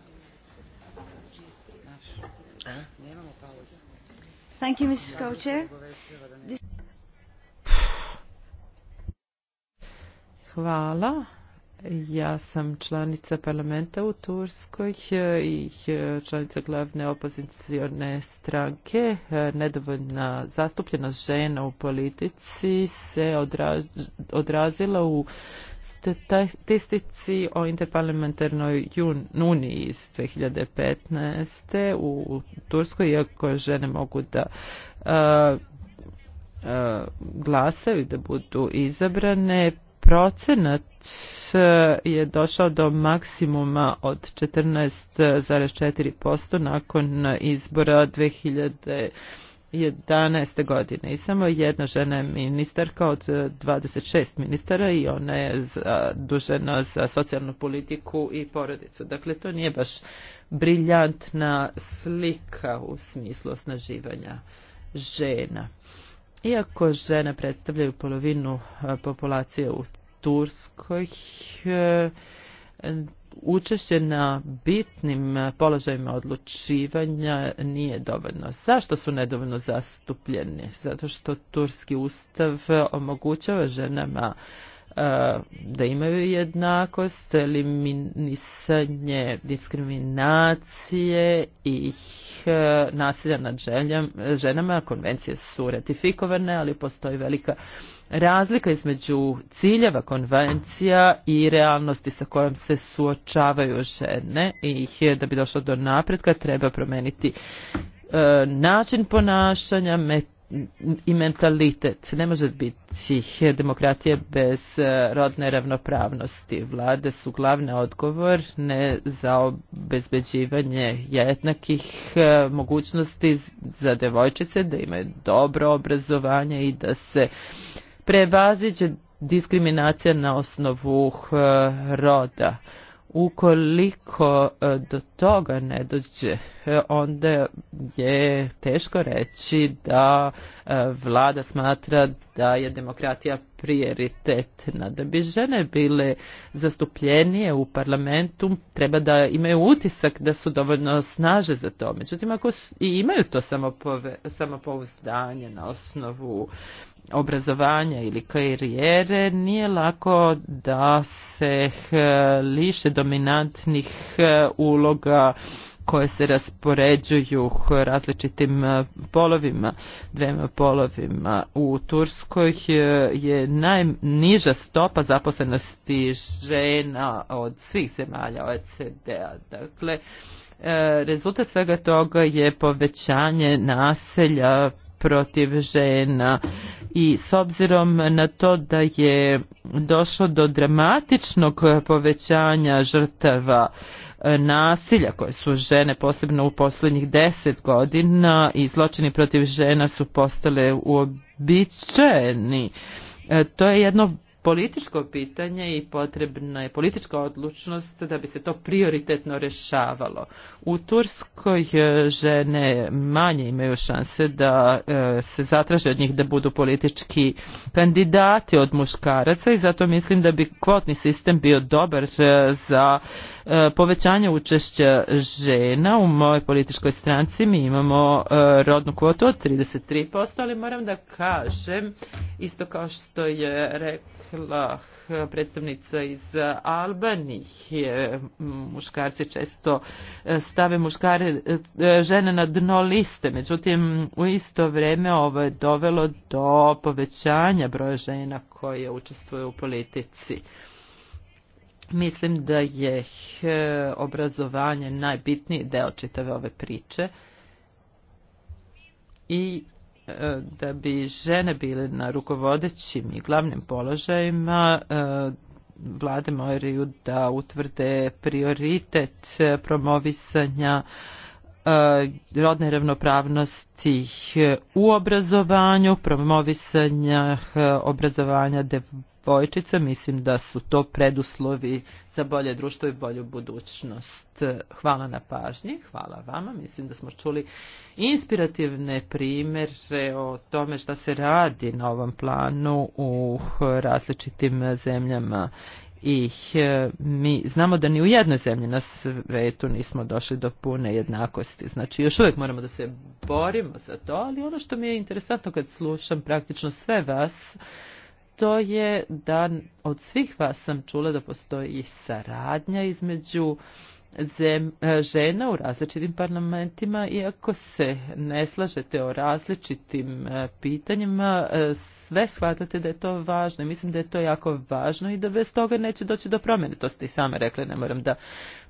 Hvala. Ja sam članica parlamenta u Turskoj i članica glavne opozicijone stranke. Nedovoljna zastupljenost žena u politici se odrazila u statistici o interparlamentarnoj jun, uniji iz 2015. u Turskoj, iako žene mogu da uh, uh, glasaju da budu izabrane, procenat je došao do maksimuma od 14,4% nakon izbora 2000 2011. godine i samo jedna žena je ministarka od 26 ministara i ona je zadužena za socijalnu politiku i porodicu. Dakle, to nije baš briljantna slika u smislu osnaživanja žena. Iako žene predstavljaju polovinu populacije u Turskoj, učešće na bitnim položajima odlučivanja nije dovoljno. Zašto su nedovoljno zastupljeni? Zato što turski ustav omogućava ženama da imaju jednakost, eliminisanje diskriminacije i nasilja nad ženjama. Ženama konvencije su ratifikovane, ali postoji velika razlika između ciljeva konvencija i realnosti sa kojom se suočavaju žene i da bi došlo do napretka treba promeniti e, način ponašanja, met, i mentalitet. Ne može biti demokratije bez rodne ravnopravnosti. Vlade su glavne odgovor ne za obezbeđivanje jednakih mogućnosti za devojčice da imaju dobro obrazovanje i da se prevaziđe diskriminacija na osnovu roda. Ukoliko do toga ne dođe, onda je teško reći da vlada smatra da je demokratija prioritetna. Da bi žene bile zastupljenije u parlamentu, treba da imaju utisak da su dovoljno snaže za to. Međutim, ako su, i imaju to samopove, samopouzdanje na osnovu uh, obrazovanja ili karijere, nije lako da se liše dominantnih uloga koje se raspoređuju različitim polovima, dvema polovima. U Turskoj je najniža stopa zaposlenosti žena od svih zemalja OECD-a. Dakle, rezultat svega toga je povećanje naselja protiv žena i s obzirom na to da je došlo do dramatičnog povećanja žrtava nasilja koje su žene posebno u posljednjih deset godina i zločini protiv žena su postale uobičajeni. To je jedno političko pitanje i potrebna je politička odlučnost da bi se to prioritetno rješavalo. U Turskoj žene manje imaju šanse da se zatraže od njih da budu politički kandidati od muškaraca i zato mislim da bi kvotni sistem bio dobar za povećanje učešća žena u mojoj političkoj stranci mi imamo rodnu kvotu od 33%, ali moram da kažem isto kao što je rekao Dakle, predstavnica iz Albanije, muškarci često stave muškare, žene na dno liste, međutim u isto vreme ovo je dovelo do povećanja broja žena koje učestvuju u politici. Mislim da je obrazovanje najbitniji deo čitave ove priče i da bi žene bile na rukovodećim i glavnim položajima vlade moraju da utvrde prioritet promovisanja rodne ravnopravnosti u obrazovanju, promovisanja obrazovanja devojaka djevojčica. Mislim da su to preduslovi za bolje društvo i bolju budućnost. Hvala na pažnji, hvala vama. Mislim da smo čuli inspirativne primjere o tome šta se radi na ovom planu u različitim zemljama i mi znamo da ni u jednoj zemlji na svetu nismo došli do pune jednakosti. Znači još uvijek moramo da se borimo za to, ali ono što mi je interesantno kad slušam praktično sve vas to je da od svih vas sam čula da postoji saradnja između zem, žena u različitim parlamentima, iako se ne slažete o različitim pitanjima, sve shvatate da je to važno. Mislim da je to jako važno i da bez toga neće doći do promjene. To ste i same rekli, ne moram da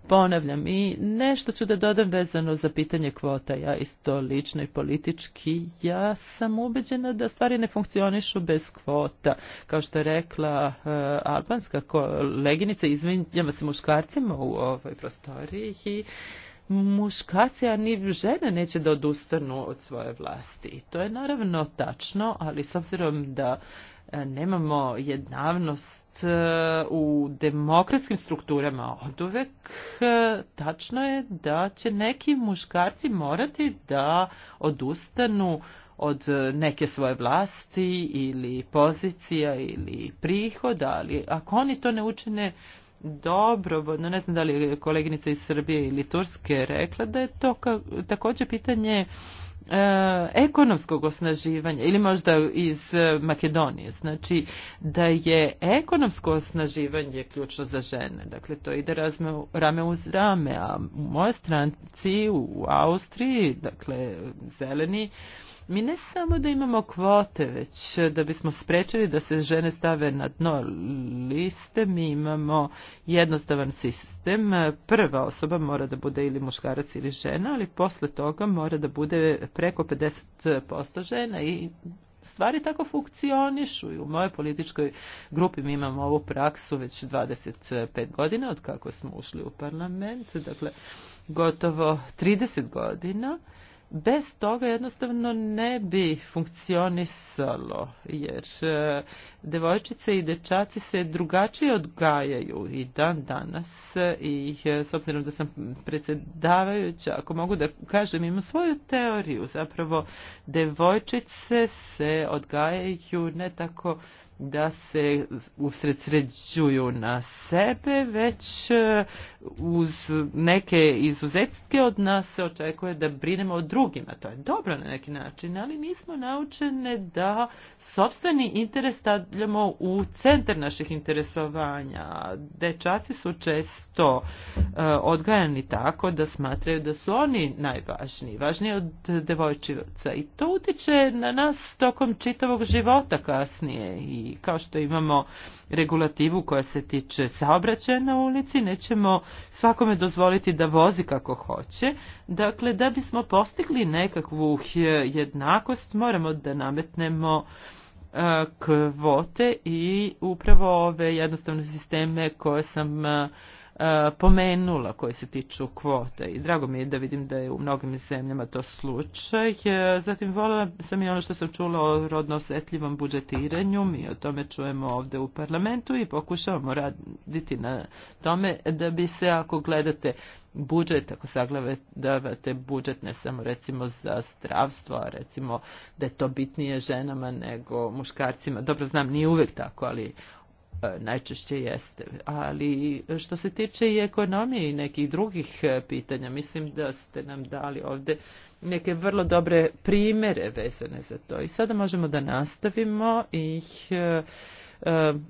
Ponavljam i nešto ću da dodam vezano za pitanje kvota. Ja isto lično i politički, ja sam ubeđena da stvari ne funkcionišu bez kvota. Kao što je rekla uh, albanska koleginica, izvinjava se muškarcima u ovoj prostoriji i muškarci, a ni žene neće da odustanu od svoje vlasti. To je naravno tačno, ali s obzirom da nemamo jednavnost Тоест, u demokratskim strukturama od uvek tačno je da će neki muškarci morati da odustanu od neke svoje vlasti ili pozicija ili prihoda, ali ako oni to ne učine dobro, no ne znam da li je koleginica iz Srbije ili Turske rekla da je to ka, takođe pitanje ekonomskog osnaživanja ili možda iz Makedonije. Znači da je ekonomsko osnaživanje ključno za žene. Dakle, to ide razme, rame uz rame, a u mojoj stranci u Austriji, dakle, zeleni, uh, Mi ne samo da imamo kvote, već da bismo sprečili da se žene stave na dno liste, mi imamo jednostavan sistem. Prva osoba mora da bude ili muškarac ili žena, ali posle toga mora da bude preko 50% žena i stvari tako funkcionišu u mojoj političkoj grupi mi imamo ovu praksu već 25 godina od kako smo ušli u parlament, dakle gotovo 30 godina. Bez toga jednostavno ne bi funkcionisalo, jer devojčice i dečaci se drugačije odgajaju i dan danas i s obzirom da sam predsjedavajuća, ako mogu da kažem, imam svoju teoriju, zapravo devojčice se odgajaju ne tako da se usredsređuju na sebe, već uz neke izuzetke od nas se očekuje da brinemo o drugima. To je dobro na neki način, ali nismo naučene da sobstveni interes stavljamo u centar naših interesovanja. Dečaci su često odgajani tako da smatraju da su oni najvažniji, važniji od devojčivaca. I to utiče na nas tokom čitavog života kasnije i kao što imamo regulativu koja se tiče saobraćaja na ulici, nećemo svakome dozvoliti da vozi kako hoće. Dakle, da bismo postigli nekakvu jednakost, moramo da nametnemo kvote i upravo ove jednostavne sisteme koje sam pomenula koje se tiču kvote i drago mi je da vidim da je u mnogim zemljama to slučaj. Zatim volila sam i ono što sam čula o rodno osjetljivom budžetiranju, mi o tome čujemo ovde u parlamentu i pokušavamo raditi na tome da bi se ako gledate budžet, ako sagledavate budžet ne samo recimo za zdravstvo, a recimo da je to bitnije ženama nego muškarcima. Dobro znam, nije uvek tako, ali najčešće jeste. Ali što se tiče i ekonomije i nekih drugih pitanja, mislim da ste nam dali ovdje neke vrlo dobre primere vezane za to. I sada možemo da nastavimo i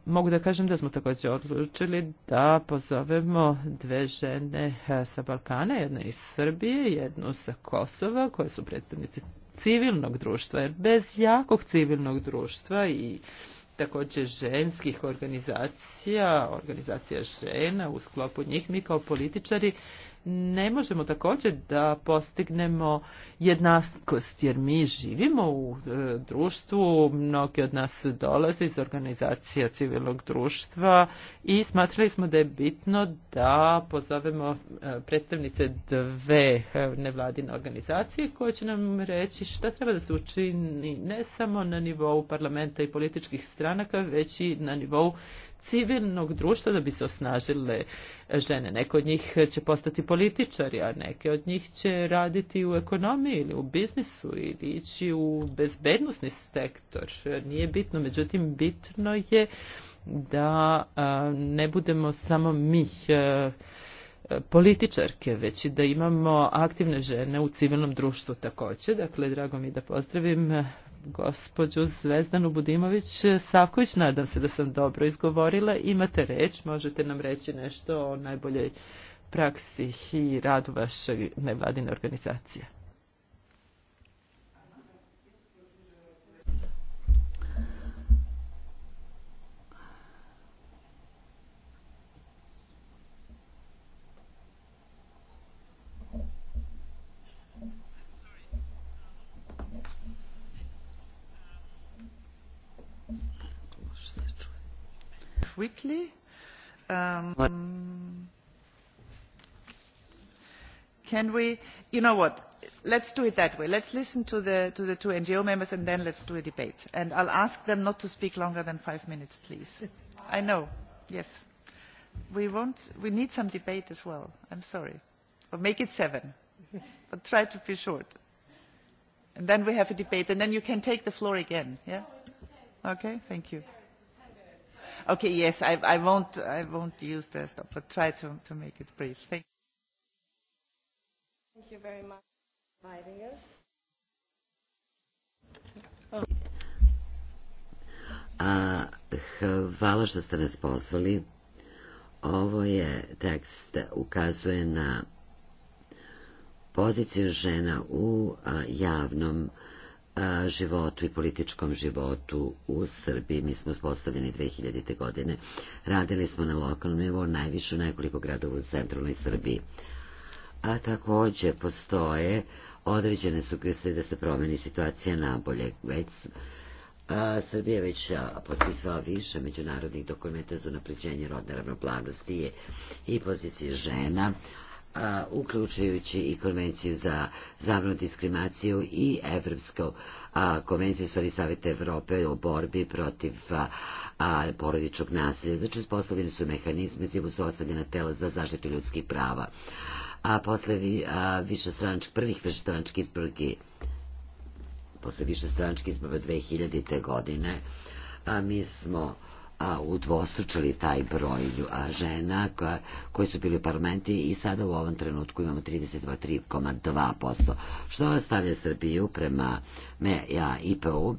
mogu da kažem da smo također odlučili da pozovemo dve žene sa Balkana, jedna iz Srbije, jednu sa Kosova, koje su predstavnici civilnog društva, jer bez jakog civilnog društva i također ženskih organizacija, organizacija žena u sklopu njih mi kao političari ne možemo također da postignemo jednakost jer mi živimo u e, društvu, mnogi od nas dolaze iz organizacija civilnog društva i smatrali smo da je bitno da pozovemo predstavnice dve nevladine organizacije koje će nam reći šta treba da se učini ne samo na nivou parlamenta i političkih stranaka, već i na nivou civilnog društva da bi se osnažile žene. Neko od njih će postati političari, a neke od njih će raditi u ekonomiji ili u biznisu ili ići u bezbednostni sektor. Nije bitno, međutim bitno je da ne budemo samo mi političarke, već i da imamo aktivne žene u civilnom društvu također. Dakle, drago mi da pozdravim gospođu Zvezdanu Budimović Savković. Nadam se da sam dobro izgovorila. Imate reč, možete nam reći nešto o najboljoj praksi i radu vašeg nevladine organizacije. weekly. Um, can we, you know what, let's do it that way. Let's listen to the, to the two NGO members and then let's do a debate. And I'll ask them not to speak longer than five minutes, please. I know, yes. We, won't, we need some debate as well, I'm sorry. Or make it seven, but try to be short. And then we have a debate and then you can take the floor again, yeah? Okay, thank you. Okay, yes, I, I, won't, I won't use the stop, but try to, to make it brief. Thank you. Thank you very much for inviting us. Oh. A, hvala što ste nas pozvali. Ovo je tekst ukazuje na poziciju žena u a, javnom a, životu i političkom životu u Srbiji. Mi smo spostavljeni 2000. godine. Radili smo na lokalnom nivou najviše u nekoliko gradova u centralnoj Srbiji. A takođe postoje određene sugestije da se promeni situacija nabolje. Već a, Srbije već potpisala više međunarodnih dokumenta za napređenje rodne ravnoplavnosti i pozicije žena a, uključujući i konvenciju za zabranu diskriminaciju i Evropsku a, konvenciju stvari Savjeta Evrope o borbi protiv a, a, porodičnog nasilja. Znači, uspostavljeni su mehanizmi i su ostavljena tela za zaštitu ljudskih prava. A posle vi, a, prvih višestranačkih izborgi, posle višestranačkih izborga 2000. godine, a, mi smo udvostručili taj broj žena koja, koji su bili u parlamenti i sada u ovom trenutku imamo 32,2%. što stavlja Srbiju prema IPU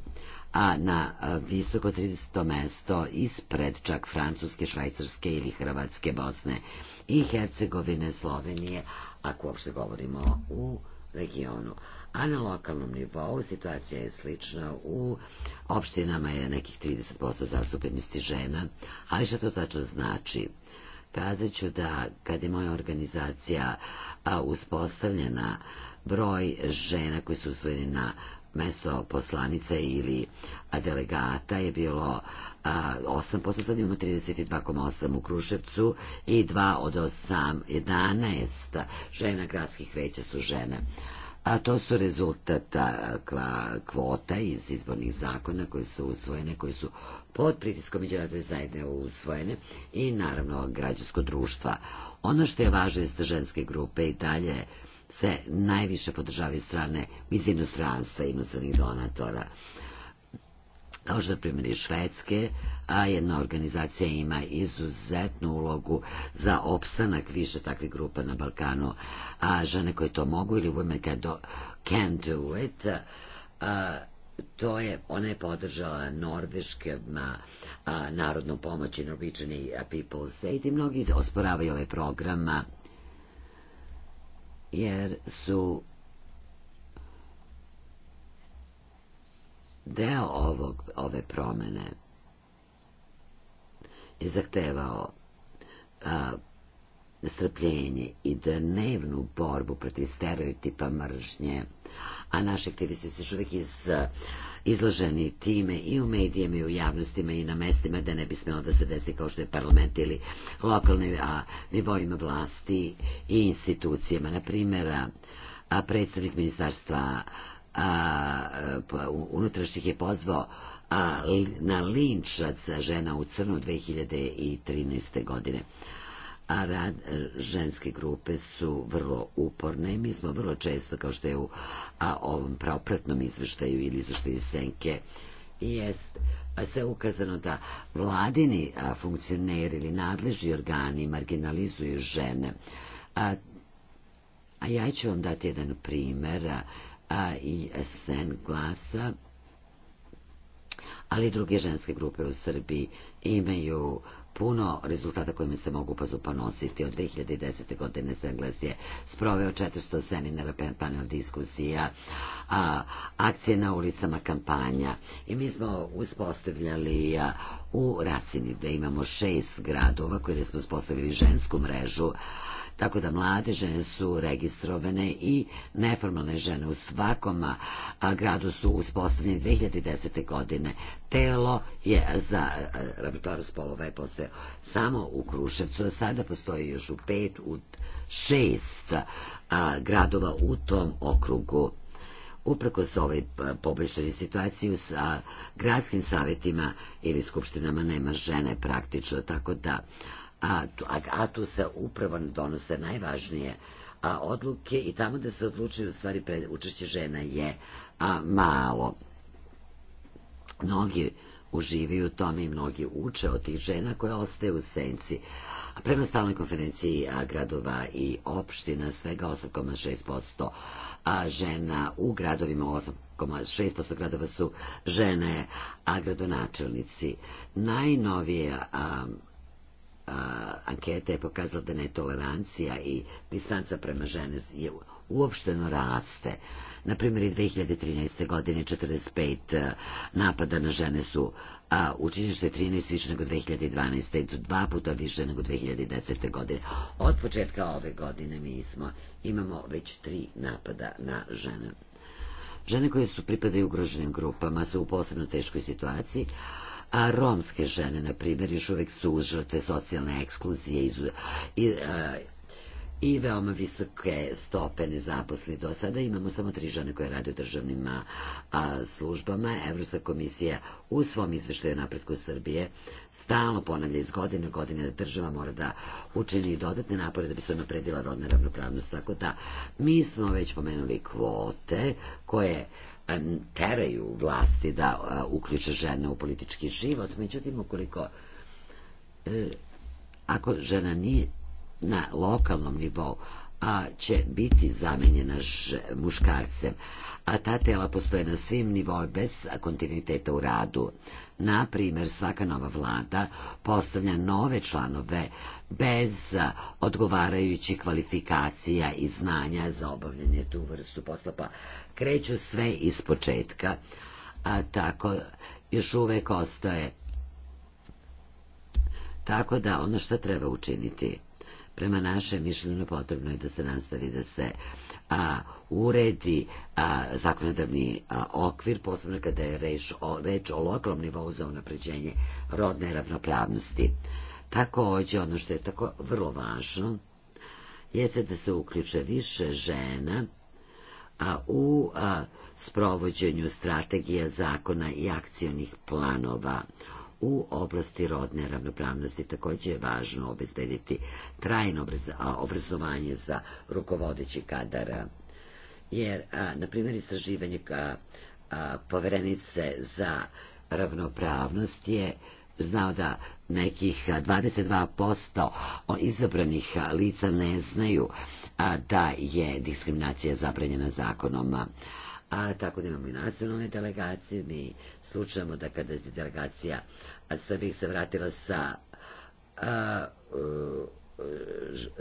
a na visoko 30. mesto ispred čak Francuske, Švajcarske ili Hrvatske, Bosne i Hercegovine, Slovenije, ako uopšte govorimo u regionu a na lokalnom nivou situacija je slična. U opštinama je nekih 30% zastupenosti žena, ali što to tačno znači? Kazat ću da kad je moja organizacija uspostavljena, broj žena koji su usvojeni na mesto poslanice ili delegata je bilo 8%, sad imamo 32,8 u Kruševcu i 2 od 8, 11 žena gradskih veća su žene a to su rezultat kvota iz izbornih zakona koje su usvojene, koje su pod pritiskom međunarodne zajedne usvojene i naravno građansko društva. Ono što je važno iz ženske grupe i dalje se najviše podržavaju strane iz inostranstva, inostranih donatora. Uh, Kao što je primjer iz Švedske, a jedna organizacija ima izuzetnu ulogu za opstanak više takvih grupa na Balkanu, a žene koje to mogu ili women can do, can do it, a, to je, ona je podržala norveške ma, a, narodnu pomoć i Norwegian People's Aid i mnogi osporavaju ovaj program, jer su deo ovog, ove promene je zahtevao a, strpljenje i dnevnu borbu protiv stereotipa mržnje, a naši aktivisti su uvijek iz, izloženi time i u medijima i u javnostima i na mestima da ne bi smelo da se desi kao što je parlament ili lokalni a, nivoima vlasti i institucijama. Na primjer, a predstavnik ministarstva a, unutrašnjih je pozvao a, na linčac žena u crnu 2013. godine. A rad ženske grupe su vrlo uporne i mi smo vrlo često, kao što je u a, ovom pravopratnom izveštaju ili izveštaju Senke, jest se ukazano da vladini funkcioneri ili nadleži organi marginalizuju žene. A, a ja ću vam dati jedan primer. A, a, i SN glasa ali druge ženske grupe u Srbiji imaju puno rezultata kojima se mogu ponositi. Od 2010. godine Sengles je sproveo 400 seminara, panel diskusija, a, akcije na ulicama kampanja. I mi smo uspostavljali a, u Rasini da imamo šest gradova koje smo uspostavili žensku mrežu, tako da mlade žene su registrovane i neformalne žene u svakom gradu su uspostavljene 2010. godine. Telo je za ravnopravnost spolova je postoje samo u Kruševcu, a sada postoji još u pet, u šest gradova u tom okrugu uprkos ovoj poboljšanje situaciji sa gradskim savjetima ili skupštinama nema žene praktično, tako da A а, se upravo donose najvažnije a, odluke i tamo da se odlučuju u stvari pred, učešće žena je a, malo. Mnogi uživaju u tome i mnogi uče od tih žena koje ostaje u senci. A prema stalnoj konferenciji gradova i opština svega 8,6% žena u gradovima 8,6% gradova su žene, a gradonačelnici. Najnovije a, a, ankete je pokazala da netolerancija i distanca prema žene je uopšteno raste. Na primjer, 2013. godine 45 napada na žene su a, učinjeni što je 13 više nego 2012. i dva puta više nego 2010. godine. Od početka ove godine mi smo, imamo već tri napada na žene. Žene koje su pripadaju ugroženim grupama su u posebno teškoj situaciji, a romske žene, na primjer, još uvijek su užrate socijalne ekskluzije i, i, i veoma visoke stope nezaposli. Do sada imamo samo tri žene koje rade u državnim a, službama. Evropska komisija u svom izveštaju napretku Srbije stalno ponavlja iz godine godine da država mora da učini dodatne napore da bi se napredila rodna ravnopravnost. Tako da mi smo već pomenuli kvote koje teraju vlasti da uključe žene u politički život. Međutim, ukoliko ako žena nije na lokalnom nivou, a će biti zamenjena muškarcem a ta tela postoje na svim nivoj bez kontinuiteta u radu. Na primjer, svaka nova vlada postavlja nove članove bez odgovarajućih kvalifikacija i znanja za obavljanje tu vrstu posla, pa kreću sve iz početka, a tako još uvek ostaje. Tako da ono što treba učiniti Prema našem mišljenju potrebno je da se nastavi da se a, uredi a, zakonodavni a, okvir, posebno kada je reč o, reč o lokalnom nivou za unapređenje rodne ravnopravnosti. Takođe, ono što je tako vrlo važno, jeste da se uključe više žena a, u a, sprovođenju strategija zakona i akcionih planova u oblasti rodne ravnopravnosti također je važno obezbediti trajno obrazovanje za rukovodeći kadar jer na primjer istraživanje poverenice za ravnopravnost je znao da nekih 22% izabranih lica ne znaju da je diskriminacija zabranjena zakonom. A tako da imamo i nacionalne delegacije, mi slučajamo da kada je delegacija sa bih se vratila sa a,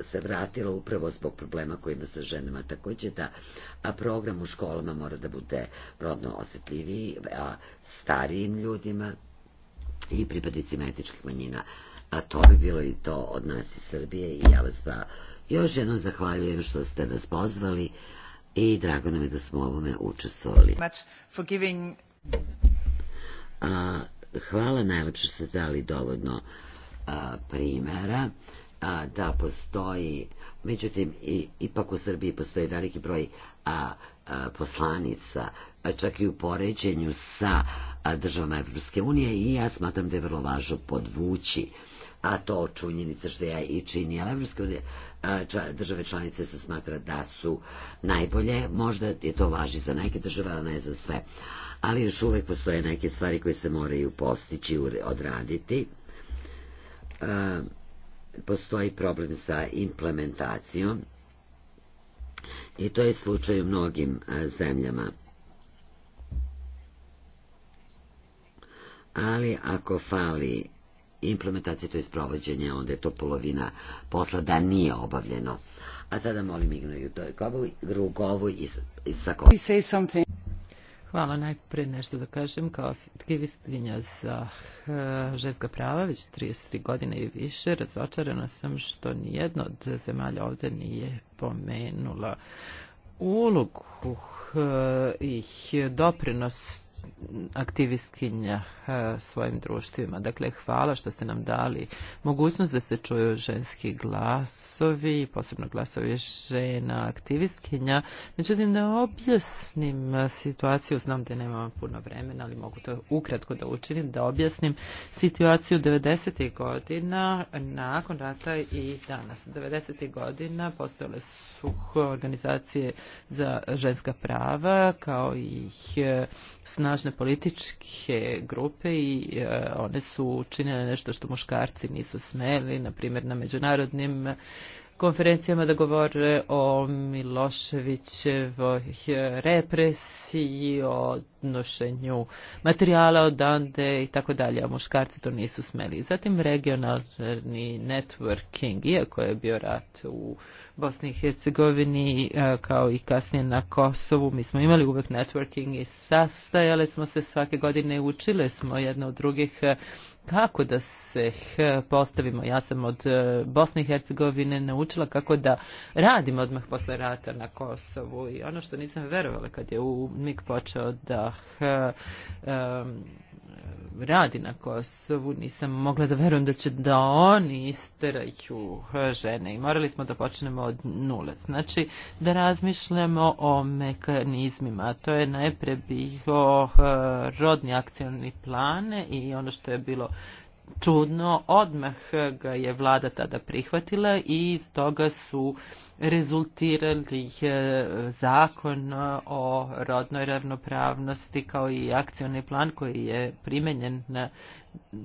se vratila upravo zbog problema koji ima sa ženama takođe da a program u školama mora da bude rodno osjetljiviji a starijim ljudima i pripadnicima etičkih manjina a to bi bilo i to od nas iz Srbije i ja vas pa još jednom zahvaljujem što ste nas pozvali i drago nam je da smo ovome učestvovali Hvala najlepše ste dali dovoljno a, primjera a, da postoji, međutim i, ipak u Srbiji postoji veliki broj a, a, poslanica, a čak i u poređenju sa a, državama Evropske unije i ja smatram da je vrlo važno podvući a to činjenica što ja i čini, ali Evropske unije, države članice se smatra da su najbolje, možda je to važi za neke države, ali ne za sve ali još uvek postoje neke stvari koje se moraju postići, i odraditi. Postoji problem sa implementacijom i to je slučaj u mnogim zemljama. Ali ako fali implementacije, to je sprovođenje, onda je to polovina posla da nije obavljeno. A sada molim Ignoju Dojkovu, Rugovu i, i Sakovu. Hvala. Najprije nešto da kažem. Kao aktivistinja za ženska prava već 33 godine i više razočarana sam što nijedna od zemalja ovdje nije pomenula ulogu i doprinos aktivistkinja svojim društvima. Dakle, hvala što ste nam dali mogućnost da se čuju ženski glasovi, posebno glasovi žena aktivistkinja. Međutim, da objasnim situaciju, znam da nemam puno vremena, ali mogu to ukratko da učinim, da objasnim situaciju 90. godina nakon rata i danas. 90. godina postojale su uh organizacije za ženska prava kao i snažne političke grupe i one su učinjene nešto što muškarci nisu smeli, na primjer na međunarodnim konferencijama da govore o Miloševićevoj represiji, o nošenju materijala odande i tako dalje, a muškarci to nisu smeli. Zatim regionalni networking, iako je bio rat u Bosni i Hercegovini kao i kasnije na Kosovu, mi smo imali uvek networking i sastajale smo se svake godine, učile smo jedno od drugih kako da se postavimo. Ja sam od Bosne i Hercegovine naučila kako da radim odmah posle rata na Kosovu i ono što nisam verovala kad je u MIK počeo da um, radi na Kosovu, nisam mogla da verujem da će da oni isteraju žene i morali smo da počnemo od nule. Znači, da razmišljamo o mekanizmima. To je najpre bio rodni akcijalni plan i ono što je bilo čudno, odmah ga je vlada tada prihvatila i iz toga su rezultirali zakon o rodnoj ravnopravnosti kao i akcioni plan koji je primenjen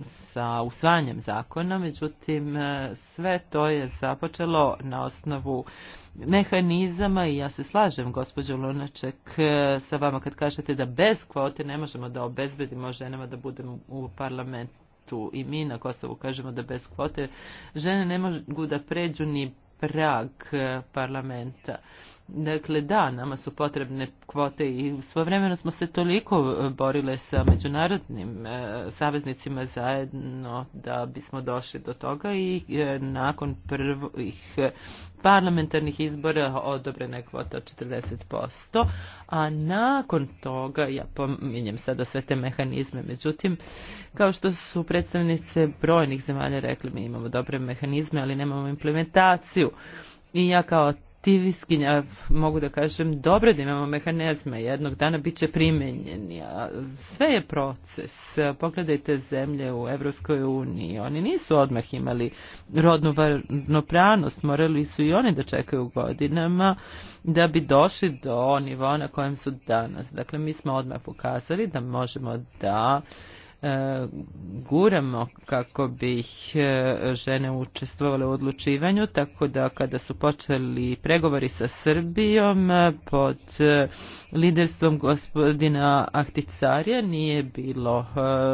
sa usvajanjem zakona. Međutim, sve to je započelo na osnovu mehanizama i ja se slažem, gospođo Lunaček, sa vama kad kažete da bez kvote ne možemo da obezbedimo ženama da budemo u parlamentu tu i mi na Kosovu kažemo da bez kvote žene ne mogu da pređu ni prag parlamenta. Dakle, da, nama su potrebne kvote i svojevremeno smo se toliko borile sa međunarodnim e, saveznicima zajedno da bismo došli do toga i e, nakon prvih parlamentarnih izbora odobrena je kvota 40%, a nakon toga, ja pominjem sada sve te mehanizme, međutim, kao što su predstavnice brojnih zemalja rekli, mi imamo dobre mehanizme, ali nemamo implementaciju. I ja kao aktivistkinja, mogu da kažem, dobro da imamo mehanizme, jednog dana bit će primenjeni. Sve je proces. Pogledajte zemlje u Evropskoj uniji. Oni nisu odmah imali rodnu varnopravnost, morali su i oni da čekaju godinama da bi došli do nivoa na kojem su danas. Dakle, mi smo odmah pokazali da možemo da uh, guramo kako bi žene učestvovali u odlučivanju, tako da kada su počeli pregovori sa Srbijom pod liderstvom gospodina Ahticarija nije bilo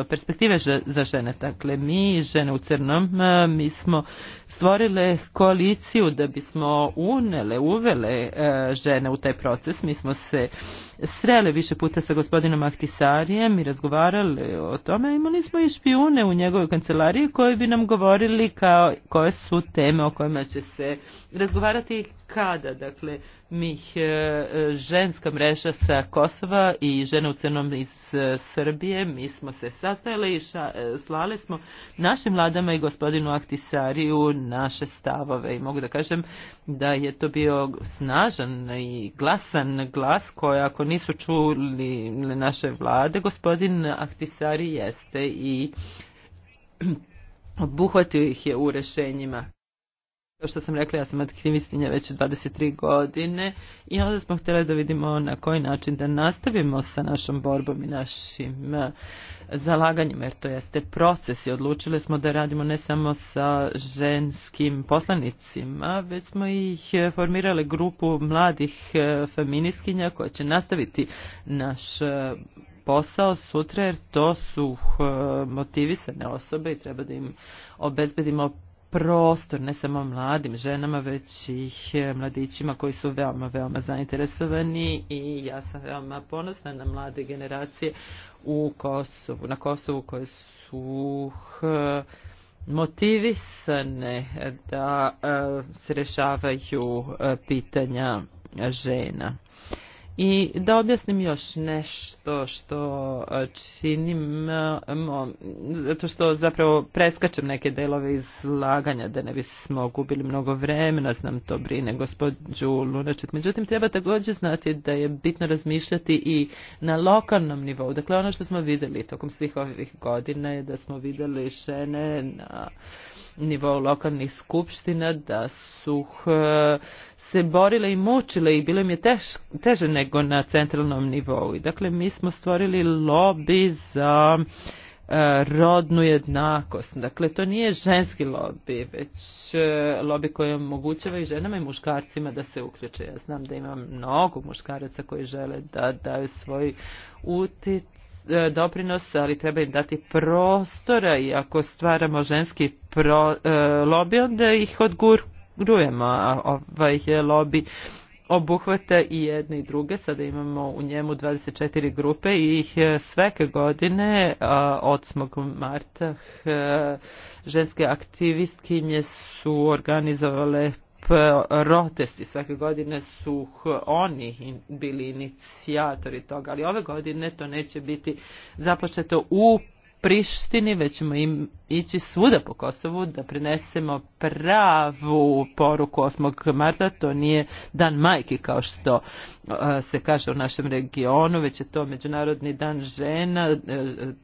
perspektive za žene. Dakle, mi žene u crnom, mi smo stvorile koaliciju da bismo unele, uvele žene u taj proces. Mi smo se srele više puta sa gospodinom Ahtisarijem i razgovarali o tom tome imali smo i špijune u njegovoj kancelariji koji bi nam govorili kao koje su teme o kojima će se razgovarati kada. Dakle, mih ženska mreža sa Kosova i žene u crnom iz Srbije, mi smo se sastajali i ša, slali smo našim vladama i gospodinu Aktisariju naše stavove. I mogu da kažem da je to bio snažan i glasan glas koji ako nisu čuli naše vlade, gospodin Aktisari jeste i obuhvatio ih je u rešenjima. Kao što sam rekla, ja sam aktivistinja već 23 godine i onda smo htjeli da vidimo na koji način da nastavimo sa našom borbom i našim zalaganjem. jer to jeste proces i odlučili smo da radimo ne samo sa ženskim poslanicima, već smo ih formirali grupu mladih feminiskinja koja će nastaviti naš posao sutra jer to su motivisane osobe i treba da im obezbedimo prostor ne samo mladim ženama, već i mladićima koji su veoma, veoma zainteresovani i ja sam veoma ponosna na mlade generacije u Kosovu, na Kosovu koje su motivisane da se rešavaju pitanja žena. I da objasnim još nešto što činim, zato što zapravo preskačem neke delove izlaganja da ne bismo gubili mnogo vremena, znam to brine gospođu Lunaček. Međutim, treba također znati da je bitno razmišljati i na lokalnom nivou. Dakle, ono što smo vidjeli tokom svih ovih godina je da smo vidjeli žene na nivou lokalnih skupština da su se borile i mučile i bilo im je teš, teže nego na centralnom nivou. I dakle, mi smo stvorili lobby za rodnu jednakost. Dakle, to nije ženski lobby, već lobby koji omogućava i ženama i muškarcima da se uključe. Ja znam da imam mnogo muškaraca koji žele da daju svoj utic doprinos, ali treba im dati prostora i ako stvaramo ženski pro, lobby, onda ih odgur, grujema ovaj lobby obuhvata i jedne i druge. Sada imamo u njemu 24 grupe i ih sveke godine od 8. marta ženske aktivistkinje su organizovale protesti. Svake godine su oni bili inicijatori toga, ali ove godine to neće biti započeto u Prištini, već ćemo im ići svuda po Kosovu da prinesemo pravu poruku 8. marta. To nije dan majke kao što se kaže u našem regionu, već je to Međunarodni dan žena,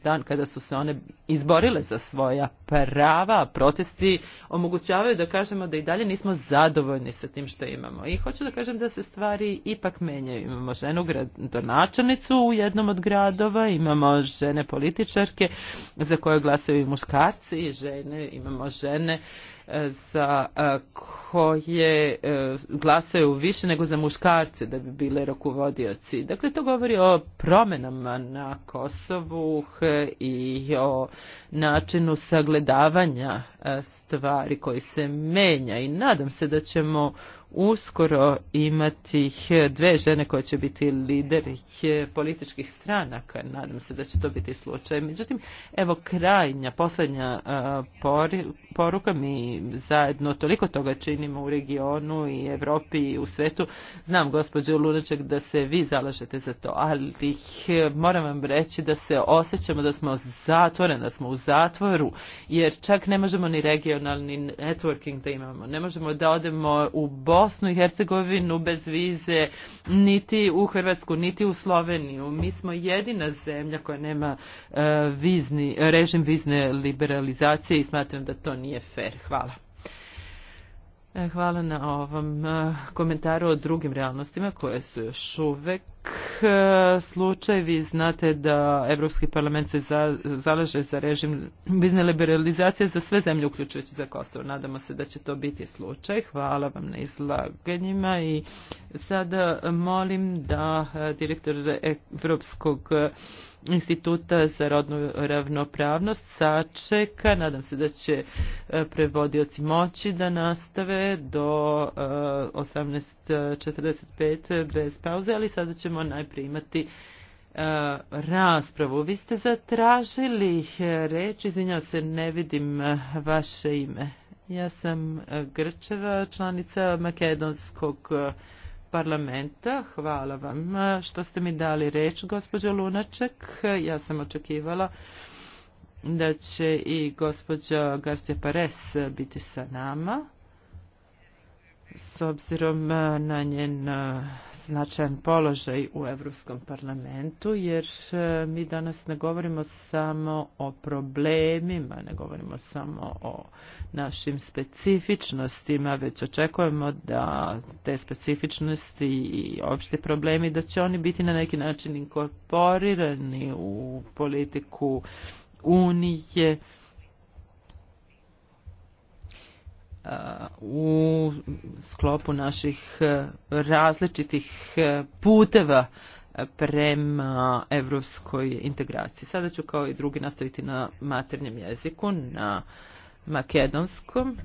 dan kada su se one izborile za svoja prava. Protesti omogućavaju da kažemo da i dalje nismo zadovoljni sa tim što imamo. I hoću da kažem da se stvari ipak menjaju. Imamo ženu gradonačelnicu u jednom od gradova, imamo žene političarke, za koje glasaju muškarci i žene, imamo žene za koje glasaju više nego za muškarce da bi bile rokovodioci. Dakle, to govori o promenama na Kosovu i o načinu sagledavanja stvari koji se menja i nadam se da ćemo uskoro imati dve žene koje će biti lideri političkih stranaka. Nadam se da će to biti slučaj. Međutim, evo krajnja, posljednja poruka. Mi zajedno toliko toga činimo u regionu i Europi i u svetu. Znam, gospođo Lunaček, da se vi zalažete za to, ali moram vam reći da se osjećamo da smo zatvoreni, da smo u zatvoru, jer čak ne možemo ni regionalni networking da imamo. Ne možemo da odemo u bolje Bosnu i Hercegovinu bez vize, niti u Hrvatsku, niti u Sloveniju. Mi smo jedina zemlja koja nema vizni, režim vizne liberalizacije i smatram da to nije fair. Hvala. Hvala na ovom komentaru o drugim realnostima koje su još uvek slučaj. Vi znate da Evropski parlament se zalaže za režim bizne liberalizacije za sve zemlje, uključujući za Kosovo. Nadamo se da će to biti slučaj. Hvala vam na izlaganjima i sada molim da direktor Evropskog parlamenta instituta za rodnu ravnopravnost sačeka. Nadam se da će prevodioci moći da nastave do 18.45 bez pauze, ali sada ćemo najprije imati raspravu. Vi ste zatražili reč, izvinjavam se, ne vidim vaše ime. Ja sam Grčeva, članica Makedonskog parlamenta. Hvala vam što ste mi dali reč, gospođo Lunaček. Ja sam očekivala da će i gospođa Garcia Pares biti sa nama s obzirom na njen značajan položaj u Europskom parlamentu, jer mi danas ne govorimo samo o problemima, ne govorimo samo o našim specifičnostima, već očekujemo da te specifičnosti i opšte problemi, da će oni biti na neki način inkorporirani u politiku Unije, u sklopu naših različitih puteva prema evropskoj integraciji. Sada ću kao i drugi nastaviti na maternjem jeziku, na makedonskom.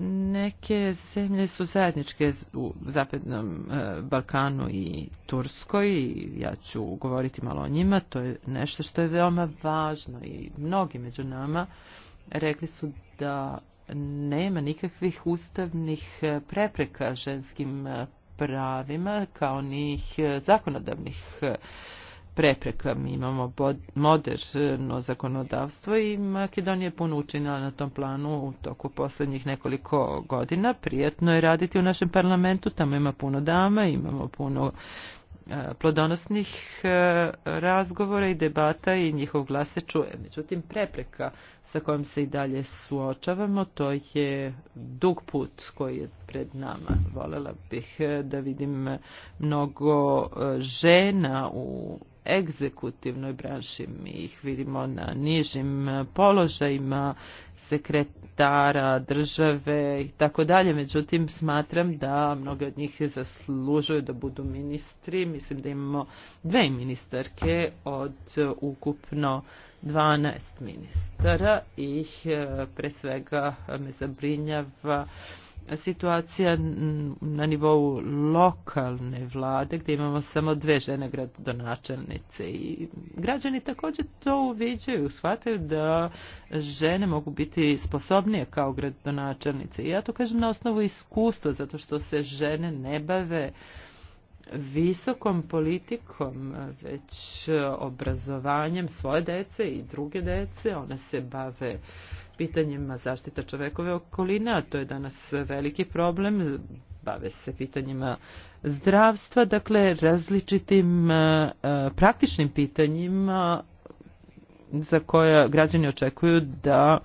Neke zemlje su zajedničke u Zapadnom Balkanu i Turskoj i ja ću govoriti malo o njima. To je nešto što je veoma važno i mnogi među nama rekli su da nema nikakvih ustavnih prepreka ženskim pravima kao ni zakonodavnih prepreka prepreka. Mi imamo moderno zakonodavstvo i Makedonija je puno učinila na tom planu u toku posljednjih nekoliko godina. Prijetno je raditi u našem parlamentu, tamo ima puno dama, imamo puno plodonosnih razgovora i debata i njihov glas se čuje. Međutim, prepreka sa kojom se i dalje suočavamo, to je dug put koji je pred nama. Volela bih da vidim mnogo žena u egzekutivnoj branši. Mi ih vidimo na nižim položajima sekretara države i tako dalje. Međutim, smatram da mnoge od njih zaslužuju da budu ministri. Mislim da imamo dve ministarke od ukupno 12 ministara. Ih pre svega me zabrinjava situacija na nivou lokalne vlade gdje imamo samo dve žene gradonačelnice i građani također to uviđaju, shvataju da žene mogu biti sposobnije kao gradonačelnice. I ja to kažem na osnovu iskustva zato što se žene ne bave visokom politikom, već obrazovanjem svoje dece i druge dece. One se bave pitanjima zaštita čovekove okolina, a to je danas veliki problem, bave se pitanjima zdravstva, dakle različitim praktičnim pitanjima za koja građani očekuju da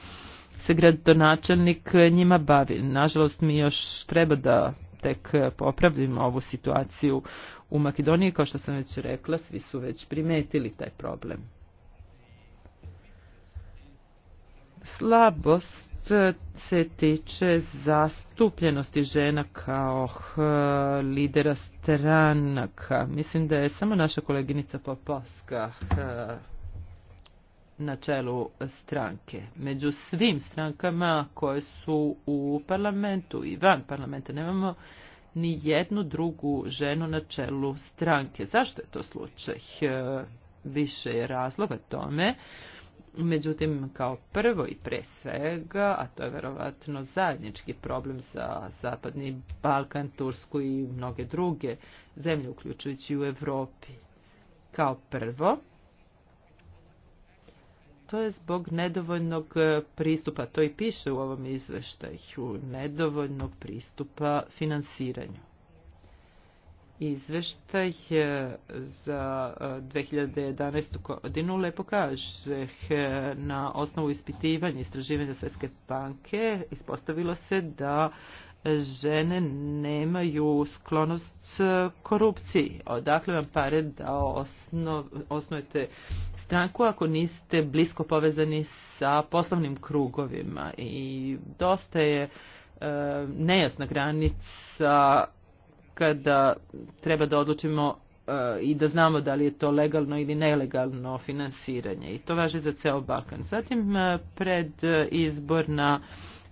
se gradonačelnik njima bavi. Nažalost, mi još treba da tek popravimo ovu situaciju u Makedoniji, kao što sam već rekla, svi su već primetili taj problem. slabost se tiče zastupljenosti žena kao lidera stranaka. Mislim da je samo naša koleginica Popovska na čelu stranke. Među svim strankama koje su u parlamentu i van parlamenta nemamo ni jednu drugu ženu na čelu stranke. Zašto je to slučaj? Više je razloga tome. Uh, Međutim, kao prvo i pre svega, a to je verovatno zajednički problem za Zapadni Balkan, Tursku i mnoge druge zemlje, uključujući u Evropi. Kao prvo, to je zbog nedovoljnog pristupa, to i piše u ovom izveštaju, nedovoljnog pristupa finansiranju izvještaj za 2011. godinu lepo kaže na osnovu ispitivanja istraživanja Svjetske banke ispostavilo se da žene nemaju sklonost korupciji. Odakle vam pare da osnov, osnujete stranku ako niste blisko povezani sa poslovnim krugovima i dosta je e, nejasna granica kada treba da odlučimo i da znamo da li je to legalno ili nelegalno finansiranje i to važi za ceo Balkan. Zatim pred izborna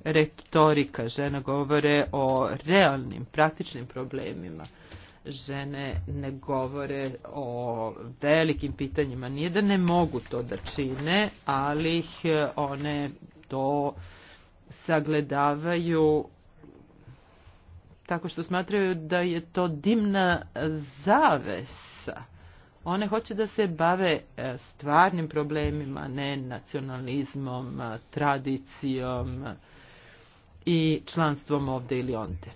retorika žena govore o realnim, praktičnim problemima. Žene ne govore o velikim pitanjima. Nije da ne mogu to da čine, ali ih one to sagledavaju tako što smatraju da je to dimna zavesa. One hoće da se bave stvarnim problemima, ne nacionalizmom, tradicijom i članstvom ovde ili onde.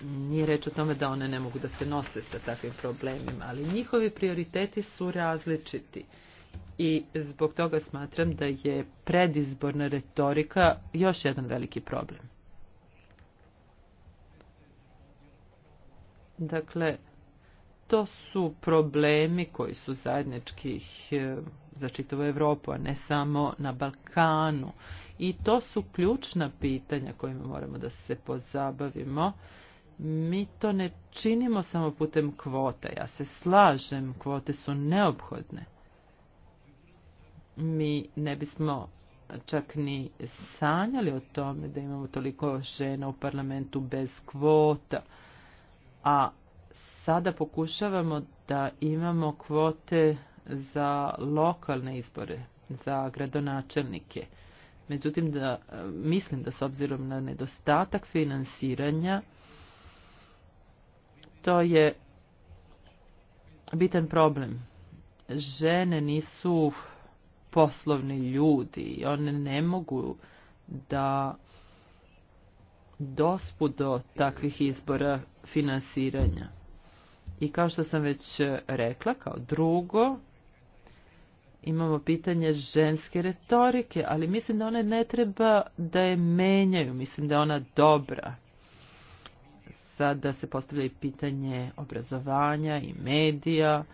Nije reč o tome da one ne mogu da se nose sa takvim problemima, ali njihovi prioriteti su različiti i zbog toga smatram da je predizborna retorika još jedan veliki problem. Dakle, to su problemi koji su zajedničkih za čitavu Europu, a ne samo na Balkanu. I to su ključna pitanja kojima moramo da se pozabavimo. Mi to ne činimo samo putem kvota. Ja se slažem, kvote su neophodne. Mi ne bismo čak ni sanjali o tome da imamo toliko žena u parlamentu bez kvota. Uh, a sada pokušavamo da imamo kvote za lokalne izbore, za gradonačelnike. Međutim, da, mislim da s obzirom na nedostatak finansiranja, to je bitan problem. Žene nisu poslovni ljudi, one ne mogu da dospu do takvih izbora finansiranja. I kao što sam već rekla, kao drugo, imamo pitanje ženske retorike, ali mislim da ona ne treba da je menjaju, mislim da je ona dobra. Sada se postavlja i pitanje obrazovanja i medija.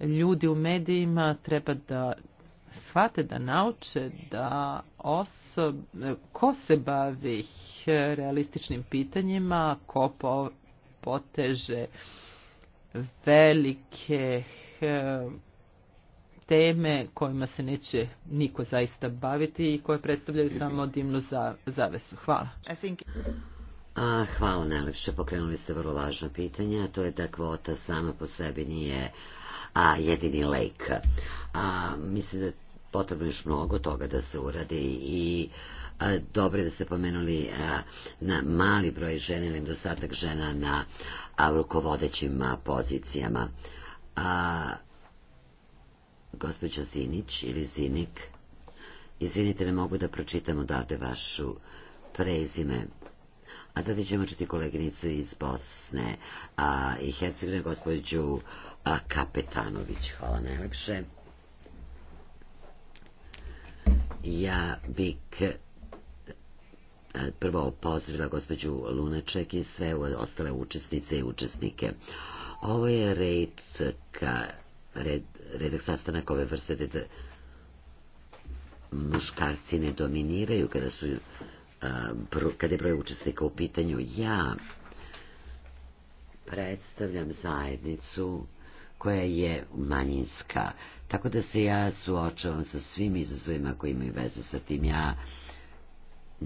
Ljudi u medijima treba da shvate, da nauče da osob, ko se bavi realističnim pitanjima ko po, poteže velike teme kojima se neće niko zaista baviti i koje predstavljaju samo dimnu za, zavesu. Hvala. A, hvala najlepše, pokrenuli ste vrlo važno pitanje, a to je da kvota sama po sebi nije a, jedini lejk. A, mislim da potrebno još mnogo toga da se uradi i dobro je da ste pomenuli na mali broj žene ili dostatak žena na rukovodećim pozicijama. A, gospođa Zinić ili Zinik, izvinite, ne mogu da pročitam odavde vašu prezime. A sad ćemo čuti koleginicu iz Bosne a, i Hercegovine, gospođu a, Kapetanović. Hvala najlepše. Ja bih prvo pozdravila gospođu Lunaček i sve ostale učesnice i učesnike. Ovo je red ka red, redak sastanak ove vrste da muškarci ne dominiraju kada su kada je broj učesnika u pitanju ja predstavljam zajednicu koja je manjinska. Tako da se ja suočavam sa svim izazovima koji imaju veze sa tim. Ja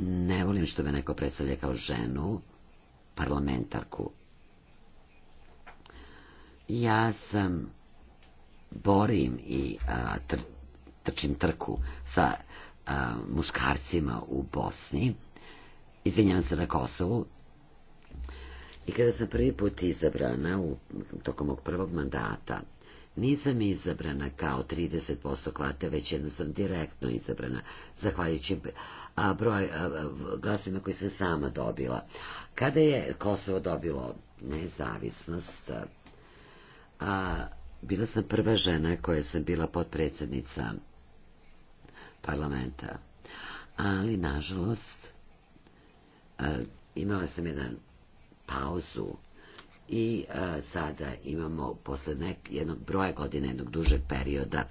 ne volim što me neko predstavlja kao ženu, parlamentarku. Ja sam borim i a, tr, trčim trku sa a, muškarcima u Bosni, izvinjavam se na Kosovu, I kada sam prvi put izabrana u, tokom mog prvog mandata. Nisam izabrana kao 30% kvate, već sam direktno izabrana, zahvaljujući a, broj glasima koji sam sama dobila. Kada je Kosovo dobilo nezavisnost, a, bila sam prva žena koja sam bila potpredsednica parlamenta. Ali, nažalost, a, imala sam jedan pauzu i a, sada imamo posle nek, jednog broja godina, jednog dužeg perioda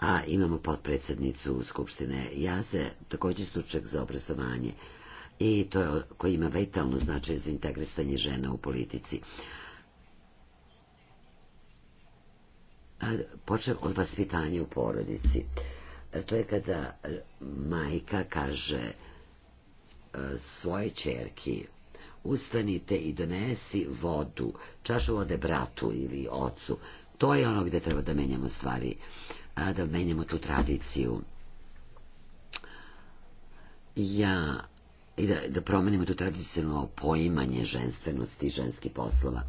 a, imamo potpredsednicu Skupštine Jaze, takođe stručak za obrazovanje i to je, koji ima vitalno značaj za integrisanje žena u politici. A, počeo od vaspitanja u porodici. A, to je kada majka kaže a, svoje čerki ustanite i donesi vodu, čašu vode bratu ili ocu. To je ono gde treba da menjamo stvari, da menjamo tu tradiciju. Ja, i da, da promenimo tu tradicionalno poimanje ženstvenosti i ženskih poslova.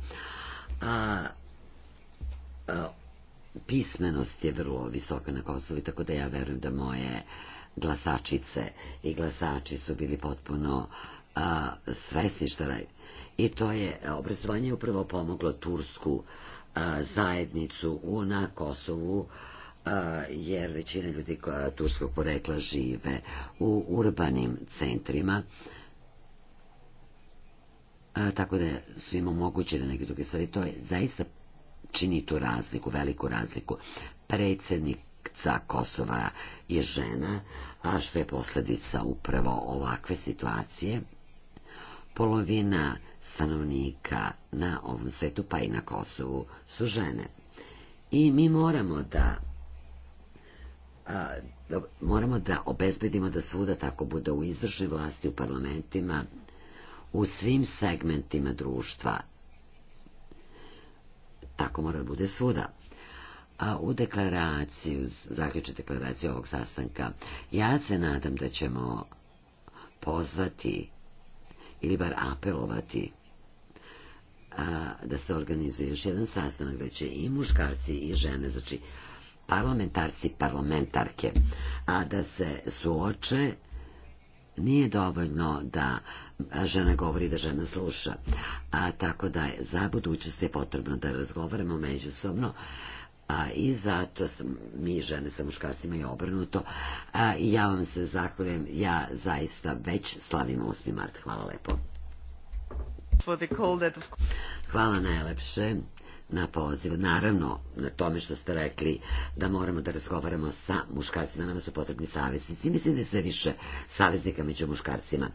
A, a, pismenost je vrlo visoka na Kosovi, tako da ja verujem da moje glasačice i glasači su bili potpuno šta radi. i to je obrazovanje upravo pomoglo Tursku a, zajednicu u, na Kosovu a, jer većina ljudi koja turskog porekla žive u urbanim centrima a, tako da su im omogućene neke druge stvari to je zaista čini tu razliku, veliku razliku. Predsednik ca Kosova je žena, a što je posledica upravo ovakve situacije polovina stanovnika na ovom svetu, pa i na Kosovu, su žene. I mi moramo da a, da, moramo da obezbedimo da svuda tako bude u izvršnoj vlasti, u parlamentima, u svim segmentima društva. Tako mora da bude svuda. A u deklaraciju, zaključe deklaraciju ovog sastanka, ja se nadam da ćemo pozvati или бар apelovati a, da se organizuje još jedan sastanak gde će i muškarci i žene, znači parlamentarci i parlamentarke, a da se suoče nije dovoljno da žena govori da žena sluša. A, tako da za budućnost je potrebno da razgovaramo međusobno a, i zato sam, mi žene sa muškarcima i obrnuto a, i ja vam se zahvaljujem ja zaista već slavim 8. mart hvala lepo hvala najlepše na poziv. Naravno, na tome što ste rekli da moramo da razgovaramo sa muškarcima, nama su potrebni savjesnici. Mislim da je sve više saveznika među muškarcima.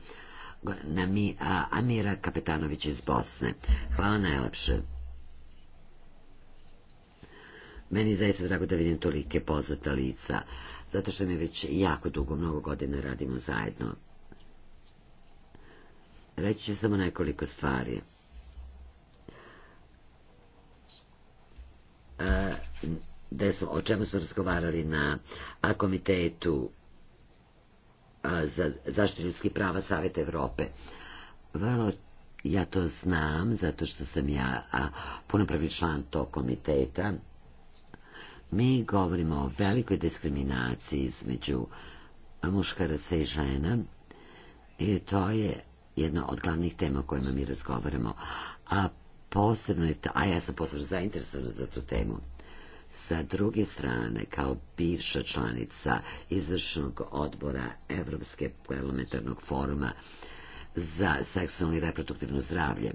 Na mi, a, Amira Kapetanović iz Bosne. Hvala najlepše. Meni je zaista drago da vidim tolike poznata lica, zato što mi već jako dugo, mnogo godina radimo zajedno. Reći ću samo nekoliko stvari. E, smo, o čemu smo razgovarali na komitetu za zaštitu ljudskih prava Saveta Evrope. Vrlo ja to znam, zato što sam ja punopravni član tog komiteta Mi govorimo o velikoj diskriminaciji između muškaraca i žena i to je jedna od glavnih tema o kojima mi razgovaramo. A posebno je, a ja sam posebno zainteresovana za tu temu. Sa druge strane, kao bivša članica izvršnog odbora Evropske parlamentarnog foruma za seksualno i reproduktivno zdravlje,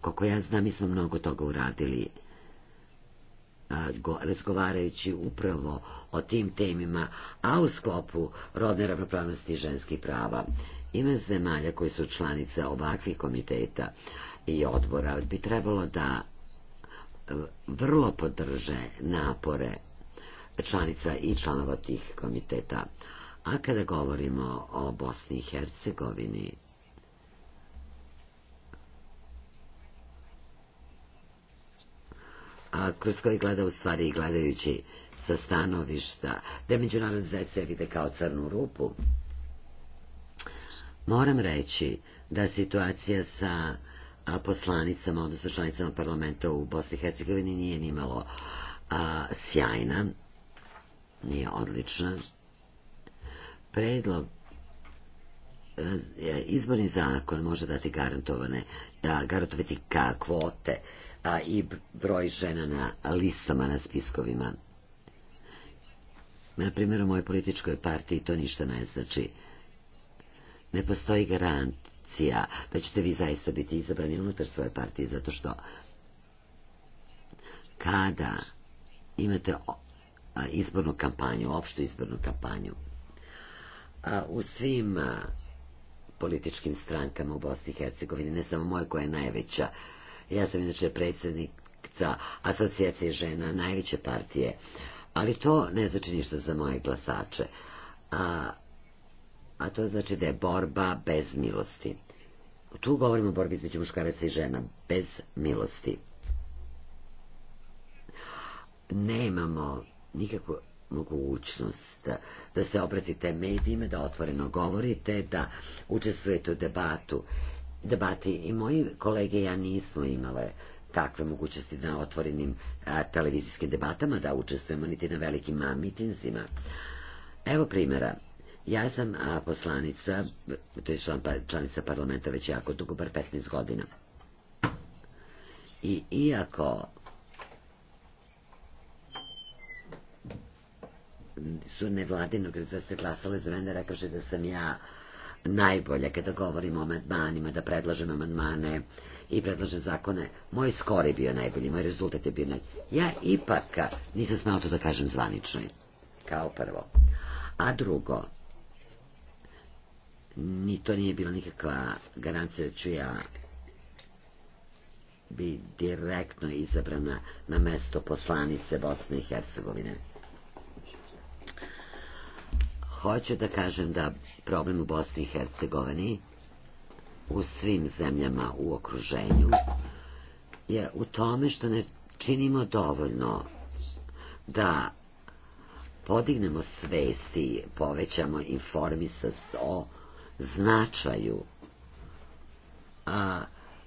koliko ja znam, mi smo mnogo toga uradili razgovarajući upravo o tim temima, a u sklopu rodne ravnopravnosti i ženskih prava. Ima zemalja koji su članice ovakvih komiteta i odbora bi trebalo da vrlo podrže napore članica i članova tih komiteta. A kada govorimo o Bosni i Hercegovini, a kroz koje gleda u stvari gledajući sa stanovišta da međunarodne zajednice vide kao crnu rupu. Moram reći da situacija sa poslanicama, odnosno članicama parlamenta u Bosni i Hercegovini nije nimalo a, sjajna, nije odlična. Predlog izborni zakon može dati garantovane, garantovati kvote a i broj žena na listama, na spiskovima. Na primjer, u mojoj političkoj partiji to ništa ne znači. Ne postoji garancija da ćete vi zaista biti izabrani unutar svoje partije, zato što kada imate izbornu kampanju, opštu izbornu kampanju, u svim političkim strankama u Bosni i Hercegovini, ne samo moja koja je najveća, Ja sam inače predsjednica asocijacije žena, najveće partije, ali to ne znači ništa za moje glasače. A, a to znači da je borba bez milosti. Tu govorimo o borbi između muškaraca i žena, bez milosti. Nemamo nikakvu mogućnost da se obratite medijima, da otvoreno govorite, da učestvujete u debatu debati i moji kolege, i ja nismo imale takve mogućnosti na otvorenim televizijskim debatama da učestvujemo niti na velikim a, mitinzima. Evo primjera. Ja sam poslanica, to je članica parlamenta već jako dugo, bar 15 godina. I iako su nevladine organizacije glasale za mene, rekaše da sam ja najbolje kada govorimo o amandmanima, da predlažem amandmane i predlažem zakone. Moj skor je bio najbolji, moj rezultat je bio najbolji. Ja ipak nisam smela to da kažem zvanično, kao prvo. A drugo, ni to nije bila nikakva garancija da ću ja bi direktno izabrana na mesto poslanice Bosne i Hercegovine hoću da kažem da problem u Bosni i Hercegovini u svim zemljama u okruženju je u tome što ne činimo dovoljno da podignemo svesti, povećamo informisast o značaju a,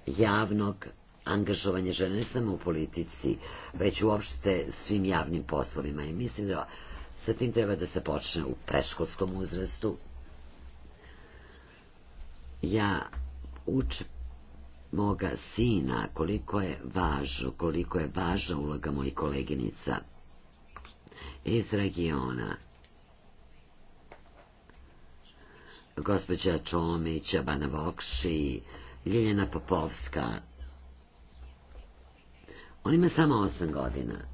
javnog angažovanja žene ne samo u politici, već uopšte svim javnim poslovima. I mislim da Zatim treba da se počne u preškolskom uzrastu. Ja učim moga sina koliko je važno, koliko je važna uloga mojih koleginica iz regiona. Gospođa Čomić, Abana Vokši, Ljiljana Popovska. On ima samo osam godina.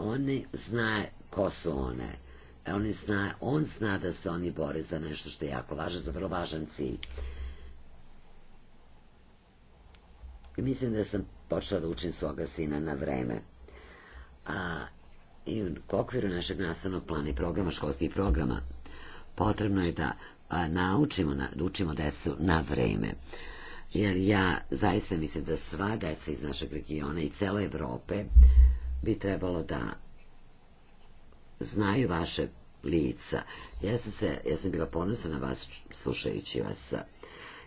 oni znaje ko su one. Oni zna, on zna da se oni bore za nešto što je jako važno, za vrlo važan cilj. I mislim da sam počela da učim svoga sina na vreme. A, I u okviru našeg nastavnog plana i programa, školskih programa, potrebno je da a, naučimo, na, da učimo decu na vreme. Jer ja zaista mislim da sva deca iz našeg regiona i cele Evrope bi trebalo da znaju vaše lica. Ja sam, se, ja sam bila ponosa na vas slušajući vas.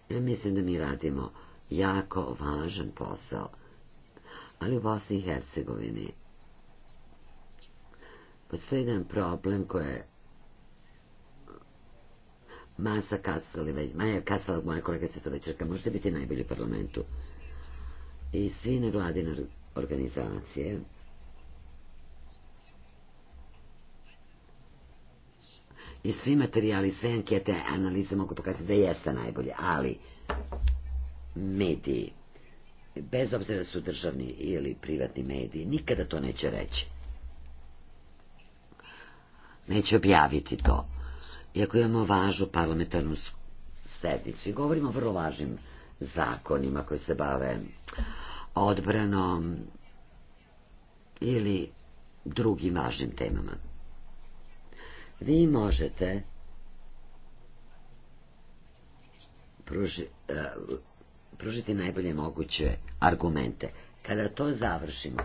Ja mislim da mi radimo jako važan posao. Ali u Bosni i Hercegovini postoji jedan problem koje je Masa Kasali, već, Maja Kasala, moja kolegica to večerka, možete biti najbolji u parlamentu. I svi nevladine organizacije, i svi materijali, sve ankete, analize mogu pokazati da jeste najbolje, ali mediji, bez obzira su državni ili privatni mediji, nikada to neće reći. Neće objaviti to. Iako imamo važu parlamentarnu sednicu i govorimo o vrlo važnim zakonima koji se bave odbranom ili drugim važnim temama. Вие можете pružiti najbolje moguće argumente. Kada to završimo,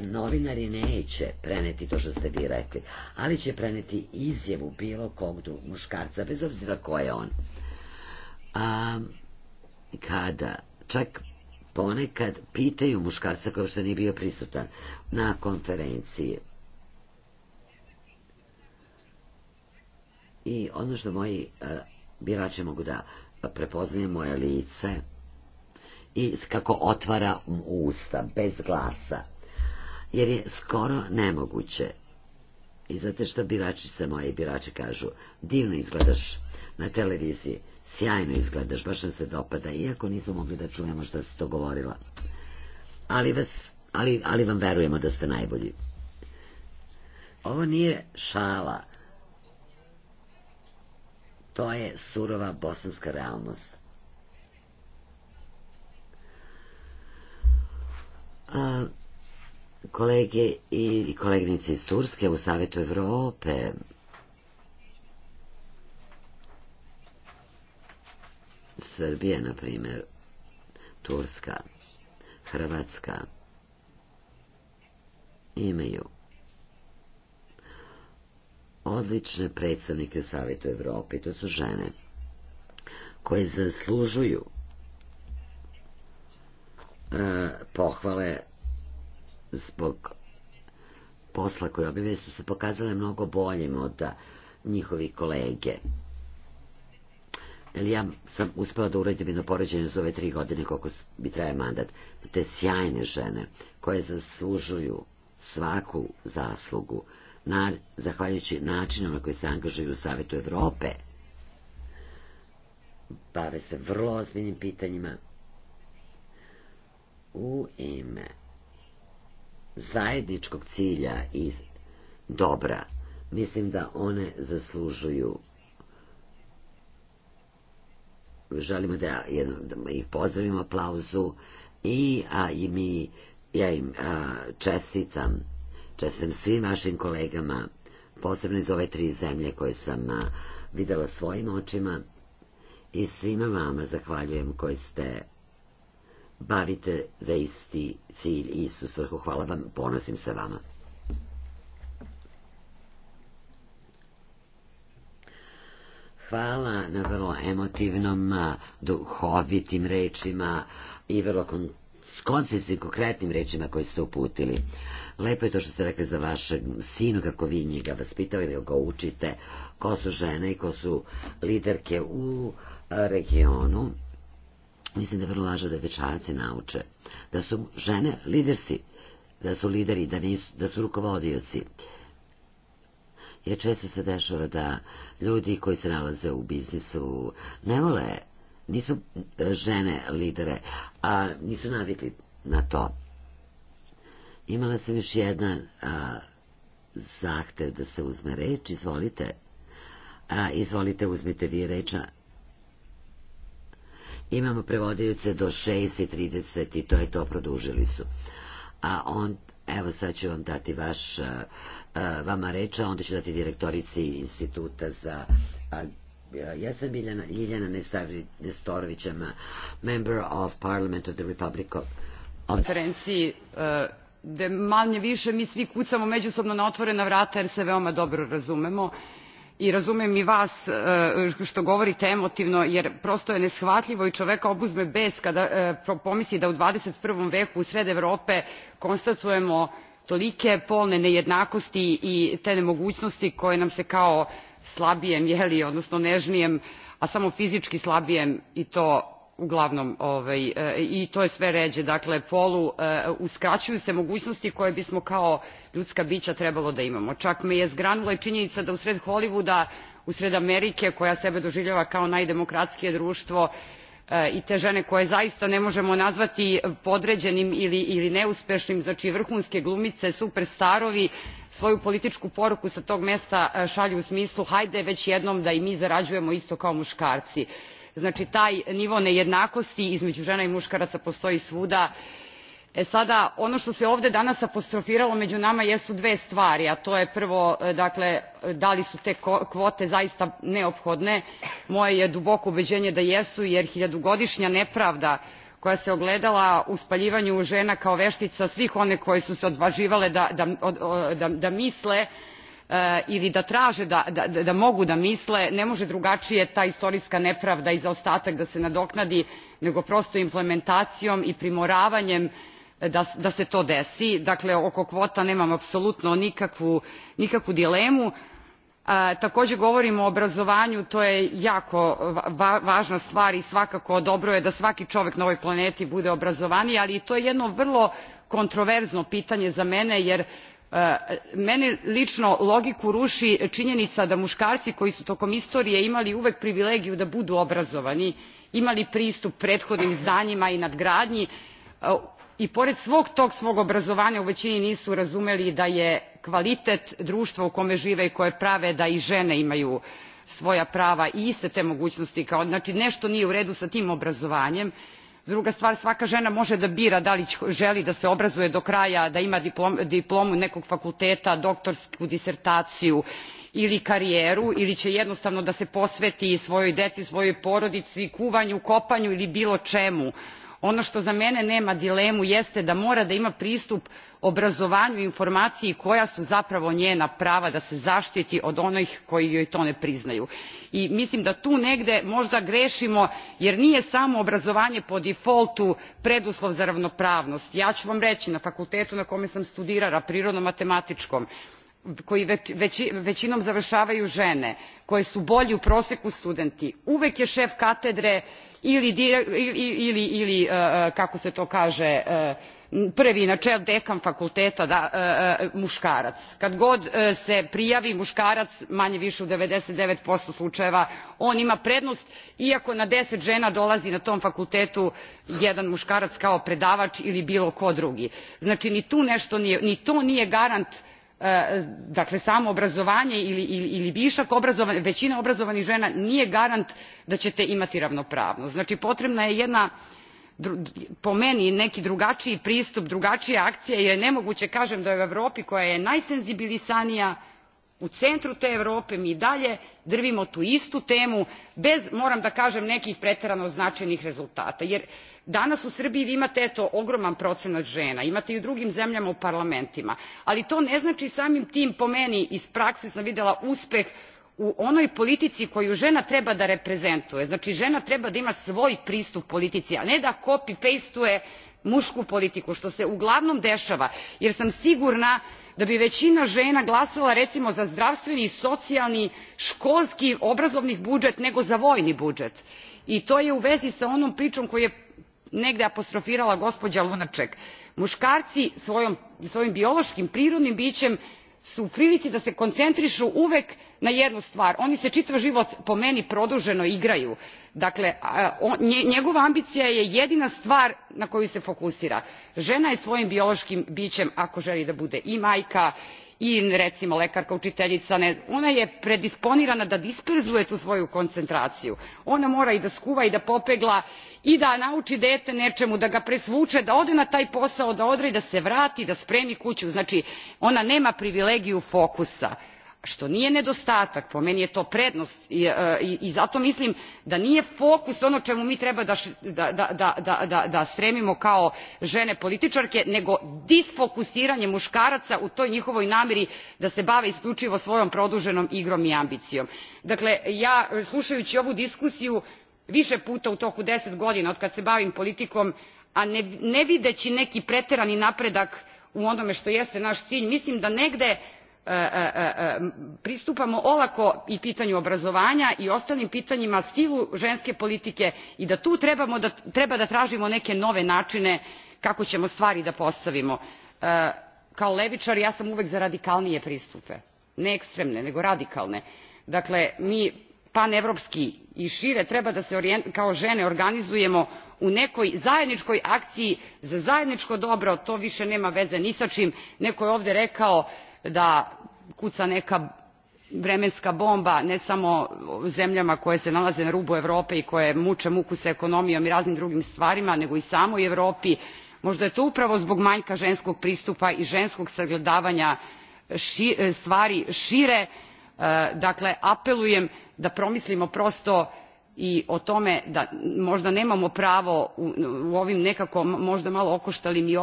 novinari neće preneti to što ste vi rekli, ali će preneti izjavu bilo kog drugog muškarca, bez obzira ko je on. A, kada čak ponekad pitaju muškarca koji što nije bio prisutan na konferenciji, i ono što moji birače mogu da prepoznaju moje lice i kako otvara usta bez glasa jer je skoro nemoguće i zato što biračice moje i birači kažu divno izgledaš na televiziji sjajno izgledaš, baš nam se dopada iako nismo mogli da čujemo što si to govorila ali, vas, ali, ali vam verujemo da ste najbolji ovo nije šala To je surova bosanska realnost. A, kolege i kolegnice iz Turske u Savetu Evrope Srbija, na primjer, Turska, Hrvatska, imaju odlične predstavnike Savjeta Europe, to su žene koje zaslužuju e, pohvale zbog posla koje objave su se pokazale mnogo boljim od njihovi kolege. Jer ja sam uspela da uradim jedno poređenje za ove tri godine koliko bi traje mandat. Te sjajne žene koje zaslužuju svaku zaslugu na, zahvaljujući načinu na koji se angažuju u Savetu Europe, bave se vrlo ozbiljnim pitanjima u ime zajedničkog cilja i dobra. Mislim da one zaslužuju želimo da, jedno, da ih pozdravimo aplauzu i, a, i mi ja im a, čestitam čestitam svim vašim kolegama, posebno iz ove tri zemlje koje sam videla svojim očima i svima vama zahvaljujem koji ste bavite za isti cilj i istu svrhu. Hvala vam, ponosim se vama. Hvala na vrlo emotivnom, duhovitim rečima i vrlo kontaktivnom se konkretnim rečima koje ste uputili. Lepo je to što ste rekli za vašeg sinu, kako vi njega vaspitali, ili ga učite, ko su žene i ko su liderke u regionu. Mislim da je vrlo važno da dečaci nauče da su žene lidersi, da su lideri, da, nisu, da su rukovodioci. Jer često se dešava da ljudi koji se nalaze u biznisu ne vole nisu žene lidere, a nisu navikli na to. Imala sam još jedan a, zahtev da se uzme reč. Izvolite. A, izvolite, uzmite vi reča. Imamo prevodioce do 6.30 i to je to, produžili su. A on, evo sad ću vam dati vaš, a, vama reč, a onda ću dati direktorici Instituta za ja sam Biljana, Ljiljana a member of Parliament of the Republic of... Konferenciji gde manje više mi svi kucamo međusobno na otvorena vrata jer se veoma dobro razumemo i razumem i vas što govorite emotivno jer prosto je neshvatljivo i čoveka obuzme bes kada pomisli da u 21. veku u sred Evrope konstatujemo tolike polne nejednakosti i te nemogućnosti koje nam se kao slabijem jeli odnosno nežnijem a samo fizički slabijem i to uglavnom ovaj, i to je sve ređe dakle polu uskraćuju se mogućnosti koje bismo kao ljudska bića trebalo da imamo čak me je zgranula i činjenica da u sred hollywooda sred amerike koja sebe doživljava kao najdemokratskije društvo i te žene koje zaista ne možemo nazvati podređenim ili neuspešnim znači vrhunske glumice superstarovi svoju političku poruku sa tog mesta šalju u smislu hajde već jednom da i mi zarađujemo isto kao muškarci. znači taj nivo nejednakosti između žena i muškaraca postoji svuda e sada ono što se ovdje danas apostrofiralo među nama jesu dvije stvari a to je prvo dakle da li su te kvote zaista neophodne moje je duboko ubeđenje da jesu jer hiljadugodišnja nepravda koja se ogledala u spaljivanju žena kao veštica svih onih koje su se odvaživale da misle ili da traže da mogu da misle ne može drugačije ta istorijska nepravda i zaostatak da se nadoknadi nego prosto implementacijom i primoravanjem da se to desi. Dakle, oko kvota nemam apsolutno nikakvu, nikakvu dilemu. Takođe govorimo o obrazovanju, to je jako važna stvar i svakako dobro je da svaki čovek na ovoj planeti bude obrazovaniji, ali to je jedno vrlo kontroverzno pitanje za mene, jer meni lično logiku ruši činjenica da muškarci koji su tokom istorije imali uvek privilegiju da budu obrazovani, imali pristup prethodnim znanjima i nadgradnji, i pored svog tog svog obrazovanja u većini nisu razumeli da je kvalitet društva u kome žive i koje prave da i žene imaju svoja prava i iste te mogućnosti. kao, Znači, nešto nije u redu sa tim obrazovanjem. Druga stvar, svaka žena može da bira da li želi da se obrazuje do kraja, da ima diplomu nekog fakulteta, doktorsku disertaciju ili karijeru ili će jednostavno da se posveti svojoj deci, svojoj porodici, kuvanju, kopanju ili bilo čemu ono što za mene nema dilemu jeste da mora da ima pristup obrazovanju i informaciji koja su zapravo njena prava da se zaštiti od onih koji joj to ne priznaju i mislim da tu negde možda grešimo jer nije samo obrazovanje po defaultu preduslov za ravnopravnost ja ću vam reći na fakultetu na kome sam studirala prirodno matematičkom koji većinom završavaju žene koje su bolji u proseku studenti uvek je šef katedre ili kako se to kaže prvi na čelu dekan fakulteta muškarac. kad god se prijavi muškarac manje više u 99% slučajeva on ima prednost iako na deset žena dolazi na tom fakultetu jedan muškarac kao predavač ili bilo ko drugi. znači ni to nije garant dakle samo obrazovanje ili višak većine obrazovanih žena nije garant da ćete imati ravnopravnost. znači potrebna je jedna po meni neki drugačiji pristup drugačija akcija jer je nemoguće kažem da u Europi koja je najsenzibilisanija u centru te Europe, mi i dalje drvimo tu istu temu bez moram da kažem nekih pretjerano značajnih rezultata jer danas u srbiji vi imate eto ogroman procenat žena imate i u drugim zemljama u parlamentima ali to ne znači samim tim po meni iz prakse sam videla uspeh u onoj politici koju žena treba da reprezentuje znači žena treba da ima svoj pristup politici a ne da copy pastuje mušku politiku što se uglavnom dešava jer sam sigurna da bi većina žena glasala recimo za zdravstveni socijalni školski obrazovni budžet nego za vojni budžet i to je u vezi sa onom pričom koju je negdje apostrofirala gospođa Lunaček, muškarci svojim biološkim prirodnim bićem su u prilici da se koncentrišu uvek na jednu stvar oni se čitav život po meni produženo igraju dakle njegova ambicija je jedina stvar na koju se fokusira. žena je svojim biološkim bićem ako želi da bude i majka i recimo lekarka učiteljica ona je predisponirana da disperzuje tu svoju koncentraciju ona mora i da skuva i da popegla i da nauči dete nečemu da ga presvuče da ode na taj posao da i da se vrati da spremi kuću znači ona nema privilegiju fokusa što nije nedostatak po meni je to prednost i zato mislim da nije fokus ono čemu mi treba da stremimo kao žene političarke nego disfokusiranje muškaraca u toj njihovoj nameri da se bave isključivo svojom produženom igrom i ambicijom. dakle ja slušajući ovu diskusiju više puta u toku deset godina otkad se bavim politikom a ne videći neki preterani napredak u onome što jeste naš cilj mislim da negde pristupamo olako i pitanju obrazovanja i ostalim pitanjima stilu ženske politike i da tu treba da tražimo neke nove načine kako ćemo stvari da postavimo. kao levičar ja sam uvek za radikalnije pristupe ne ekstremne nego radikalne. dakle mi panevropski i šire treba da se kao žene organizujemo u nekoj zajedničkoj akciji za zajedničko dobro to više nema veze ni sa čim. neko je ovde rekao da kuca neka vremenska bomba ne samo zemljama koje se nalaze na rubu evrope i koje muče muku sa ekonomijom i raznim drugim stvarima nego i samoj evropi. možda je to upravo zbog manjka ženskog pristupa i ženskog sagledavanja stvari šire dakle apelujem da promislimo prosto i o tome da možda nemamo pravo u ovim nekako možda malo okoštalim i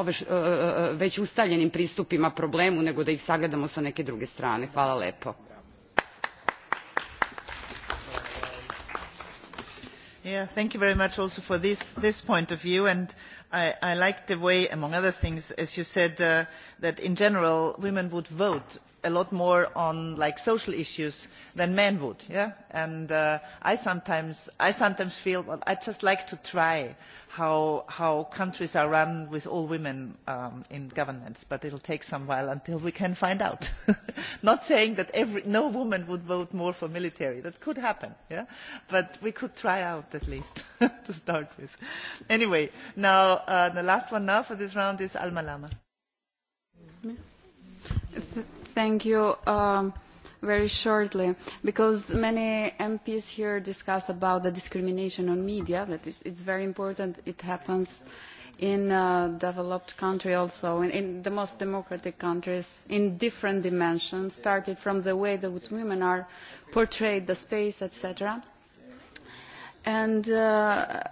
već ustaljenim pristupima problemu nego da ih sagledamo sa neke druge strane. hvala lepo. thank you very much also for this point of view and i like the way among other things as you said that in general women would vote a lot more on like social issues than men would yeah and uh, i sometimes i sometimes feel well i just like to try how how countries are run with all women um, in governments but it'll take some while until we can find out not saying that every no woman would vote more for military that could happen yeah but we could try out at least to start with anyway now uh, the last one now for this round is alma lama thank you. Um, very shortly, because many MPs here discussed about the discrimination on media, that it, it's very important. It happens in a developed country also, in, in the most democratic countries, in different dimensions, starting from the way that women are portrayed, the space, etc. And uh,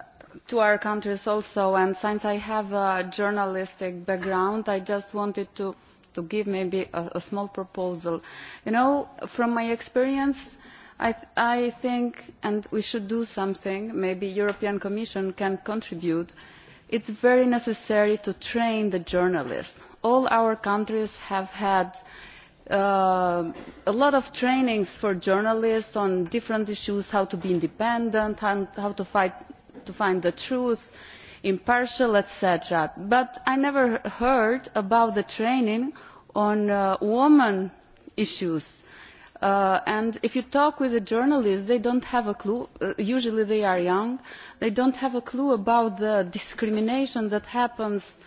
to our countries also, and since I have a journalistic background, I just wanted to to give maybe a, a small proposal. You know, from my experience, I, th I think, and we should do something, maybe the European Commission can contribute, It is very necessary to train the journalists. All our countries have had a lot of trainings for journalists on different issues, how to be independent, how, to, fight, to find the truth, impartial, etc. But I never heard about the training on uh, women issues. Uh, and if you talk with the journalists, they don't have a clue. Uh, usually they are young. They don't have a clue about the discrimination that happens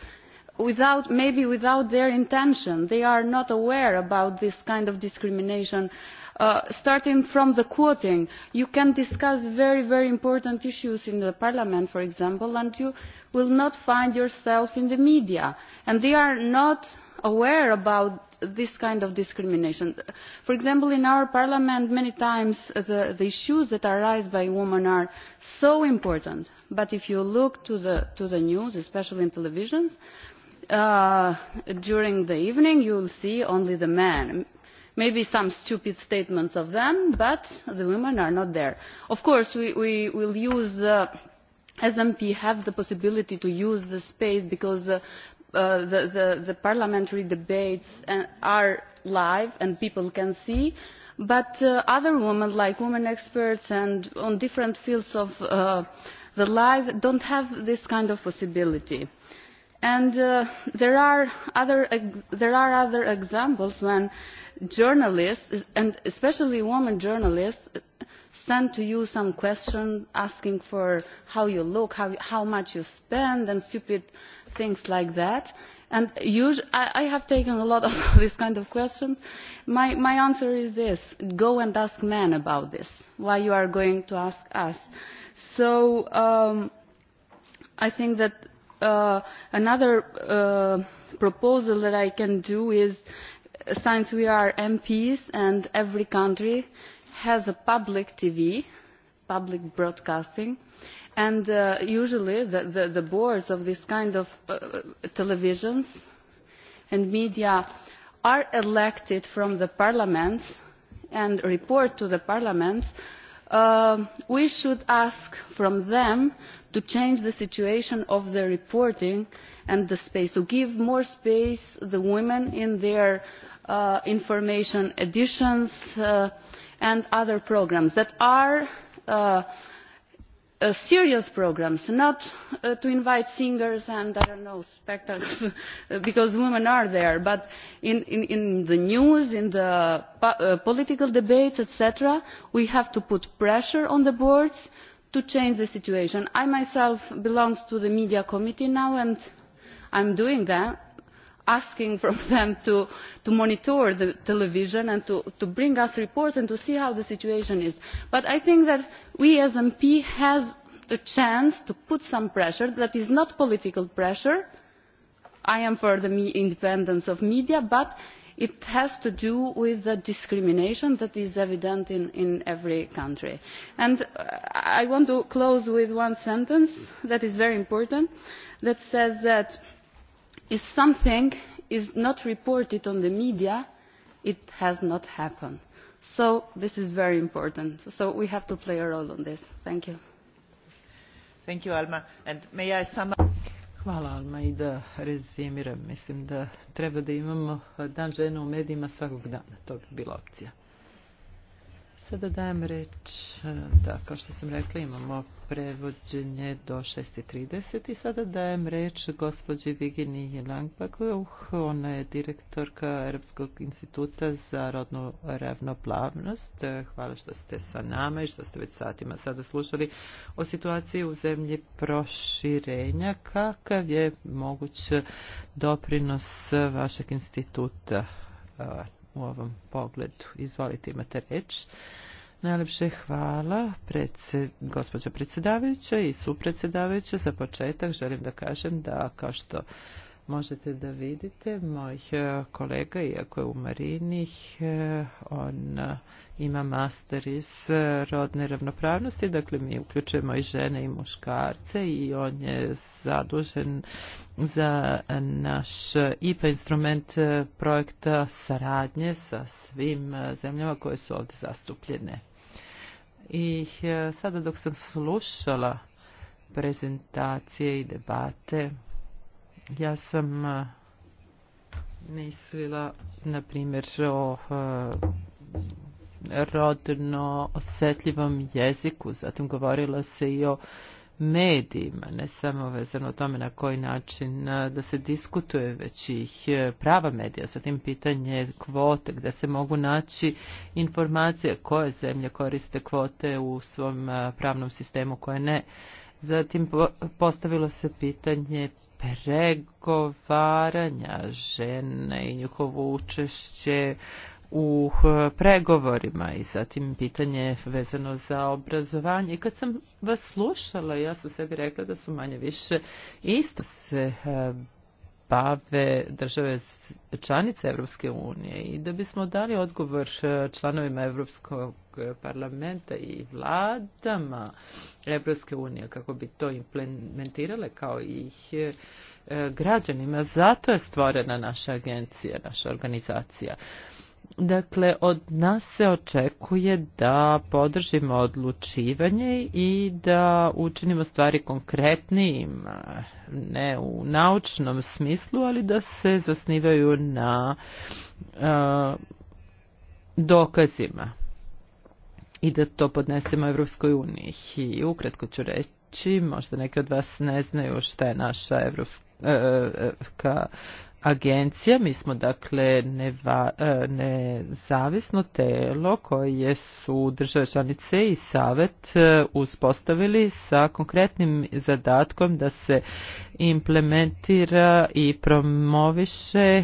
without, maybe without their intention. They are not aware about this kind of discrimination. Uh, starting from the quoting, you can discuss very, very important issues in the parliament, for example, and you will not find yourself in the media. And they are not aware about this kind of discrimination. For example, in our parliament, many times the, the issues that are raised by women are so important. But if you look to the, to the news, especially in television, uh, during the evening you will see only the men. Maybe some stupid statements of them, but the women are not there. Of course, we, we will use the SMP have the possibility to use the space because the the parliamentary debates are live and people can see but other women like women experts and on different fields of life do not have this kind of possibility. there are other examples when journalists and especially women journalists send to you some questions asking for how you look, how, how much you spend, and stupid things like that. And usually, I, have taken a lot of these kind of questions. My, my answer is this, go and ask men about this, why you are going to ask us. So um, I think that uh, another uh, proposal that I can do is since we are MPs and every country has a public TV, public broadcasting, and uh, usually the, the, the boards of this kind of uh, televisions and media are elected from the parliaments and report to the parliaments, uh, we should ask from them to change the situation of the reporting and the space, to give more space to the women in their uh, information editions, uh, and other programmes that are serious programmes not to invite singers and i don't know spectacles because women are there but in the news in the political debates etc we have to put pressure on the boards to change the situation. i myself belong to the media committee now and i am doing that asking from them to, to monitor the television and to, to bring us reports and to see how the situation is. But I think that we as MP have a chance to put some pressure that is not political pressure. I am for the independence of media, but it has to do with the discrimination that is evident in, in every country. And I want to close with one sentence that is very important that says that if something is not reported on the media it has not happened. so this is very important so we have to play a role in this. thank you. thank you alma and may i sum up Hvala Alma i da rezimiram. Mislim da treba da imamo dan žena u medijima svakog dana. To bi bila opcija. Sada dajem reč, da, kao što sam rekla, imamo prevođenje do 6.30 i sada dajem reč gospođi Vigini Langbakuh, ona je direktorka Europskog instituta za rodnu ravnoplavnost. Hvala što ste sa nama i što ste već satima sada slušali o situaciji u zemlji proširenja. Kakav je moguć doprinos vašeg instituta u ovom pogledu? Izvolite, imate reč. Najlepše hvala predsed, gospođa predsedavajuća i supredsjedavajuća. Za početak želim da kažem da kao što možete da vidite, moj kolega, iako je u Marinih, on ima master iz rodne ravnopravnosti, dakle mi uključujemo i žene i muškarce i on je zadužen za naš IPA instrument projekta saradnje sa svim zemljama koje su ovdje zastupljene. I sada dok sam slušala prezentacije i debate, ja sam mislila, na primjer, o rodno osjetljivom jeziku, zatim govorila se i o medijima, ne samo vezano o tome na koji način da se diskutuje već i prava medija, zatim pitanje kvote, gde se mogu naći informacije koje zemlje koriste kvote u svom pravnom sistemu, koje ne. Zatim postavilo se pitanje pregovaranja žene i njihovo učešće u pregovorima i zatim pitanje vezano za obrazovanje. I kad sam vas slušala, ja sam sebi rekla da su manje više isto se bave države članice Evropske unije i da bismo dali odgovor članovima Evropskog parlamenta i vladama Evropske unije kako bi to implementirale kao i građanima. Zato je stvorena naša agencija, naša organizacija. Uh, Dakle, od nas se očekuje da podržimo odlučivanje i da učinimo stvari konkretnijim, ne u naučnom smislu, ali da se zasnivaju na a, dokazima i da to podnesemo Evropskoj uniji. I ukratko ću reći, možda neki od vas ne znaju šta je naša Evropska agencija, mi smo dakle neva, nezavisno telo koje su države članice i savet uspostavili sa konkretnim zadatkom da se implementira i promoviše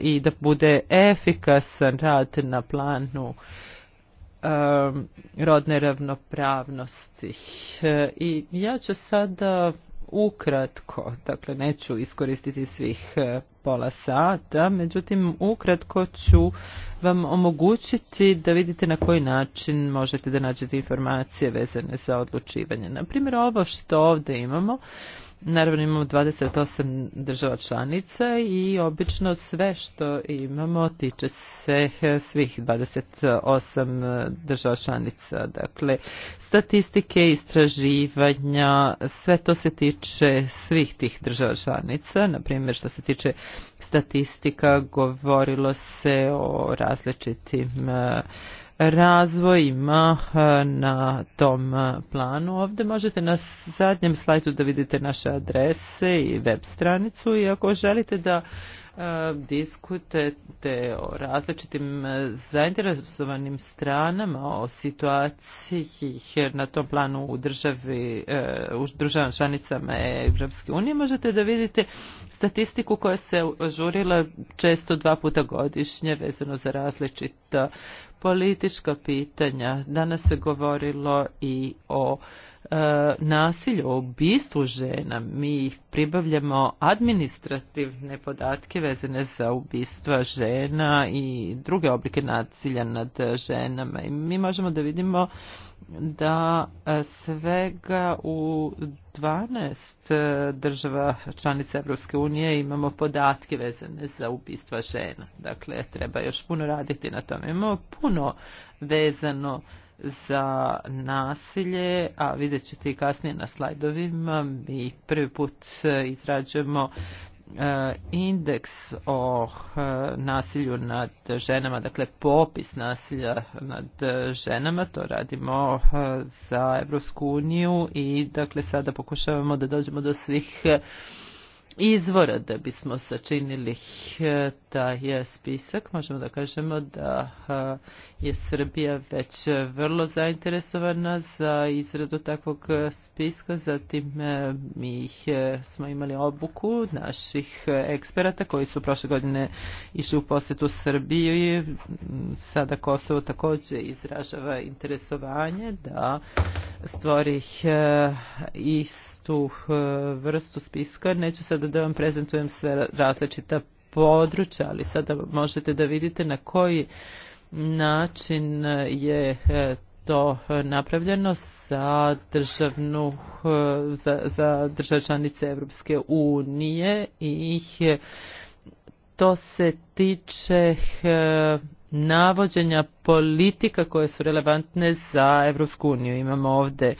i da bude efikasan rad na planu rodne ravnopravnosti. I ja ću sada ukratko, dakle neću iskoristiti svih pola sata, međutim ukratko ću vam omogućiti da vidite na koji način možete da nađete informacije vezane za odlučivanje. Naprimjer, ovo što ovdje imamo, Naravno imamo 28 država članica i obično sve što imamo tiče se svih 28 država članica. Dakle, statistike, istraživanja, sve to se tiče svih tih država članica. Naprimjer, što se tiče statistika, govorilo se o različitim uh, razvojima na tom planu. Ovdje možete na zadnjem slajdu da vidite naše adrese i web stranicu i ako želite da diskutete o različitim zainteresovanim stranama, o situaciji na tom planu u državi, u državama članicama Evropske unije, možete da vidite statistiku koja se ažurila često dva puta godišnje vezano za različita politička pitanja. Danas se govorilo i o nasilju, o ubistvu žena. Mi ih pribavljamo administrativne podatke vezane za ubistva žena i druge oblike nasilja nad ženama. I mi možemo da vidimo da svega u 12 država članica Evropske unije imamo podatke vezane za ubistva žena. Dakle, treba još puno raditi na tome. Imamo puno vezano uh, za nasilje, a vidjet ćete i kasnije na slajdovima, mi prvi put izrađujemo indeks o nasilju nad ženama, dakle popis nasilja nad ženama, to radimo za Evropsku uniju i dakle sada pokušavamo da dođemo do svih izvora da bismo sačinili taj spisak. Možemo da kažemo da je Srbija već vrlo zainteresovana za izradu takvog spiska, zatim mi smo imali obuku naših eksperata koji su prošle godine išli u posetu i Sada Kosovo također izražava interesovanje da stvori istu vrstu spiska. Neću sada da vam prezentujem sve različita područja, ali sada možete da vidite na koji način je to napravljeno za državnu, za, za države članice Evropske unije i to se tiče navođenja politika koje su relevantne za Evropsku uniju. Imamo ovde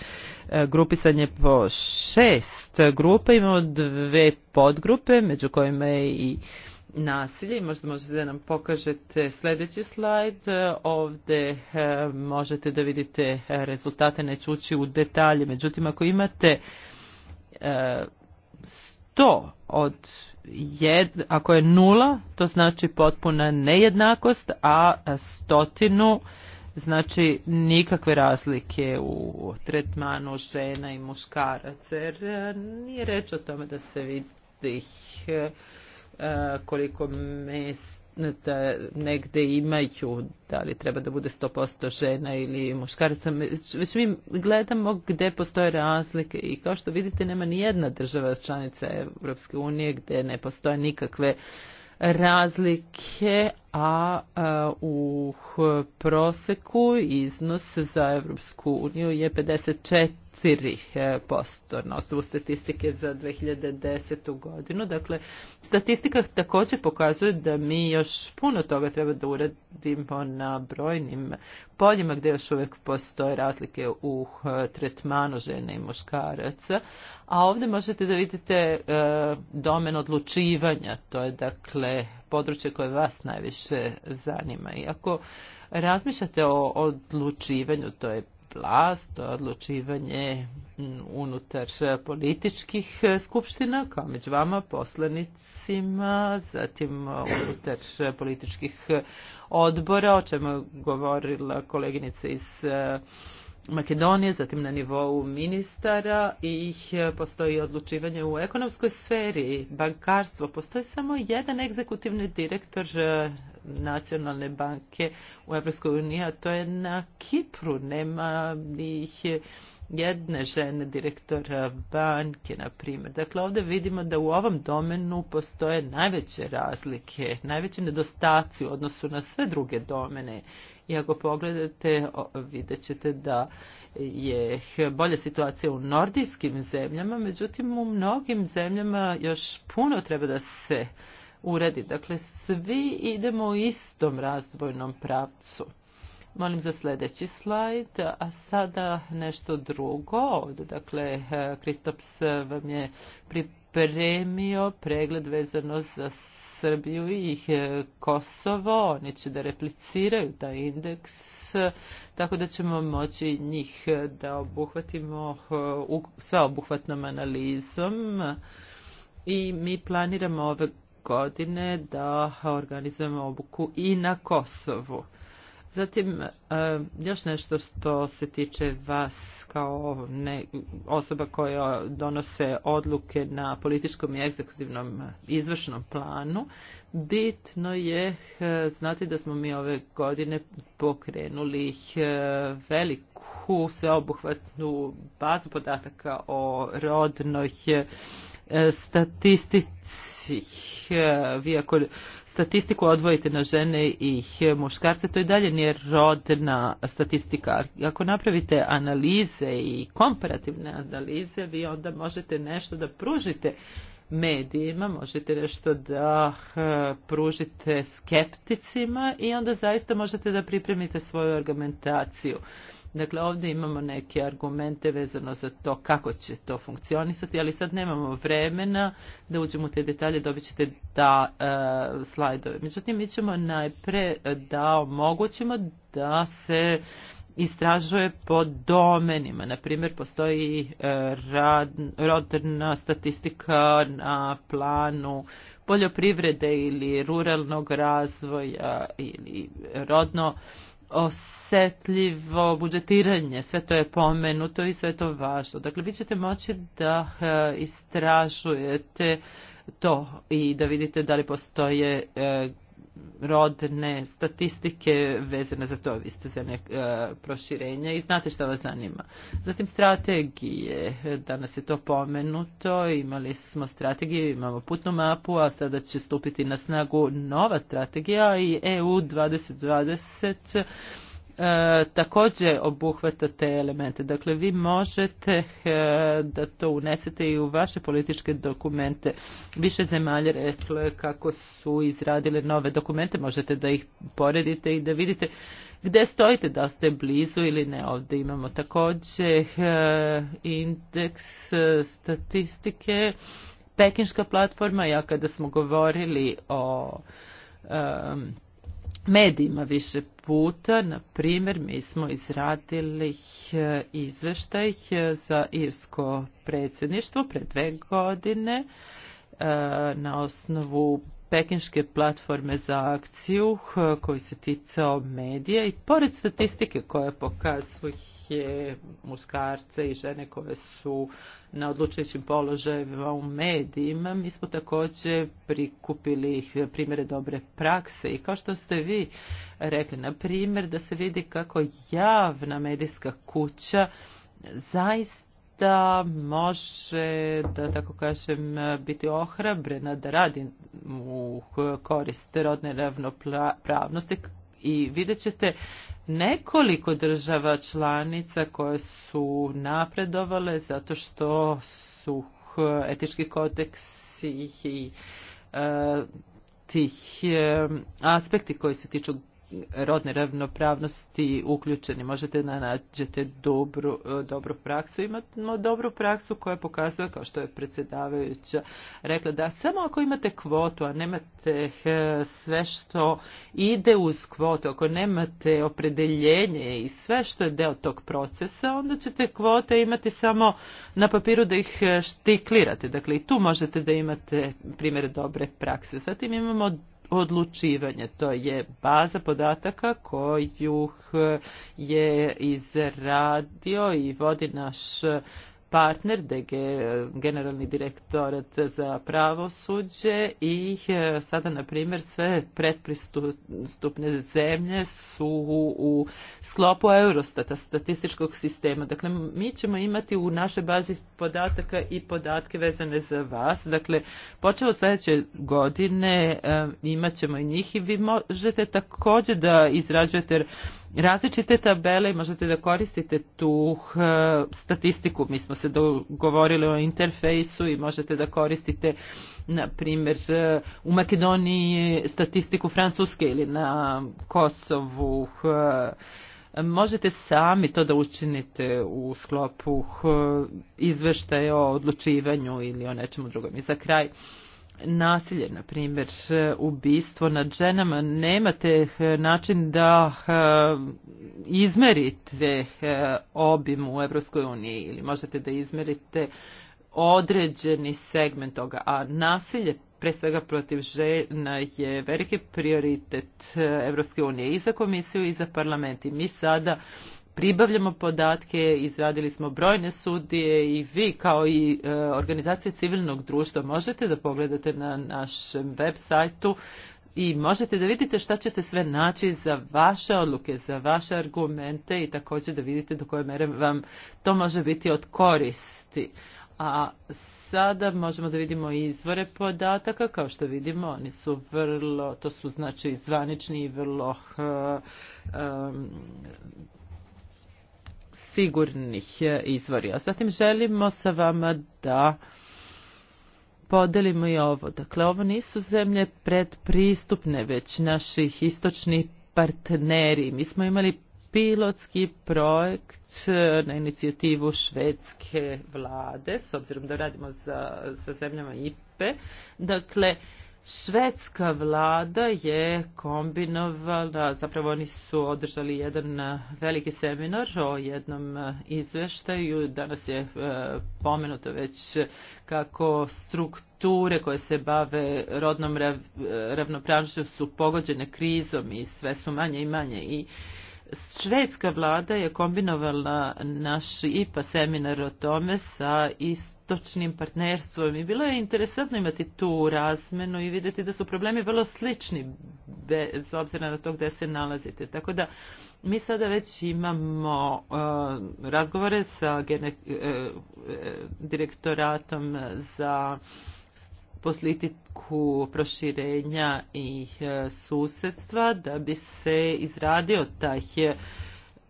grupisanje po šest grupa, imamo dve podgrupe, među kojima je i nasilje. Možda možete da nam pokažete sljedeći slajd. Ovde možete da vidite rezultate, neću ući u detalje. Međutim, ako imate 100 od jed, ako je nula, to znači potpuna nejednakost, a stotinu znači nikakve razlike u tretmanu žena i muškaraca. Jer nije reč o tome da se vidi koliko mesa negde imaju, da li treba da bude 100% žena ili muškarica. već mi gledamo gde postoje razlike i kao što vidite nema ni jedna država članica Evropske unije gde ne postoje nikakve razlike, a u proseku iznos za Evropsku uniju je 54 4% na osnovu statistike za 2010. godinu. Dakle, statistika također pokazuje da mi još puno toga treba da uradimo na brojnim poljima gdje još uvijek postoje razlike u tretmanu žene i muškaraca. A ovdje možete da vidite domen odlučivanja. To je dakle područje koje vas najviše zanima. Iako razmišljate o odlučivanju, to je vlast, to je odlučivanje unutar političkih skupština, kao među vama poslanicima, zatim unutar političkih odbora, o čemu je govorila koleginica iz Makedonije, zatim na nivou ministara i postoji odlučivanje u ekonomskoj sferi, bankarstvo. Postoji samo jedan egzekutivni direktor nacionalne banke u Evropskoj uniji, a to je na Kipru. Nema ih jedne žene direktora banke, na primjer. Dakle, ovdje vidimo da u ovom domenu postoje najveće razlike, najveće nedostaci u odnosu na sve druge domene I ako pogledate, vidjet ćete da je bolja situacija u nordijskim zemljama, međutim u mnogim zemljama još puno treba da se uredi. Dakle, svi idemo u istom razvojnom pravcu. Molim za sljedeći slajd, a sada nešto drugo. Ovdje, dakle, Kristops vam je pripremio pregled vezano za Srbiju i Kosovo, oni će da repliciraju taj indeks, tako da ćemo moći njih da obuhvatimo sveobuhvatnom analizom i mi planiramo ove godine da organizujemo obuku i na Kosovu. Zatim, još nešto što se tiče vas kao osoba koja donose odluke na političkom i egzekutivnom izvršnom planu, bitno je znati da smo mi ove godine pokrenuli veliku sveobuhvatnu bazu podataka o rodnoj statistici. Vi ako statistiku odvojite na žene i muškarce, to i dalje nije rodna statistika. Ako napravite analize i komparativne analize, vi onda možete nešto da pružite medijima, možete nešto da pružite skepticima i onda zaista možete da pripremite svoju argumentaciju. Dakle, ovdje imamo neke argumente vezano za to kako će to funkcionisati, ali sad nemamo vremena da uđemo u te detalje, dobit ćete da e, slajdove. Međutim, mi ćemo najpre da omogućimo da se istražuje po domenima. Naprimjer, postoji rad, rodna statistika na planu poljoprivrede ili ruralnog razvoja ili rodno os Setljivo budžetiranje, sve to je pomenuto i sve to važno. Dakle, vi ćete moći da istražujete to i da vidite da li postoje rodne statistike vezane za to, vi ste zemlje nek proširenja i znate što vas zanima. Zatim strategije, danas je to pomenuto, imali smo strategiju, imamo putnu mapu, a sada će stupiti na snagu nova strategija i EU 2020 također obuhvata te elemente. Dakle, vi možete da to unesete i u vaše političke dokumente. Više zemalje rekle kako su izradile nove dokumente, možete da ih poredite i da vidite gdje stojite, da ste blizu ili ne. Ovdje imamo također indeks statistike, pekinška platforma, ja kada smo govorili o um, medijima više puta. Na primjer, mi smo izradili izveštaj za irsko predsjedništvo pred dve godine na osnovu pekinške platforme za akciju koji se ticao medija i pored statistike koja pokazuje muškarce i žene koje su na odlučujućim položajima u medijima, mi smo također prikupili primjere dobre prakse i kao što ste vi rekli, na primjer da se vidi kako javna medijska kuća zaista da može, da tako kažem, biti ohrabrena da radi u korist rodne ravnopravnosti i vidjet ćete nekoliko država članica koje su napredovale zato što su etički kodeksi i tih aspekti koji se tiču rodne ravnopravnosti uključeni. Možete da nađete dobru, dobru praksu. Imamo dobru praksu koja pokazuje, kao što je predsjedavajuća rekla, da samo ako imate kvotu, a nemate sve što ide uz kvotu, ako nemate opredeljenje i sve što je deo tog procesa, onda ćete kvote imati samo na papiru da ih štiklirate. Dakle, i tu možete da imate primjer dobre prakse. Zatim imamo odlučivanje. To je baza podataka koju je izradio i vodi naš partner DG generalni direktorat za pravosuđe i sada na primjer sve predpristupne zemlje su u sklopu Eurostata statističkog sistema. Dakle mi ćemo imati u našoj bazi podataka i podatke vezane za vas. Dakle počeo od sljedeće godine imat ćemo i njih i vi možete također da izrađujete Različite tabele možete da koristite tu statistiku. Mi smo se dogovorili o interfejsu i možete da koristite na primjer u Makedoniji statistiku Francuske ili na Kosovu možete sami to da učinite u sklopu izveštaja o odlučivanju ili o nečemu drugom. I za kraj, nasilje, na primjer ubistvo nad ženama, nemate način da izmerite obim u Evropskoj uniji ili možete da izmerite određeni segment toga, a nasilje pre svega protiv žena je veliki prioritet Evropske unije i za komisiju i za parlament i mi sada pribavljamo podatke, izradili smo brojne sudije i vi kao i e, civilnog društva možete da pogledate na našem web sajtu i možete da vidite šta ćete sve naći za vaše odluke, za vaše argumente i također da vidite do koje mere vam to može biti od koristi. A sada možemo da vidimo izvore podataka, kao što vidimo oni su vrlo, to su znači zvanični i vrlo um, sigurnih izvori. A zatim želimo sa vama da podelimo i ovo. Dakle, ovo nisu zemlje predpristupne, već naših istočni partneri. Mi smo imali pilotski projekt na inicijativu švedske vlade, s obzirom da radimo za, sa zemljama IPE. Dakle, Švedska vlada je kombinovala, zapravo oni su održali jedan veliki seminar o jednom izveštaju. Danas je pomenuto već kako strukture koje se bave rodnom ravnopravnošću su pogođene krizom i sve su manje i manje i Švedska vlada je kombinovala naš IPA seminar o tome sa istom istočnim partnerstvom i bilo je interesantno imati tu razmenu i vidjeti da su problemi vrlo slični bez obzira na to gdje se nalazite. Tako da mi sada već imamo uh, razgovore sa gene, uh, direktoratom za poslitiku proširenja i uh, susedstva da bi se izradio taj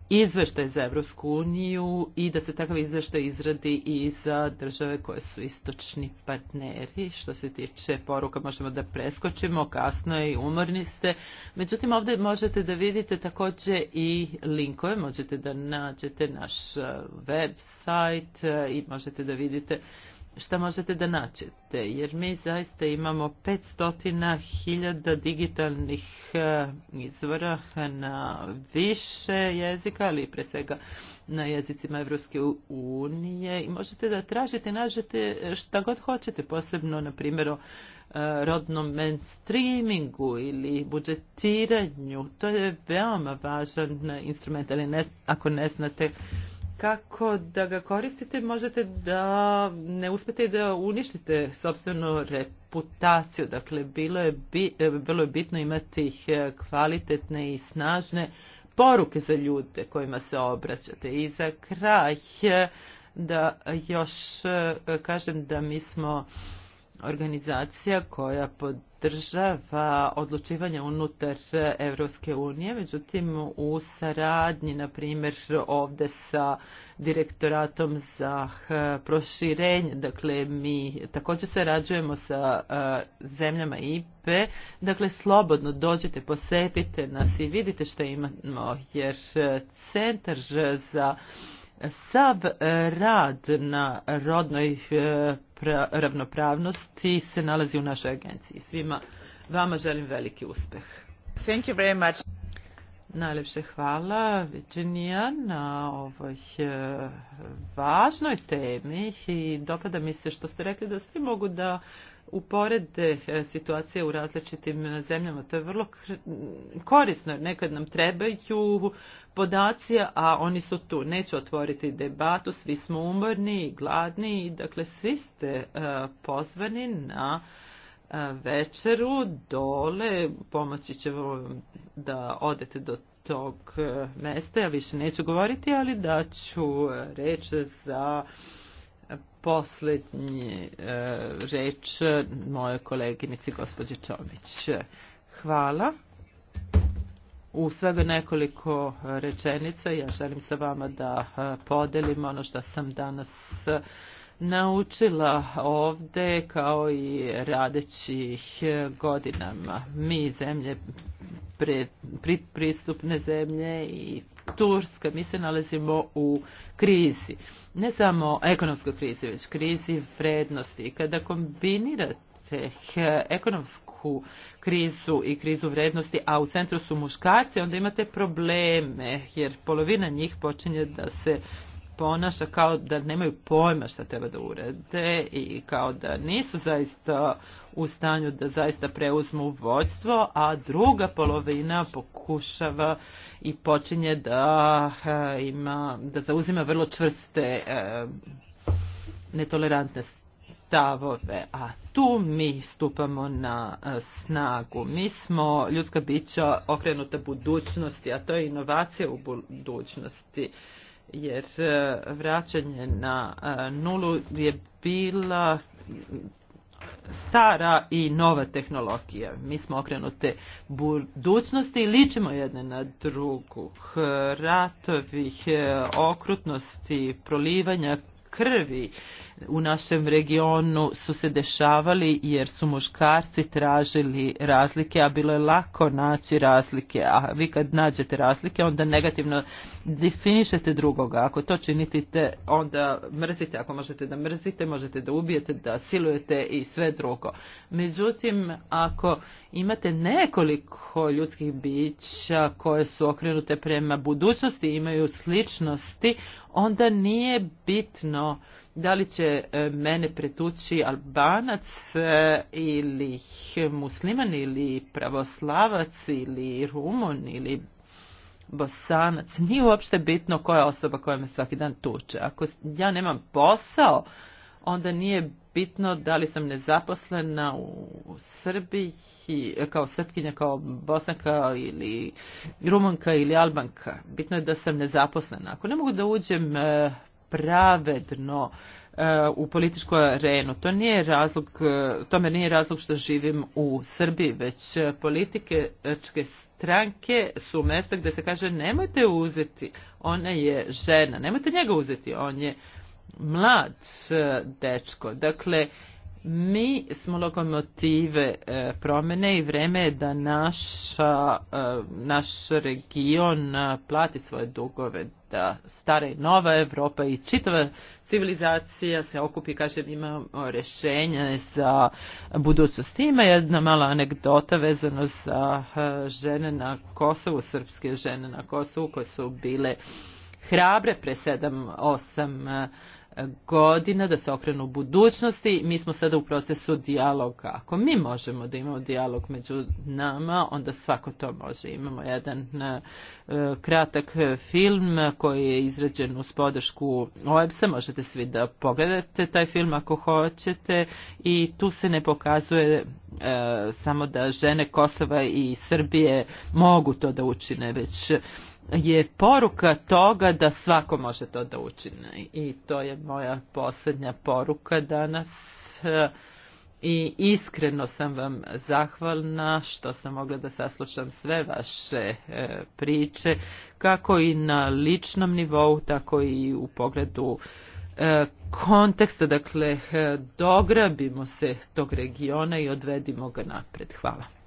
izveštaj za Evropsku uniju i da se takav izveštaj izradi i za države koje su istočni partneri. Što se tiče poruka možemo da preskočimo, kasno je i umorni se. Međutim, ovdje možete da vidite takođe i linkove, možete da nađete naš website i možete da vidite šta možete da naćete, jer mi zaista imamo 500.000 digitalnih izvora na više jezika, ali pre svega na jezicima Evropske unije i možete da tražite, nažete šta god hoćete, posebno na primjer o rodnom mainstreamingu ili budžetiranju. To je veoma važan instrument, ali ne, ako ne znate kako da ga koristite, možete da ne uspete da uništite sobstvenu reputaciju. Dakle, bilo je, bi, bilo je bitno imati ih kvalitetne i snažne poruke za ljude kojima se obraćate. I za kraj da još kažem da mi smo organizacija koja pod država odlučivanja unutar Evropske unije, međutim u saradnji, na primjer, ovdje sa direktoratom za proširenje, dakle mi također sarađujemo sa zemljama IPE, dakle slobodno dođite, posetite nas i vidite što imamo, jer centar za sav rad na rodnoj ravnopravnosti se nalazi u našoj agenciji. Svima vama želim veliki uspeh. Thank you very much. Najlepše hvala Virginia, na ovoj e, važnoj temi i dopada mi se što ste rekli da svi mogu da uporede situacije u različitim zemljama. To je vrlo korisno jer nekad nam trebaju podaci, a oni su tu. Neću otvoriti debatu, svi smo umorni i gladni i dakle svi ste pozvani na večeru dole, pomoći će vam da odete do tog mesta, ja više neću govoriti, ali daću reč za uh, posljednji reč moje koleginici gospođe Čović. Hvala. U svega nekoliko rečenica ja želim sa vama da podelim ono što sam danas naučila ovde kao i radećih godinama. Mi zemlje pre, pri, pristupne zemlje i Turska, mi se nalazimo u krizi. Ne samo ekonomskoj krizi, već krizi vrednosti. Kada kombinirate ekonomsku krizu i krizu vrednosti, a u centru su muškarci, onda imate probleme, jer polovina njih počinje da se ponaša kao da nemaju pojma šta treba da urede i kao da nisu zaista u stanju da zaista preuzmu vođstvo, a druga polovina pokušava i počinje da ima, da zauzima vrlo čvrste netolerantne stavove, a tu mi stupamo na snagu. Mi smo ljudska bića okrenuta budućnosti, a to je inovacija u budućnosti jer vraćanje na nulu je bila stara i nova tehnologija. Mi smo okrenute budućnosti i ličimo jedne na drugu. Ratovih okrutnosti, prolivanja krvi, u našem regionu su se dešavali jer su muškarci tražili razlike, a bilo je lako naći razlike, a vi kad nađete razlike onda negativno definišete drugoga. Ako to činite onda mrzite, ako možete da mrzite, možete da ubijete, da silujete i sve drugo. Međutim, ako imate nekoliko ljudskih bića koje su okrenute prema budućnosti imaju sličnosti, onda nije bitno da li će mene pretući albanac ili musliman ili pravoslavac ili rumun ili bosanac, nije uopšte bitno koja osoba koja me svaki dan tuče. Ako ja nemam posao, onda nije bitno da li sam nezaposlena u Srbiji kao srpkinja, kao bosanka ili rumunka ili albanka. Bitno je da sam nezaposlena. Ako ne mogu da uđem pravedno u političku arenu. To nije razlog, tome nije razlog što živim u Srbiji, već političke stranke su mjesta gdje se kaže nemojte uzeti, ona je žena, nemojte njega uzeti, on je mlad dečko. Dakle, mi smo lokomotive promjene i vrijeme je da naša, naš region plati svoje dugove da stara i nova Evropa i čitava civilizacija se okupi, kažem, imamo rješenje za budućnost. Ima jedna mala anegdota vezano za žene na Kosovu, srpske žene na Kosovu koje su bile hrabre pre 7-8 godina, da se okrenu u budućnosti. Mi smo sada u procesu dijaloga. Ako mi možemo da imamo dijalog među nama, onda svako to može. Imamo jedan kratak film koji je izrađen uz podršku OEBS-a. Možete svi da pogledate taj film ako hoćete. I tu se ne pokazuje samo da žene Kosova i Srbije mogu to da učine, već je poruka toga da svako može to da učine. I to je moja posljednja poruka danas. I iskreno sam vam zahvalna što sam mogla da saslušam sve vaše priče, kako i na ličnom nivou, tako i u pogledu konteksta, dakle dograbimo se tog regiona i odvedimo ga napred. Hvala.